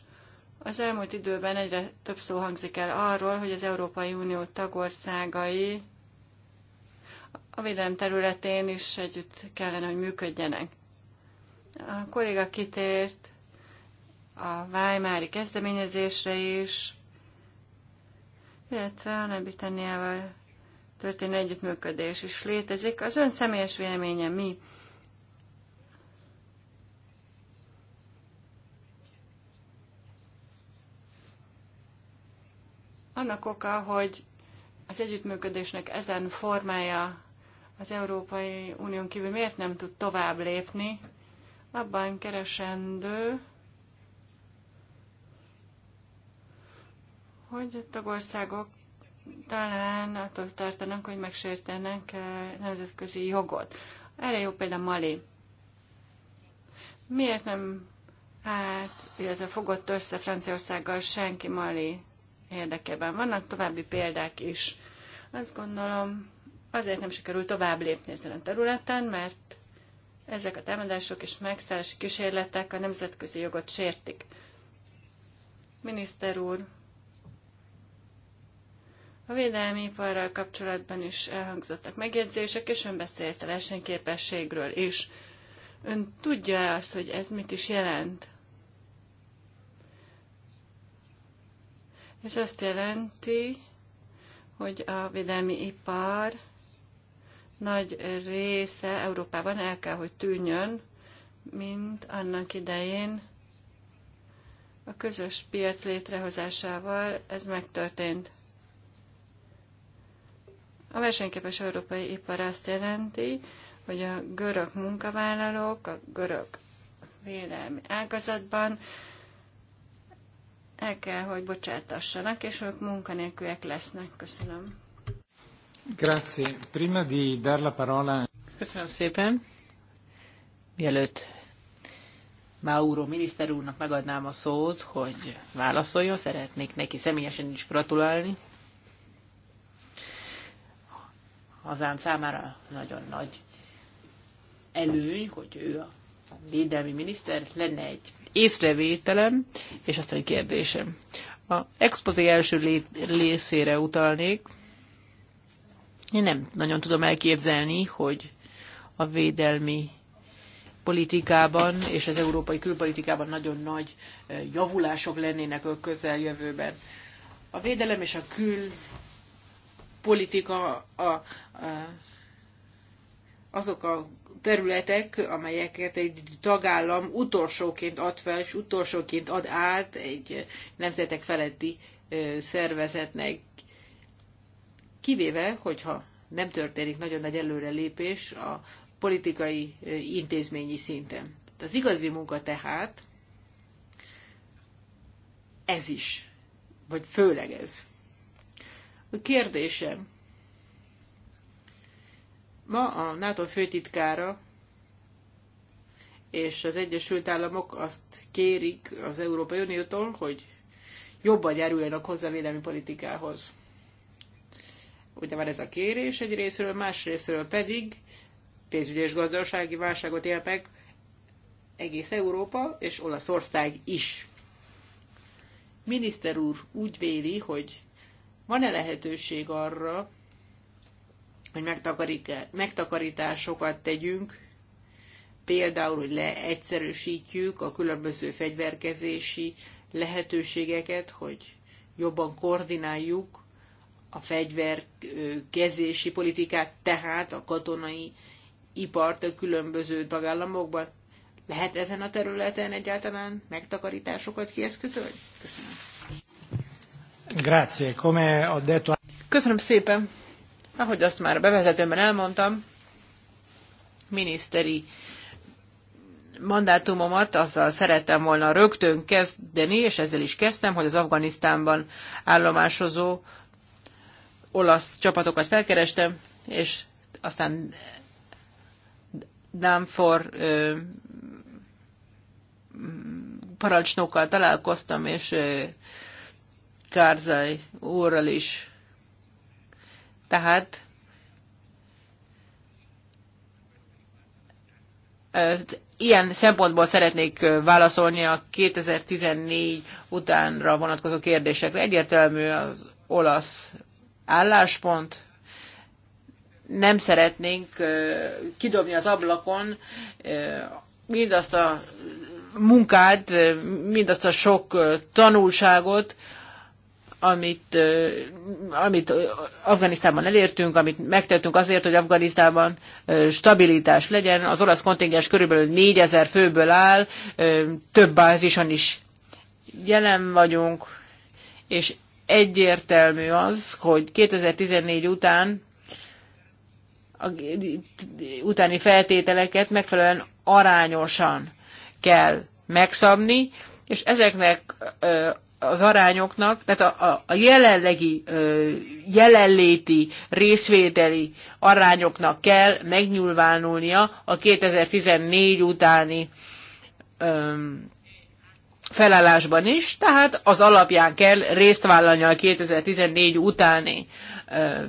Az elmúlt időben egyre több szó hangzik el arról, hogy az Európai Unió tagországai a védelem területén is együtt kellene, hogy működjenek. A kolléga kitért a Vájmári kezdeményezésre is, illetve a Nebitaniával történő együttműködés is létezik. Az ön személyes véleménye mi? Annak oka, hogy az együttműködésnek ezen formája az Európai Unión kívül miért nem tud tovább lépni, abban keresendő, hogy a tagországok talán attól tartanak, hogy megsértenek eh, nemzetközi jogot. Erre jó példa Mali. Miért nem hát, illetve fogott össze Franciaországgal senki Mali érdekében? Vannak további példák is. Azt gondolom, Azért nem sikerült tovább lépni ezen a területen, mert ezek a támadások és megszállási kísérletek a nemzetközi jogot sértik. Miniszter úr, a védelmi iparral kapcsolatban is elhangzottak megjegyzések, és ön beszélt a versenyképességről is. Ön tudja azt, hogy ez mit is jelent? Ez azt jelenti, hogy a védelmi ipar nagy része Európában el kell, hogy tűnjön, mint annak idején a közös piac létrehozásával ez megtörtént. A versenyképes európai ipar azt jelenti, hogy a görög munkavállalók a görög vélelmi ágazatban el kell, hogy bocsátassanak, és ők munkanélküliek lesznek. Köszönöm. Grazie. Prima di dar la parola... Köszönöm szépen. Mielőtt Mauro miniszter úrnak megadnám a szót, hogy válaszoljon, szeretnék neki személyesen is gratulálni. Hazám számára nagyon nagy előny, hogy ő a védelmi miniszter, lenne egy észrevételem, és aztán egy kérdésem. A expozé első részére utalnék, én nem nagyon tudom elképzelni, hogy a védelmi politikában és az európai külpolitikában nagyon nagy eh, javulások lennének a közeljövőben. A védelem és a külpolitika a, a, azok a területek, amelyeket egy tagállam utolsóként ad fel, és utolsóként ad át egy nemzetek feletti eh, szervezetnek kivéve, hogyha nem történik nagyon nagy előrelépés a politikai intézményi szinten. Az igazi munka tehát ez is, vagy főleg ez. A kérdésem, ma a NATO főtitkára és az Egyesült Államok azt kérik az Európai Uniótól, hogy jobban járuljanak hozzá a védelmi politikához ugye van ez a kérés egy részről, más részről pedig pénzügyi és gazdasági válságot él meg egész Európa és Olaszország is. Miniszter úr úgy véli, hogy van-e lehetőség arra, hogy megtakarításokat tegyünk, például, hogy leegyszerűsítjük a különböző fegyverkezési lehetőségeket, hogy jobban koordináljuk a fegyverkezési politikát tehát a katonai ipart a különböző tagállamokban lehet ezen a területen egyáltalán megtakarításokat kieszközölni? Köszönöm. Grazie, come ho detto... Köszönöm szépen. Ahogy azt már a bevezetőben elmondtam, miniszteri mandátumomat azzal szerettem volna rögtön kezdeni, és ezzel is kezdtem, hogy az Afganisztánban állomásozó olasz csapatokat felkerestem, és aztán Dámfor parancsnokkal találkoztam, és Kárzai úrral is. Tehát ilyen szempontból szeretnék válaszolni a 2014 utánra vonatkozó kérdésekre. Egyértelmű az olasz álláspont. Nem szeretnénk kidobni az ablakon mindazt a munkát, mindazt a sok tanulságot, amit, amit Afganisztánban elértünk, amit megtettünk azért, hogy Afganisztánban stabilitás legyen. Az olasz kontingens körülbelül 4000 főből áll, több bázison is jelen vagyunk, és egyértelmű az, hogy 2014 után a utáni feltételeket megfelelően arányosan kell megszabni, és ezeknek az arányoknak, tehát a, a jelenlegi, jelenléti részvételi arányoknak kell megnyilvánulnia a 2014 utáni felállásban is, tehát az alapján kell részt vállalni a 2014 utáni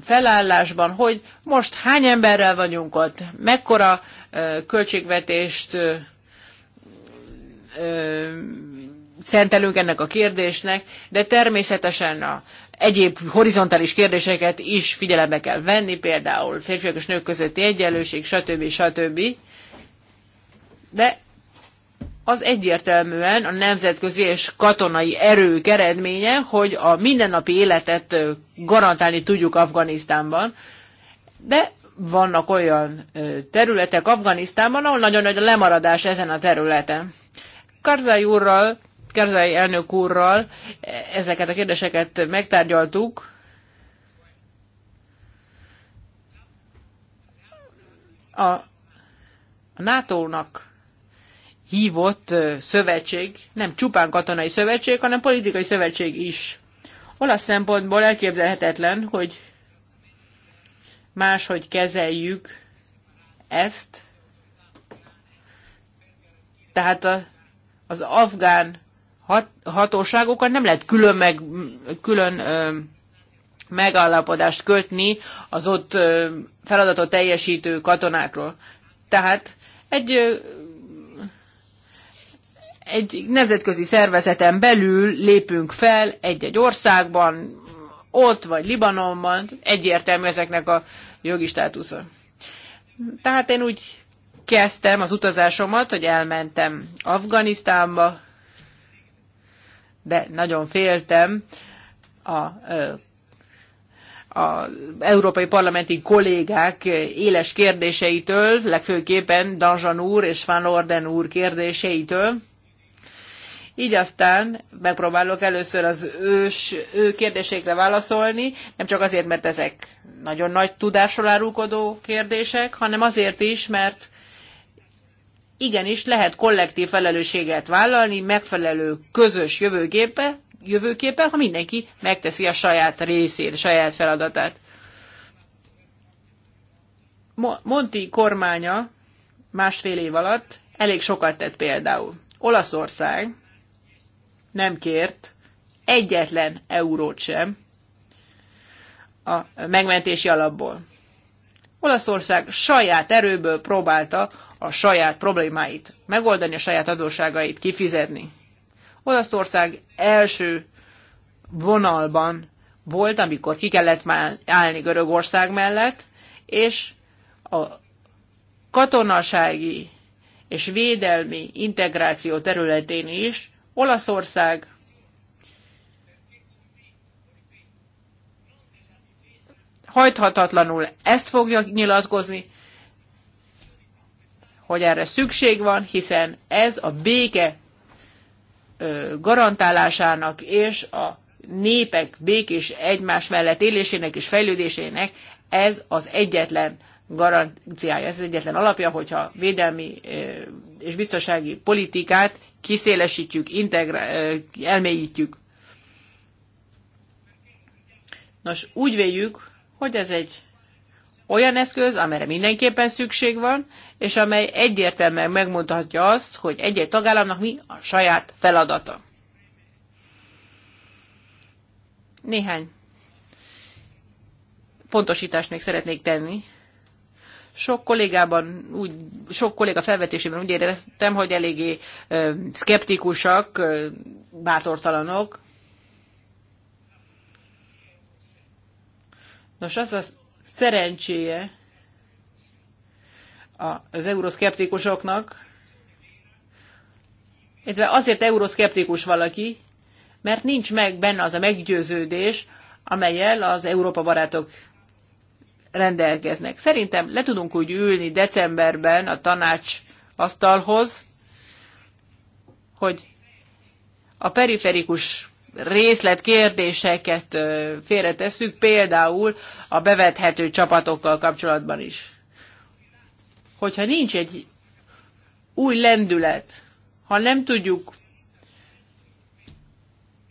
felállásban, hogy most hány emberrel vagyunk ott, mekkora költségvetést szentelünk ennek a kérdésnek, de természetesen a egyéb horizontális kérdéseket is figyelembe kell venni, például férfiak és nők közötti egyenlőség, stb. stb. De az egyértelműen a nemzetközi és katonai erők eredménye, hogy a mindennapi életet garantálni tudjuk Afganisztánban. De vannak olyan területek Afganisztánban, ahol nagyon nagy a lemaradás ezen a területen. Karzai úrral, Karzai elnök úrral e, ezeket a kérdéseket megtárgyaltuk. A, a NATO-nak hívott szövetség, nem csupán katonai szövetség, hanem politikai szövetség is. Olasz szempontból elképzelhetetlen, hogy máshogy kezeljük ezt. Tehát a, az afgán hat, hatóságokat nem lehet külön, meg, külön ö, megállapodást kötni az ott ö, feladatot teljesítő katonákról. Tehát egy ö, egy nemzetközi szervezeten belül lépünk fel egy-egy országban, ott vagy Libanonban, egyértelmű ezeknek a jogi státusza. Tehát én úgy kezdtem az utazásomat, hogy elmentem Afganisztánba, de nagyon féltem a, a európai parlamenti kollégák éles kérdéseitől, legfőképpen Danzsan úr és Van Orden úr kérdéseitől, így aztán megpróbálok először az ős ő kérdésekre válaszolni, nem csak azért, mert ezek nagyon nagy tudásról árulkodó kérdések, hanem azért is, mert igenis lehet kollektív felelősséget vállalni, megfelelő közös jövőképe, jövőképpen, ha mindenki megteszi a saját részét, a saját feladatát. Monti kormánya másfél év alatt elég sokat tett például. Olaszország nem kért egyetlen eurót sem a megmentési alapból. Olaszország saját erőből próbálta a saját problémáit megoldani, a saját adósságait kifizetni. Olaszország első vonalban volt, amikor ki kellett már állni Görögország mellett, és a katonasági és védelmi integráció területén is Olaszország hajthatatlanul ezt fogja nyilatkozni, hogy erre szükség van, hiszen ez a béke garantálásának és a népek békés egymás mellett élésének és fejlődésének ez az egyetlen garanciája, ez az egyetlen alapja, hogyha védelmi és biztonsági politikát kiszélesítjük, integra- elmélyítjük. Nos, úgy véljük, hogy ez egy olyan eszköz, amelyre mindenképpen szükség van, és amely egyértelműen megmutatja azt, hogy egy-egy tagállamnak mi a saját feladata. Néhány pontosítást még szeretnék tenni sok kollégában, úgy, sok kolléga felvetésében úgy éreztem, hogy eléggé ö, szkeptikusak, ö, bátortalanok. Nos, az a szerencséje az euroszkeptikusoknak, illetve azért euroszkeptikus valaki, mert nincs meg benne az a meggyőződés, amelyel az Európa barátok rendelkeznek. Szerintem le tudunk úgy ülni decemberben a tanács asztalhoz, hogy a periferikus részletkérdéseket félretesszük, például a bevethető csapatokkal kapcsolatban is. Hogyha nincs egy új lendület, ha nem tudjuk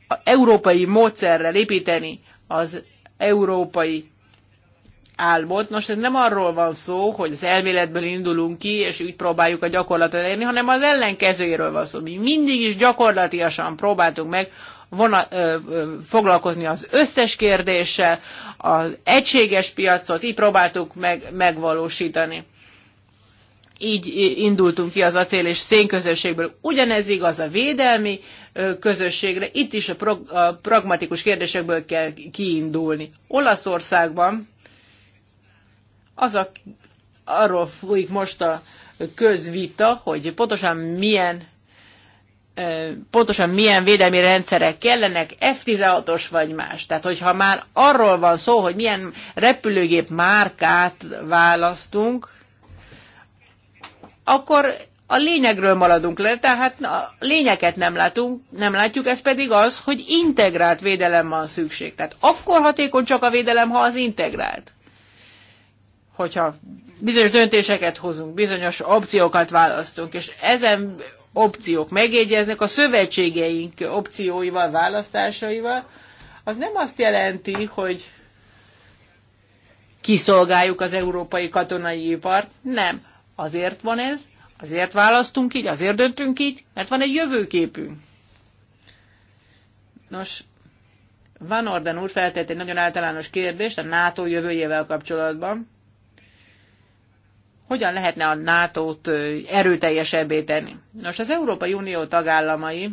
a európai módszerrel építeni az európai álmot. Most ez nem arról van szó, hogy az elméletből indulunk ki, és úgy próbáljuk a gyakorlatot elérni, hanem az ellenkezőjéről van szó. Mi mindig is gyakorlatiasan próbáltunk meg vona, ö, ö, foglalkozni az összes kérdéssel, az egységes piacot így próbáltuk meg, megvalósítani. Így indultunk ki az acél és szénközösségből. Ugyanez igaz a védelmi közösségre, itt is a, prog- a pragmatikus kérdésekből kell kiindulni. Olaszországban az a, arról folyik most a közvita, hogy pontosan milyen pontosan milyen védelmi rendszerek kellenek, F-16-os vagy más. Tehát, hogyha már arról van szó, hogy milyen repülőgép márkát választunk, akkor a lényegről maradunk le, tehát a lényeket nem, látunk, nem látjuk, ez pedig az, hogy integrált védelem van szükség. Tehát akkor hatékony csak a védelem, ha az integrált hogyha bizonyos döntéseket hozunk, bizonyos opciókat választunk, és ezen opciók megjegyeznek a szövetségeink opcióival, választásaival, az nem azt jelenti, hogy kiszolgáljuk az európai katonai ipart. Nem. Azért van ez, azért választunk így, azért döntünk így, mert van egy jövőképünk. Nos, Van Orden úr feltett egy nagyon általános kérdést a NATO jövőjével kapcsolatban hogyan lehetne a NATO-t erőteljesebbé tenni. Nos, az Európai Unió tagállamai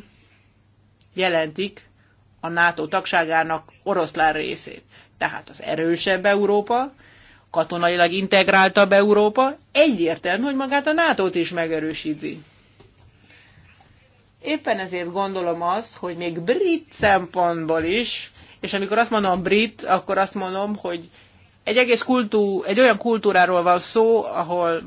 jelentik a NATO tagságának oroszlán részét. Tehát az erősebb Európa, katonailag integráltabb Európa egyértelmű, hogy magát a NATO-t is megerősíti. Éppen ezért gondolom azt, hogy még brit szempontból is, és amikor azt mondom brit, akkor azt mondom, hogy egy egész kultú, egy olyan kultúráról van szó, ahol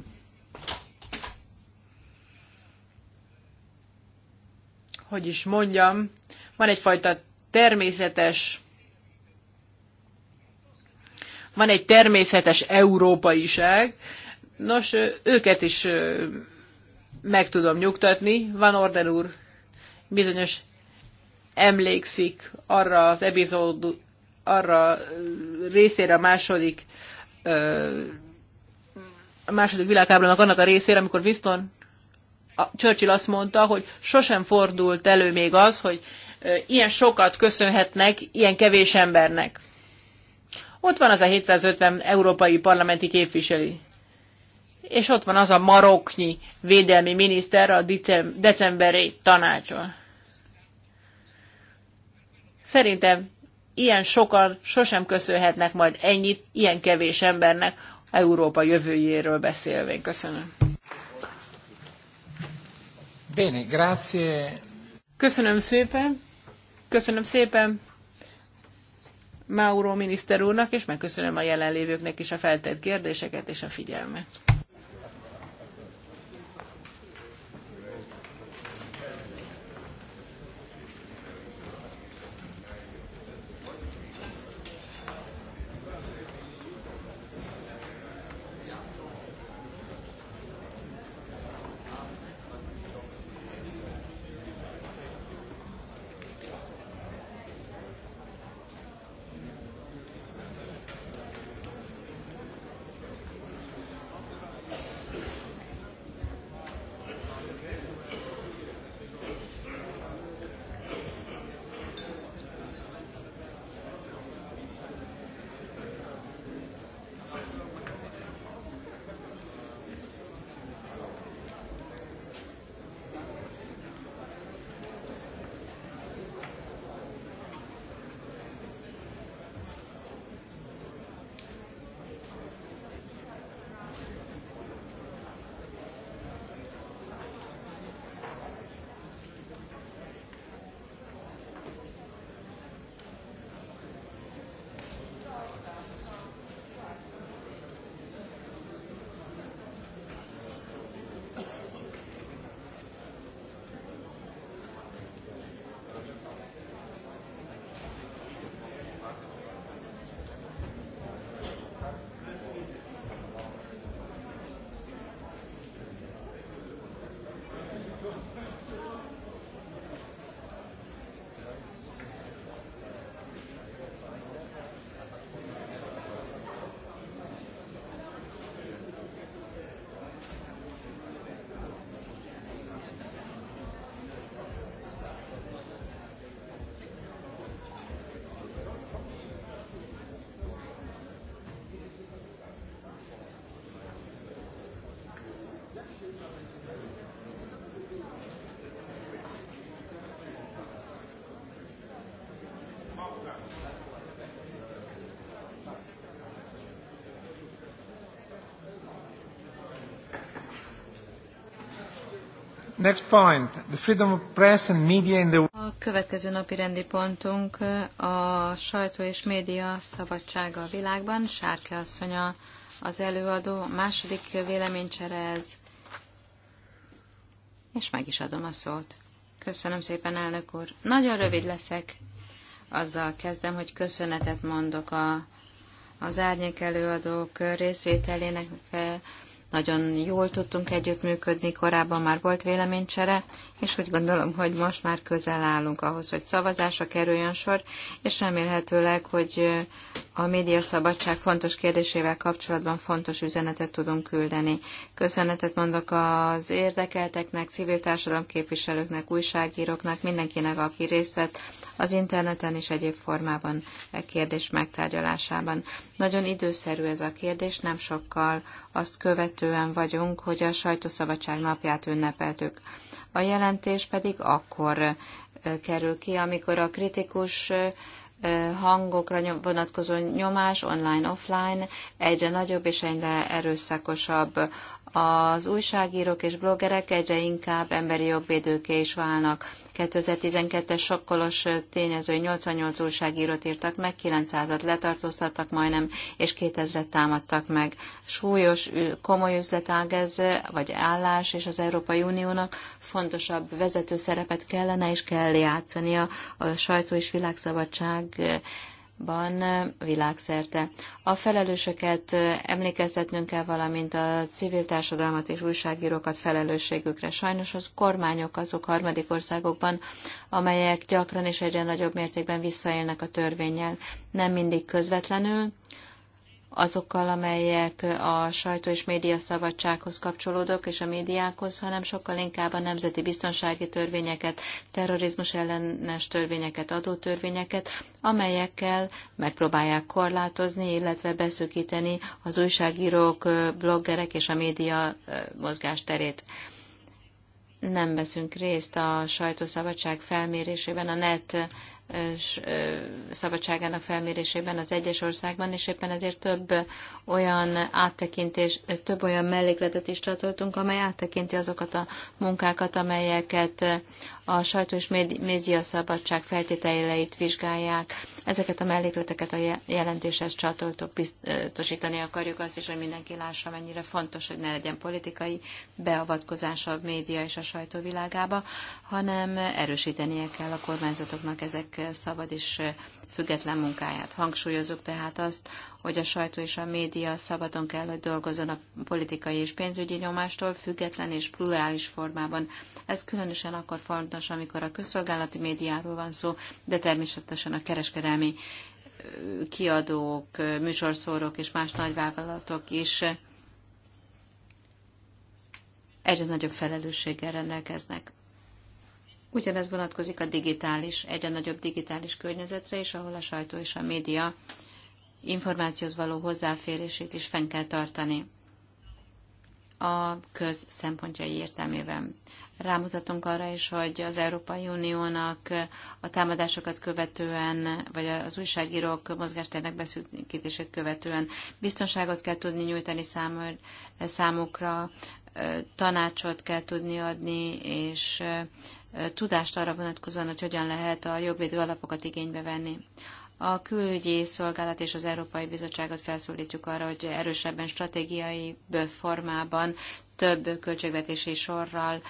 hogy is mondjam, van egyfajta természetes van egy természetes európaiság. Nos, őket is meg tudom nyugtatni. Van Orden úr bizonyos emlékszik arra az epizód, arra részére a második a második világháborúnak annak a részére, amikor Winston a Churchill azt mondta, hogy sosem fordult elő még az, hogy ilyen sokat köszönhetnek ilyen kevés embernek. Ott van az a 750 európai parlamenti képviselő. És ott van az a maroknyi védelmi miniszter a decemberi tanácson. Szerintem ilyen sokan sosem köszönhetnek majd ennyit ilyen kevés embernek Európa jövőjéről beszélvén. Köszönöm. Bene, grazie. Köszönöm szépen. Köszönöm szépen Mauro miniszter úrnak, és megköszönöm a jelenlévőknek is a feltett kérdéseket és a figyelmet. Next point, the freedom of press and media in the... A következő napi rendi pontunk a sajtó és média szabadsága a világban. Sárke asszonya az előadó. Második véleménycsere ez. És meg is adom a szót. Köszönöm szépen, elnök úr. Nagyon rövid leszek. Azzal kezdem, hogy köszönetet mondok a, az árnyék előadók részvételének nagyon jól tudtunk együttműködni, korábban már volt véleménycsere, és úgy gondolom, hogy most már közel állunk ahhoz, hogy szavazásra kerüljön sor, és remélhetőleg, hogy a médiaszabadság fontos kérdésével kapcsolatban fontos üzenetet tudunk küldeni. Köszönetet mondok az érdekelteknek, civil társadalomképviselőknek, újságíróknak, mindenkinek, aki részt vett az interneten és egyéb formában e kérdés megtárgyalásában. Nagyon időszerű ez a kérdés, nem sokkal azt követően vagyunk, hogy a sajtószabadság napját ünnepeltük. A jelentés pedig akkor e, kerül ki, amikor a kritikus e, hangokra vonatkozó nyomás online-offline egyre nagyobb és egyre erőszakosabb az újságírók és bloggerek egyre inkább emberi jogvédőké is válnak. 2012-es sokkolos tényező 88 újságírót írtak meg, 900-at letartóztattak majdnem, és 2000-et támadtak meg. Súlyos, komoly üzletág ez, vagy állás, és az Európai Uniónak fontosabb vezető szerepet kellene és kell játszania a sajtó és világszabadság ban világszerte. A felelősöket emlékeztetnünk kell, valamint a civil társadalmat és újságírókat felelősségükre. Sajnos az kormányok azok harmadik országokban, amelyek gyakran és egyre nagyobb mértékben visszaélnek a törvényel. Nem mindig közvetlenül, azokkal, amelyek a sajtó és média szabadsághoz kapcsolódók és a médiákhoz, hanem sokkal inkább a nemzeti biztonsági törvényeket, terrorizmus ellenes törvényeket, adótörvényeket, amelyekkel megpróbálják korlátozni, illetve beszökíteni az újságírók, bloggerek és a média mozgás terét nem veszünk részt a sajtószabadság felmérésében, a net szabadságának felmérésében az egyes országban, és éppen ezért több olyan áttekintés, több olyan mellékletet is csatoltunk, amely áttekinti azokat a munkákat, amelyeket a sajtó és média szabadság feltételeit vizsgálják. Ezeket a mellékleteket a jelentéshez csatoltok, biztosítani akarjuk azt is, hogy mindenki lássa, mennyire fontos, hogy ne legyen politikai beavatkozás a média és a sajtó világába, hanem erősítenie kell a kormányzatoknak ezek szabad és független munkáját. Hangsúlyozok tehát azt, hogy a sajtó és a média szabadon kell, hogy dolgozzon a politikai és pénzügyi nyomástól, független és plurális formában. Ez különösen akkor fontos, amikor a közszolgálati médiáról van szó, de természetesen a kereskedelmi kiadók, műsorszórók és más nagyvállalatok is egyre nagyobb felelősséggel rendelkeznek. Ugyanez vonatkozik a digitális, egyre nagyobb digitális környezetre is, ahol a sajtó és a média információhoz való hozzáférését is fenn kell tartani a köz szempontjai értelmében. Rámutatunk arra is, hogy az Európai Uniónak a támadásokat követően, vagy az újságírók mozgástérnek beszűkítését követően biztonságot kell tudni nyújtani számukra, tanácsot kell tudni adni, és tudást arra vonatkozóan, hogy hogyan lehet a jogvédő alapokat igénybe venni. A külügyi szolgálat és az Európai Bizottságot felszólítjuk arra, hogy erősebben stratégiai formában több költségvetési sorral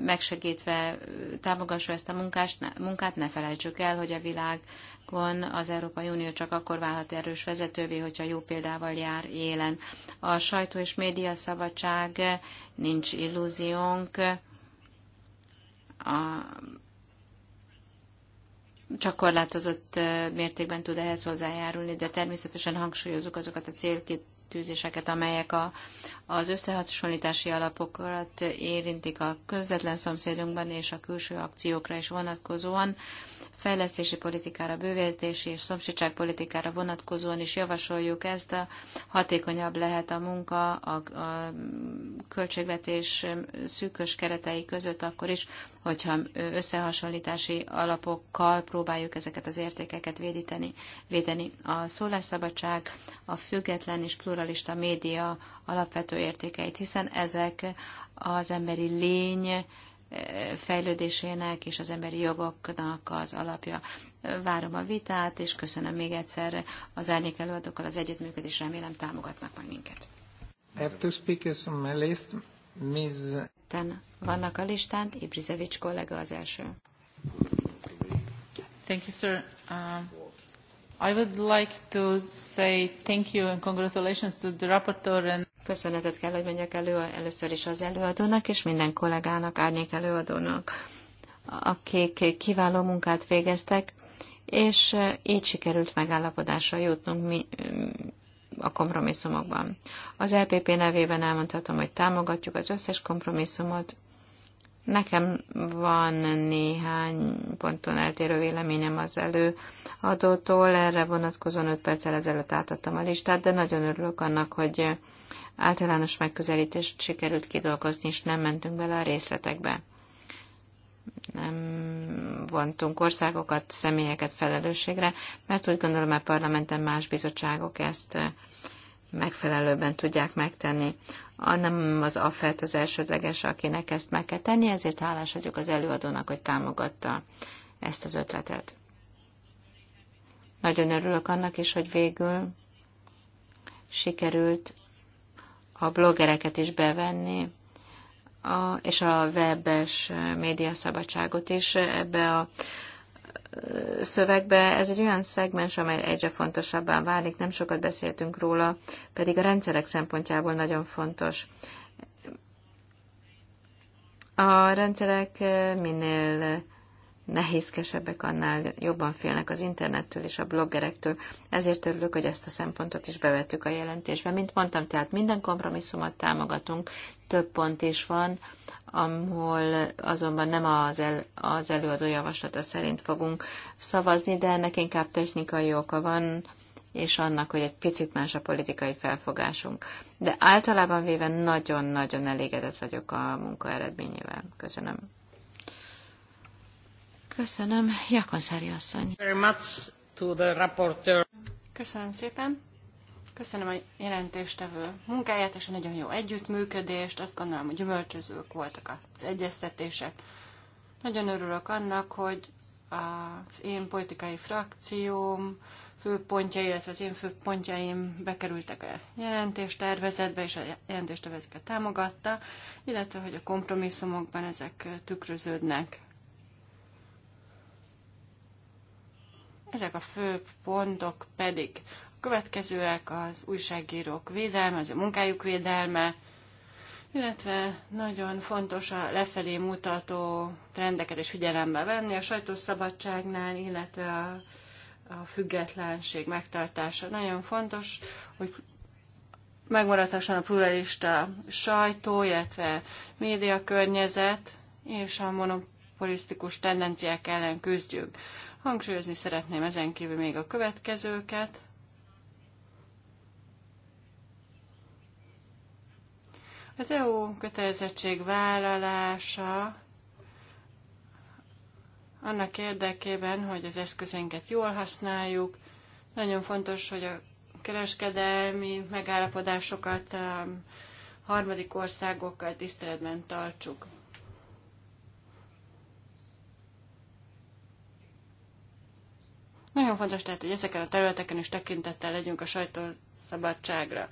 megsegítve támogassa ezt a munkást, munkát, ne felejtsük el, hogy a világon az Európai Unió csak akkor válhat erős vezetővé, hogyha jó példával jár élen. A sajtó és média szabadság nincs illúziónk. A, csak korlátozott mértékben tud ehhez hozzájárulni, de természetesen hangsúlyozunk azokat a célkit fertőzéseket, amelyek a, az összehasonlítási alapokat érintik a közvetlen szomszédunkban és a külső akciókra is vonatkozóan, fejlesztési politikára, bővítési és szomszédságpolitikára vonatkozóan is javasoljuk ezt, a hatékonyabb lehet a munka a, a költségvetés szűkös keretei között akkor is, hogyha összehasonlítási alapokkal próbáljuk ezeket az értékeket védíteni, védeni. A szólásszabadság, a független és pluralista pluralista média alapvető értékeit, hiszen ezek az emberi lény eh, fejlődésének és az emberi jogoknak az alapja. Várom a vitát, és köszönöm még egyszer az árnyék előadókkal az együttműködés, remélem támogatnak majd minket. Ten vannak a listán, Ibrizevics kollega az első. Thank you, sir. Uh... Köszönetet kell, hogy mondjak elő először is az előadónak és minden kollégának, árnyék előadónak, akik kiváló munkát végeztek, és így sikerült megállapodásra jutnunk mi, a kompromisszumokban. Az LPP e nevében elmondhatom, hogy támogatjuk az összes kompromisszumot, Nekem van néhány ponton eltérő véleményem az elő adótól, erre vonatkozóan 5 perccel ezelőtt átadtam a listát, de nagyon örülök annak, hogy általános megközelítést sikerült kidolgozni, és nem mentünk bele a részletekbe. Nem vontunk országokat, személyeket felelősségre, mert úgy gondolom, a parlamenten más bizottságok ezt megfelelőben tudják megtenni a, nem az AFET az elsődleges, akinek ezt meg kell tenni, ezért hálás vagyok az előadónak, hogy támogatta ezt az ötletet. Nagyon örülök annak is, hogy végül sikerült a bloggereket is bevenni, a, és a webes médiaszabadságot is ebbe a szövegbe. Ez egy olyan szegmens, amely egyre fontosabbá válik, nem sokat beszéltünk róla, pedig a rendszerek szempontjából nagyon fontos. A rendszerek minél nehézkesebbek, annál jobban félnek az internettől és a bloggerektől. Ezért örülök, hogy ezt a szempontot is bevettük a jelentésbe. Mint mondtam, tehát minden kompromisszumot támogatunk, több pont is van, ahol azonban nem az, el, az előadó javaslata szerint fogunk szavazni, de ennek inkább technikai oka van, és annak, hogy egy picit más a politikai felfogásunk. De általában véve nagyon-nagyon elégedett vagyok a munka eredményével. Köszönöm. Köszönöm, Jakonszári asszony. Very much to the Köszönöm szépen. Köszönöm a jelentéstevő munkáját és a nagyon jó együttműködést. Azt gondolom, hogy gyümölcsözők voltak az egyeztetések. Nagyon örülök annak, hogy az én politikai frakcióm főpontja, illetve az én főpontjaim bekerültek a jelentéstervezetbe, és a jelentéstervezetbe támogatta, illetve hogy a kompromisszumokban ezek tükröződnek. Ezek a fő pontok pedig a következőek az újságírók védelme, az a munkájuk védelme, illetve nagyon fontos a lefelé mutató trendeket is figyelembe venni a sajtószabadságnál, illetve a, a függetlenség megtartása. Nagyon fontos, hogy megmaradhasson a pluralista sajtó, illetve médiakörnyezet, és a monopolisztikus tendenciák ellen küzdjünk. Hangsúlyozni szeretném ezen kívül még a következőket. Az EU kötelezettség vállalása annak érdekében, hogy az eszközénket jól használjuk. Nagyon fontos, hogy a kereskedelmi megállapodásokat, a um, harmadik országokkal tiszteletben tartsuk. Nagyon fontos tehát, hogy ezeken a területeken is tekintettel legyünk a sajtószabadságra.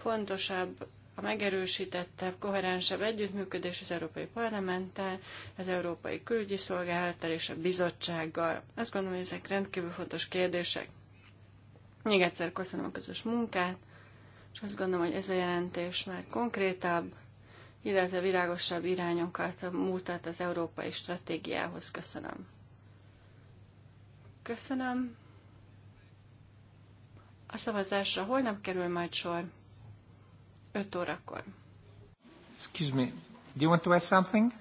Fontosabb a megerősítettebb, koherensebb együttműködés az Európai Parlamenttel, az Európai Külügyi Szolgálattal és a bizottsággal. Azt gondolom, hogy ezek rendkívül fontos kérdések. Még egyszer köszönöm a közös munkát, és azt gondolom, hogy ez a jelentés már konkrétabb, illetve világosabb irányokat mutat az európai stratégiához. Köszönöm. Köszönöm. A szavazásra holnap kerül majd sor. 5 órakor. Excuse me, do you want to add something?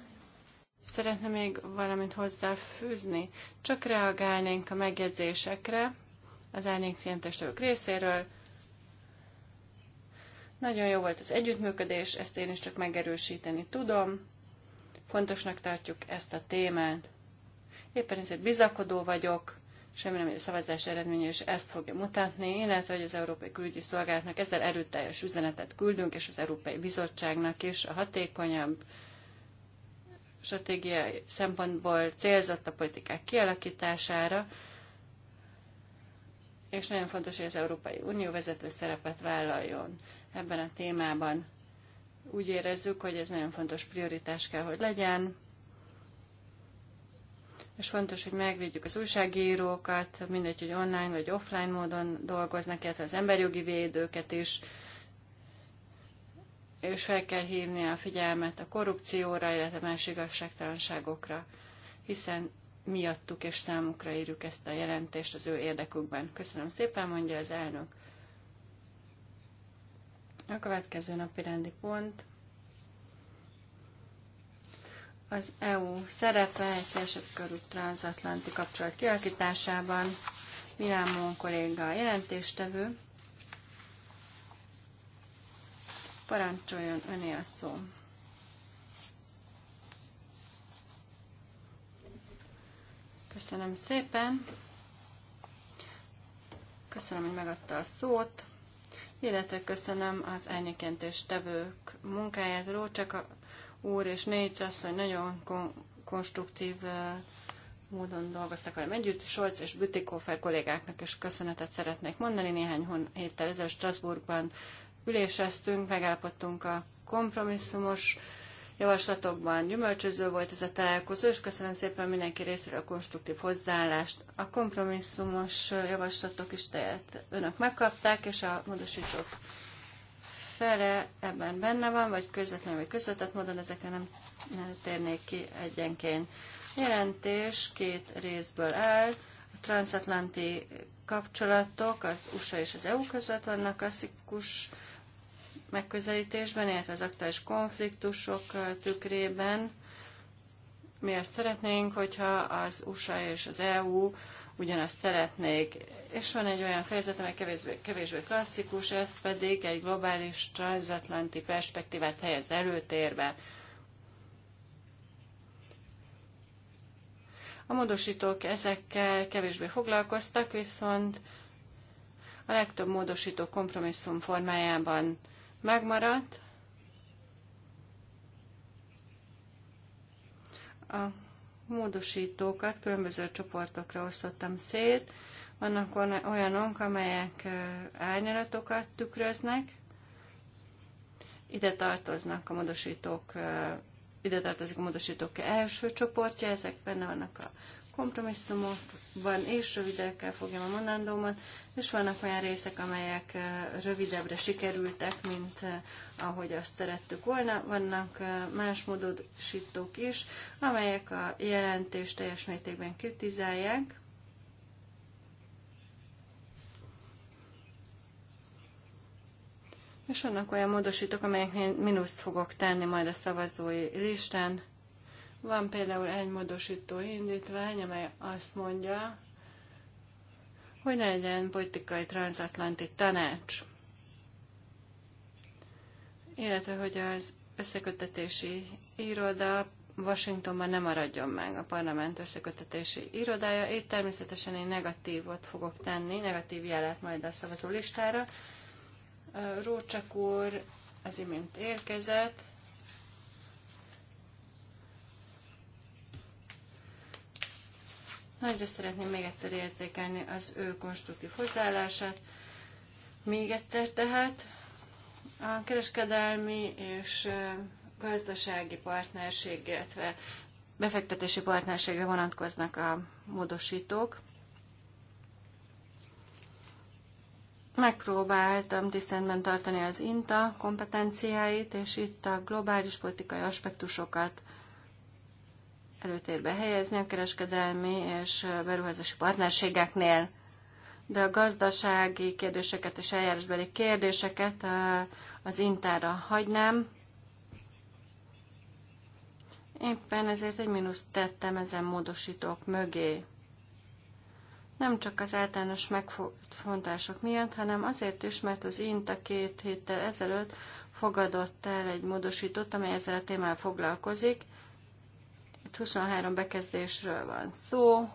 Szeretne még valamit hozzáfűzni? Csak reagálnénk a megjegyzésekre az árnyékcientestők részéről. Nagyon jó volt az együttműködés, ezt én is csak megerősíteni tudom. Fontosnak tartjuk ezt a témát. Éppen ezért bizakodó vagyok, és remélem, hogy a szavazás eredménye is ezt fogja mutatni, illetve hogy az Európai Külügyi Szolgálatnak ezzel erőteljes üzenetet küldünk, és az Európai Bizottságnak is a hatékonyabb stratégiai szempontból célzott a politikák kialakítására, és nagyon fontos, hogy az Európai Unió vezető szerepet vállaljon ebben a témában. Úgy érezzük, hogy ez nagyon fontos prioritás kell, hogy legyen, és fontos, hogy megvédjük az újságírókat, mindegy, hogy online vagy offline módon dolgoznak, illetve az emberjogi védőket is, és fel kell hívni a figyelmet a korrupcióra, illetve más igazságtalanságokra, hiszen miattuk és számukra írjuk ezt a jelentést az ő érdekükben. Köszönöm szépen, mondja az elnök. A következő napi rendi pont az EU szerepe egy szélesebb körű transatlanti kapcsolat kialakításában. Milámon kolléga a jelentéstevő. Parancsoljon öné a szó. Köszönöm szépen. Köszönöm, hogy megadta a szót. Illetve köszönöm az elnyékentés tevők munkáját. Rócsak úr és négy asszony nagyon konstruktív eh, módon dolgoztak velem együtt. Solc és Bütikófer kollégáknak is köszönetet szeretnék mondani. Néhány héttel ezelőtt Strasbourgban üléseztünk, megállapodtunk a kompromisszumos javaslatokban. Gyümölcsöző volt ez a találkozó, és köszönöm szépen mindenki részéről a konstruktív hozzáállást. A kompromisszumos javaslatok is tehet önök megkapták, és a módosítók fele ebben benne van, vagy közvetlenül, vagy közvetett módon, ezekre nem, nem térnék ki egyenként. Jelentés két részből áll, a transatlanti kapcsolatok az USA és az EU között vannak klasszikus megközelítésben, illetve az aktuális konfliktusok tükrében. Miért szeretnénk, hogyha az USA és az EU ugyanazt szeretnék. És van egy olyan fejezet, amely kevésbé, kevésbé klasszikus, ez pedig egy globális transatlanti perspektívát helyez előtérbe. A módosítók ezekkel kevésbé foglalkoztak, viszont a legtöbb módosító kompromisszum formájában megmaradt. A módosítókat különböző csoportokra osztottam szét. Vannak olyanok, amelyek árnyalatokat tükröznek. Ide tartoznak a módosítók, ide tartozik a módosítók első csoportja, ezek benne vannak a kompromisszumokban, és rövidekkel fogjam a mondandómat, és vannak olyan részek, amelyek rövidebbre sikerültek, mint ahogy azt szerettük volna. Vannak más módosítók is, amelyek a jelentést teljes mértékben kritizálják. És vannak olyan módosítók, amelyek mínuszt fogok tenni majd a szavazói listán, van például egy módosító indítvány, amely azt mondja, hogy ne legyen politikai transatlanti tanács, illetve hogy az összekötetési iroda Washingtonban nem maradjon meg a parlament összekötetési irodája. Itt természetesen én negatívot fogok tenni, negatív jelet majd a szavazó listára. Rócsak úr az imént érkezett, Nagyra szeretném még egyszer értékelni az ő konstruktív hozzáállását. Még egyszer tehát a kereskedelmi és gazdasági partnerség, illetve befektetési partnerségre vonatkoznak a módosítók. Megpróbáltam tisztelben tartani az INTA kompetenciáit, és itt a globális politikai aspektusokat előtérbe helyezni a kereskedelmi és beruházási partnerségeknél. De a gazdasági kérdéseket és eljárásbeli kérdéseket az intára hagynám. Éppen ezért egy mínuszt tettem ezen módosítók mögé. Nem csak az általános megfontások miatt, hanem azért is, mert az INTA két héttel ezelőtt fogadott el egy módosítót, amely ezzel a témával foglalkozik, itt 23 bekezdésről van szó,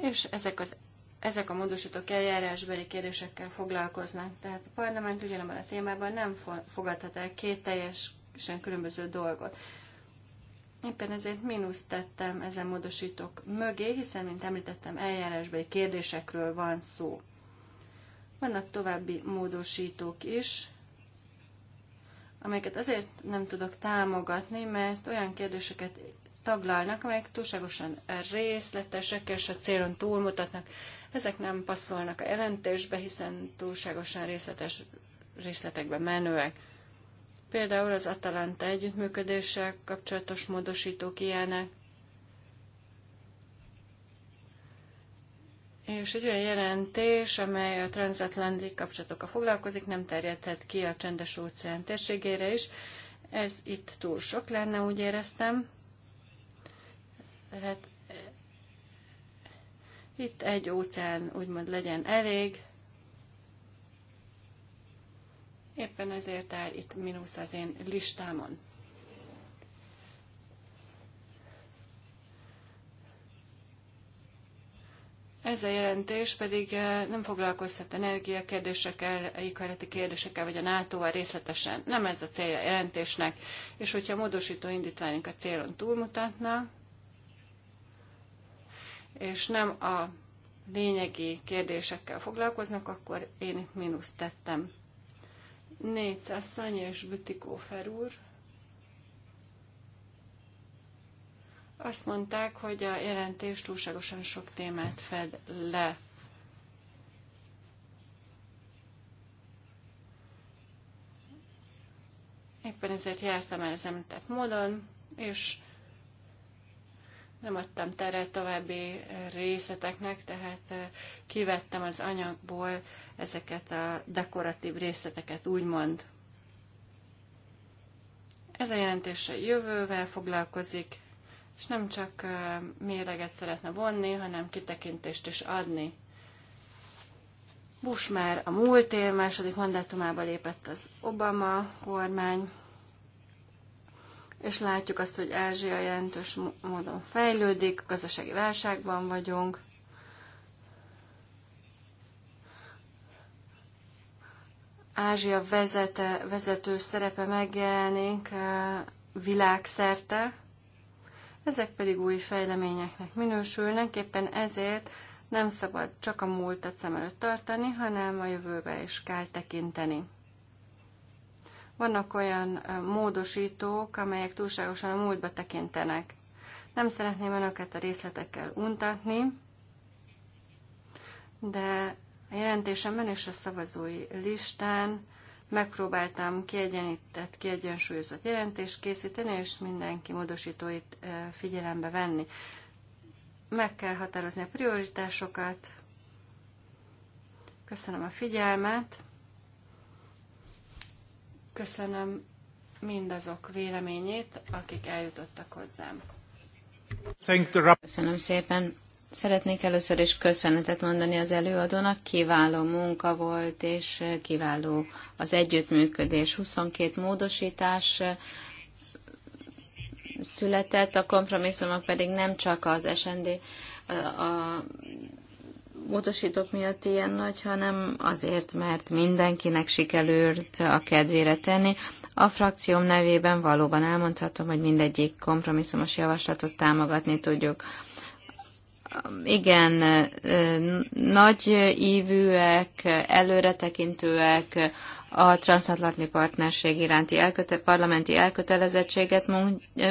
és ezek, az, ezek a módosítók eljárásbeli kérdésekkel foglalkoznak. Tehát a parlament ugyanabban a témában nem fogadhat el két teljesen különböző dolgot. Éppen ezért mínusz tettem ezen módosítók mögé, hiszen, mint említettem, eljárásbeli kérdésekről van szó. Vannak további módosítók is, amelyeket azért nem tudok támogatni, mert olyan kérdéseket taglalnak, amelyek túlságosan részletesek és a célon túlmutatnak. Ezek nem passzolnak a jelentésbe, hiszen túlságosan részletes részletekbe menőek. Például az Atalanta együttműködéssel kapcsolatos módosítók ilyenek, és egy olyan jelentés, amely a transatlanti kapcsolatokkal foglalkozik, nem terjedhet ki a csendes óceán térségére is. Ez itt túl sok lenne, úgy éreztem. Tehát eh, itt egy óceán úgymond legyen elég. Éppen ezért áll itt mínusz az én listámon. Ez a jelentés pedig eh, nem foglalkoztat energiakérdésekkel, éghajlati kérdésekkel, vagy a NATO-val részletesen. Nem ez a célja a jelentésnek. És hogyha a módosító indítványunk a célon túlmutatna, és nem a lényegi kérdésekkel foglalkoznak, akkor én mínusz mínuszt tettem. Négy szasszony és Bütikófer úr Azt mondták, hogy a jelentés túlságosan sok témát fed le. Éppen ezért jártam el az említett módon, és nem adtam teret további részleteknek, tehát eh, kivettem az anyagból ezeket a dekoratív részleteket, úgymond. Ez a jelentés a jövővel foglalkozik, és nem csak méreget szeretne vonni, hanem kitekintést is adni. Bush már a múlt év második mandátumába lépett az Obama kormány, és látjuk azt, hogy Ázsia jelentős módon fejlődik, gazdasági válságban vagyunk, Ázsia vezete, vezető szerepe megjelenik világszerte, ezek pedig új fejleményeknek minősülnek, éppen ezért nem szabad csak a múltat szem előtt tartani, hanem a jövőbe is kell tekinteni. Vannak olyan módosítók, amelyek túlságosan a múltba tekintenek. Nem szeretném önöket a részletekkel untatni, de a jelentésemben és a szavazói listán megpróbáltam kiegyenített, kiegyensúlyozott jelentést készíteni, és mindenki módosítóit figyelembe venni. Meg kell határozni a prioritásokat. Köszönöm a figyelmet. Köszönöm mindazok véleményét, akik eljutottak hozzám. Köszönöm szépen. Szeretnék először is köszönetet mondani az előadónak, kiváló munka volt, és kiváló az együttműködés. 22 módosítás született, a kompromisszumok pedig nem csak az SND a módosítók miatt ilyen nagy, hanem azért, mert mindenkinek sikerült a kedvére tenni. A frakcióm nevében valóban elmondhatom, hogy mindegyik kompromisszumos javaslatot támogatni tudjuk igen, nagy ívűek, előretekintőek, a transatlanti partnerség iránti elköte- parlamenti elkötelezettséget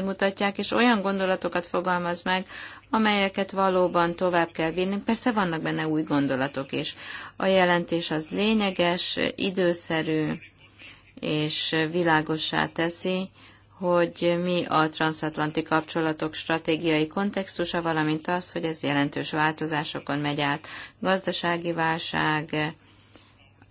mutatják, és olyan gondolatokat fogalmaz meg, amelyeket valóban tovább kell vinni. Persze vannak benne új gondolatok is. A jelentés az lényeges, időszerű, és világossá teszi, hogy mi a transatlanti kapcsolatok stratégiai kontextusa, valamint az, hogy ez jelentős változásokon megy át. Gazdasági válság,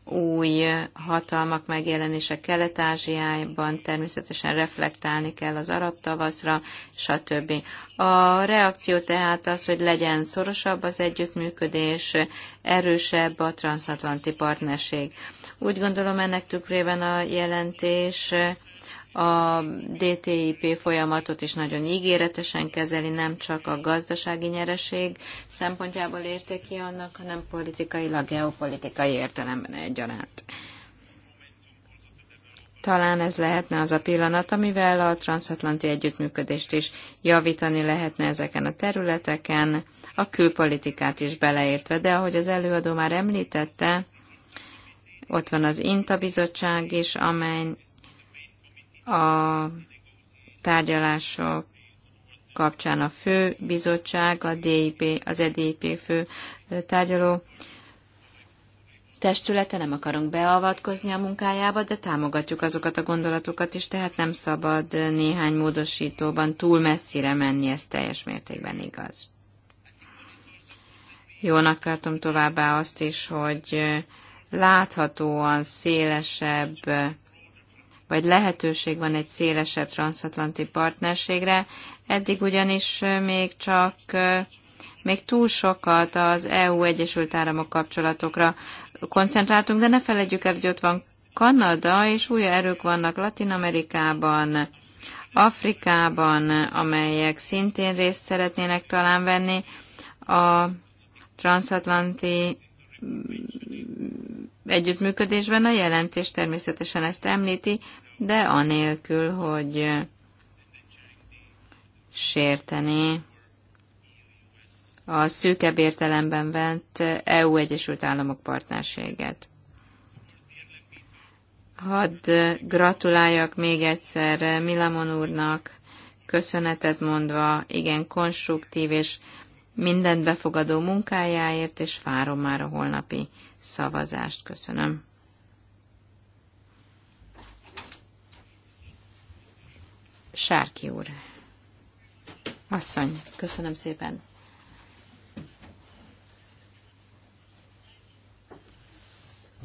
új hatalmak megjelenése Kelet-Ázsiában, természetesen reflektálni kell az arab tavaszra, stb. A reakció tehát az, hogy legyen szorosabb az együttműködés, erősebb a transatlanti partnerség. Úgy gondolom ennek tükrében a jelentés a DTIP folyamatot is nagyon ígéretesen kezeli, nem csak a gazdasági nyereség szempontjából ki annak, hanem politikailag, geopolitikai értelemben egyaránt. Talán ez lehetne az a pillanat, amivel a transatlanti együttműködést is javítani lehetne ezeken a területeken, a külpolitikát is beleértve, de ahogy az előadó már említette, ott van az INTA bizottság is, amely a tárgyalások kapcsán a fő bizottság, a DIP, az EDIP fő tárgyaló testülete, nem akarunk beavatkozni a munkájába, de támogatjuk azokat a gondolatokat is, tehát nem szabad néhány módosítóban túl messzire menni, ez teljes mértékben igaz. Jónak tartom továbbá azt is, hogy láthatóan szélesebb vagy lehetőség van egy szélesebb transatlanti partnerségre. Eddig ugyanis még csak még túl sokat az EU-Egyesült Államok kapcsolatokra koncentráltunk, de ne felejtjük el, hogy ott van Kanada, és új erők vannak Latin-Amerikában, Afrikában, amelyek szintén részt szeretnének talán venni a transatlanti együttműködésben a jelentés természetesen ezt említi, de anélkül, hogy sérteni a szűkebb értelemben vett EU-Egyesült Államok partnerséget. Hadd gratuláljak még egyszer Milamon úrnak, köszönetet mondva, igen konstruktív és mindent befogadó munkájáért, és várom már a holnapi szavazást. Köszönöm. Sárki úr. Asszony, köszönöm szépen.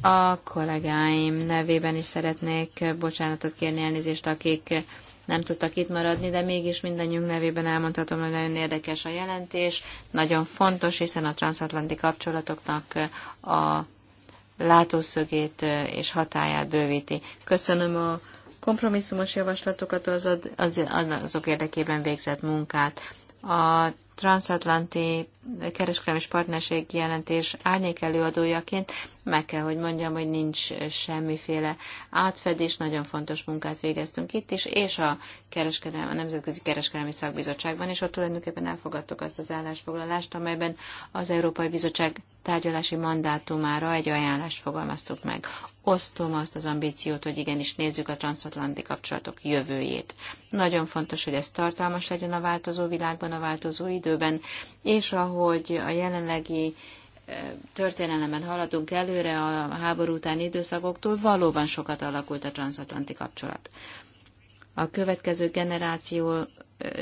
A kollégáim nevében is szeretnék bocsánatot kérni elnézést, akik nem tudtak itt maradni, de mégis mindannyiunk nevében elmondhatom, hogy nagyon érdekes a jelentés, nagyon fontos, hiszen a transatlanti kapcsolatoknak a látószögét és hatáját bővíti. Köszönöm a kompromisszumos javaslatokat az, az, azok érdekében végzett munkát. A transatlanti kereskedelmi partnerség jelentés árnyék előadójaként meg kell, hogy mondjam, hogy nincs semmiféle átfedés, nagyon fontos munkát végeztünk itt is, és a, kereskedelmi, a Nemzetközi Kereskedelmi Szakbizottságban, és ott tulajdonképpen elfogadtuk azt az állásfoglalást, amelyben az Európai Bizottság tárgyalási mandátumára egy ajánlást fogalmaztuk meg. Osztom azt az ambíciót, hogy igenis nézzük a transatlanti kapcsolatok jövőjét. Nagyon fontos, hogy ez tartalmas legyen a változó világban, a változó időben, és ahogy a jelenlegi történelemben haladunk előre a háború utáni időszakoktól, valóban sokat alakult a transatlanti kapcsolat. A következő generáció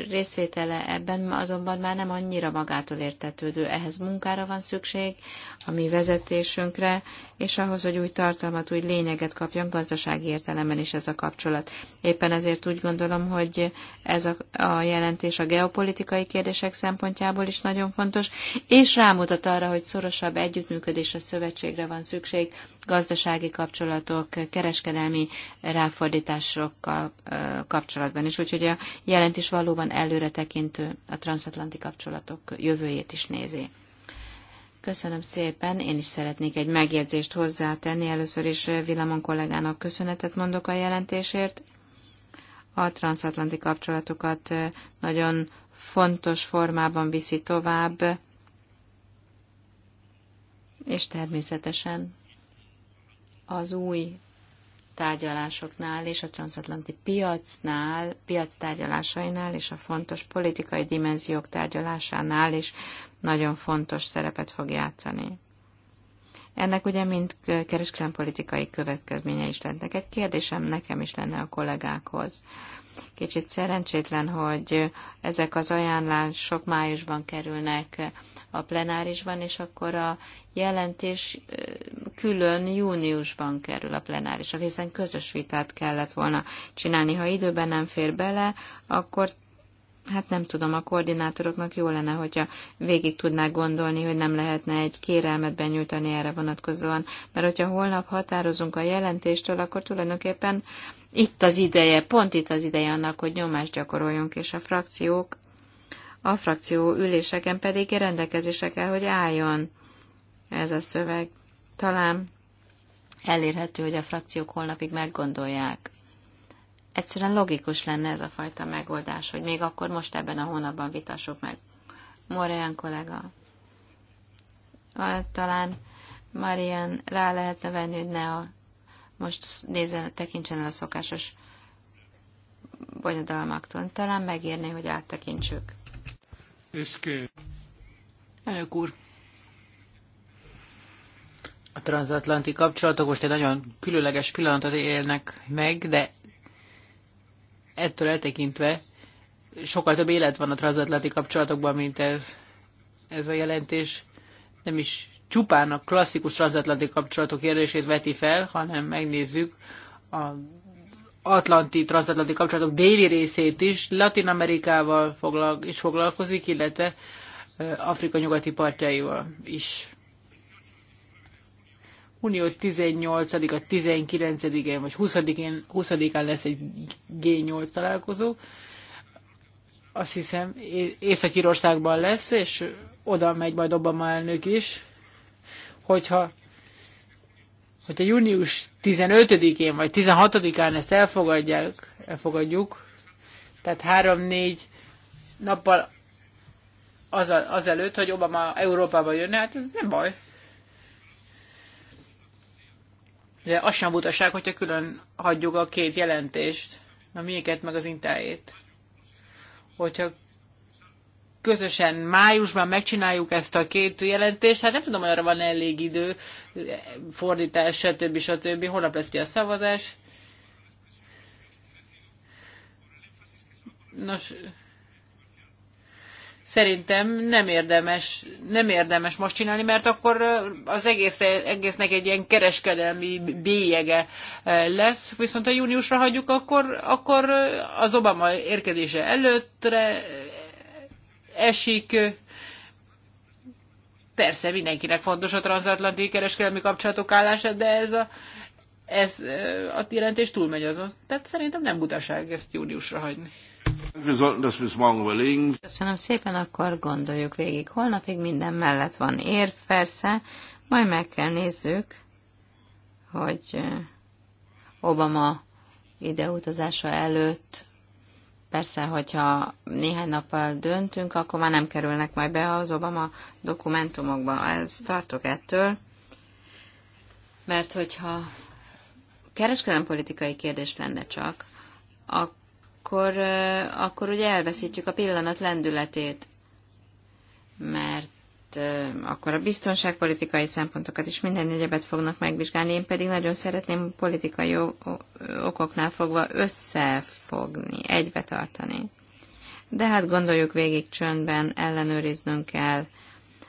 részvétele ebben azonban már nem annyira magától értetődő. Ehhez munkára van szükség, a mi vezetésünkre, és ahhoz, hogy új tartalmat, új lényeget kapjon, gazdasági értelemben is ez a kapcsolat. Éppen ezért úgy gondolom, hogy ez a, a jelentés a geopolitikai kérdések szempontjából is nagyon fontos, és rámutat arra, hogy szorosabb együttműködésre, szövetségre van szükség gazdasági kapcsolatok, kereskedelmi ráfordításokkal kapcsolatban is. Úgyhogy a jelentés valóban előre tekintő a transatlanti kapcsolatok jövőjét is nézi. Köszönöm szépen. Én is szeretnék egy megjegyzést hozzátenni. Először is eh, Villamon kollégának köszönetet mondok a jelentésért. A transatlanti kapcsolatokat eh, nagyon fontos formában viszi tovább, és természetesen az új tárgyalásoknál és a transatlanti piacnál, piac tárgyalásainál és a fontos politikai dimenziók tárgyalásánál is nagyon fontos szerepet fog játszani. Ennek ugye mind kereskedelmi politikai következménye is lennek. Egy kérdésem nekem is lenne a kollégákhoz. Kicsit szerencsétlen, hogy ezek az ajánlások májusban kerülnek a plenárisban, és akkor a jelentés külön júniusban kerül a plenárisra, hiszen közös vitát kellett volna csinálni. Ha időben nem fér bele, akkor Hát nem tudom, a koordinátoroknak jó lenne, hogyha végig tudnák gondolni, hogy nem lehetne egy kérelmet benyújtani erre vonatkozóan, mert hogyha holnap határozunk a jelentéstől, akkor tulajdonképpen itt az ideje, pont itt az ideje annak, hogy nyomást gyakoroljunk, és a frakciók, a frakció üléseken pedig rendelkezésre kell, hogy álljon ez a szöveg. Talán elérhető, hogy a frakciók holnapig meggondolják. Egyszerűen logikus lenne ez a fajta megoldás, hogy még akkor most ebben a hónapban vitassuk meg. Morian kollega. Talán Marian rá lehetne venni, hogy ne a most nézzen, tekintsen el a szokásos bonyodalmaktól. Talán megérné, hogy áttekintsük. Elnök úr, a transatlanti kapcsolatok most egy nagyon különleges pillanatot élnek meg, de ettől eltekintve sokkal több élet van a transatlanti kapcsolatokban, mint ez, ez a jelentés. Nem is csupán a klasszikus transatlanti kapcsolatok kérdését veti fel, hanem megnézzük a atlanti transatlanti kapcsolatok déli részét is, Latin Amerikával foglalko- is foglalkozik, illetve Afrika nyugati partjaival is. Unió 18-a, 19-én vagy 20-én, 20-án lesz egy G8 találkozó. Azt hiszem, Észak-Írországban lesz, és oda megy majd Obama elnök is hogyha hogyha június 15-én vagy 16-án ezt elfogadják, elfogadjuk, tehát 3-4 nappal az, az előtt, hogy Obama Európába jönne, hát ez nem baj. De azt sem butaság, hogyha külön hagyjuk a két jelentést, a miéket meg az intájét. Hogyha közösen májusban megcsináljuk ezt a két jelentést, hát nem tudom, hogy arra van elég idő, fordítás, stb. stb. Holnap lesz ugye a szavazás. Nos, szerintem nem érdemes, nem érdemes most csinálni, mert akkor az egész, egésznek egy ilyen kereskedelmi bélyege lesz, viszont ha júniusra hagyjuk, akkor, akkor az Obama érkezése előttre, esik. Persze mindenkinek fontos a transatlanti kereskedelmi kapcsolatok állása, de ez a, ez a jelentés túlmegy azon. Tehát szerintem nem butaság ezt júniusra hagyni. Köszönöm szépen, akkor gondoljuk végig. Holnapig minden mellett van érv, persze, majd meg kell nézzük, hogy Obama ideutazása előtt Persze, hogyha néhány nappal döntünk, akkor már nem kerülnek majd be az Obama dokumentumokba. Ez tartok ettől, mert hogyha kereskedelempolitikai kérdés lenne csak, akkor, akkor ugye elveszítjük a pillanat lendületét, mert Hát, akkor a biztonságpolitikai szempontokat is minden egyebet fognak megvizsgálni. Én pedig nagyon szeretném politikai okoknál fogva összefogni, egybe tartani. De hát gondoljuk végig csöndben, ellenőriznünk kell,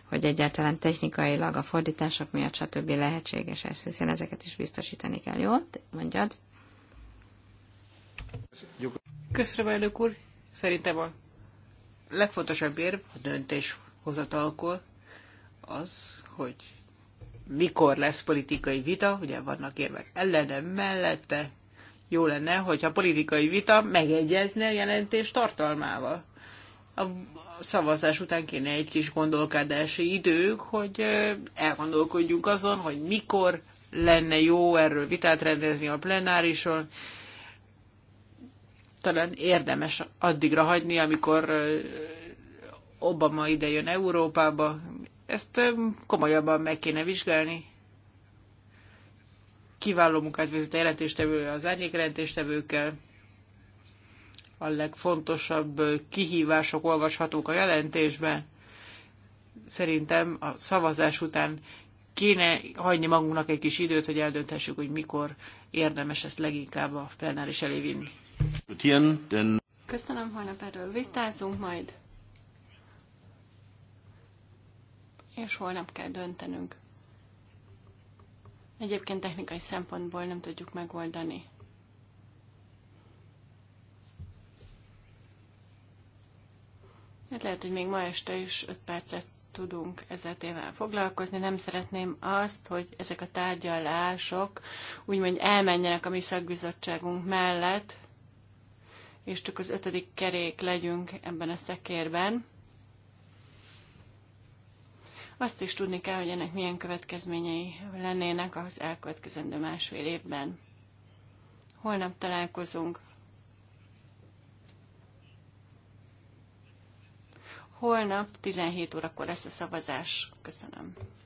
hogy egyáltalán technikailag a fordítások miatt stb. lehetséges, hiszen ezeket is biztosítani kell. Jó? Mondjad. Köszönöm, elnök úr. Szerintem a legfontosabb érv a döntéshozatalkor az, hogy mikor lesz politikai vita, ugye vannak érvek ellene, mellette, jó lenne, hogyha politikai vita megegyezne a jelentés tartalmával. A szavazás után kéne egy kis gondolkodási idő, hogy elgondolkodjunk azon, hogy mikor lenne jó erről vitát rendezni a plenárison. Talán érdemes addigra hagyni, amikor Obama ide jön Európába, ezt komolyabban meg kéne vizsgálni. Kiváló munkát vezet a jelentéstevő az árnyék jelentéstevőkkel. A legfontosabb kihívások olvashatók a jelentésben. Szerintem a szavazás után kéne hagyni magunknak egy kis időt, hogy eldönthessük, hogy mikor érdemes ezt leginkább a plenáris elé vinni. Köszönöm, holnap erről vitázunk majd. és holnap kell döntenünk. Egyébként technikai szempontból nem tudjuk megoldani. Hát lehet, hogy még ma este is 5 percet tudunk ezzel tével foglalkozni. Nem szeretném azt, hogy ezek a tárgyalások úgymond elmenjenek a mi szakbizottságunk mellett, és csak az ötödik kerék legyünk ebben a szekérben. Azt is tudni kell, hogy ennek milyen következményei lennének az elkövetkezendő másfél évben. Holnap találkozunk. Holnap 17 órakor lesz a szavazás. Köszönöm.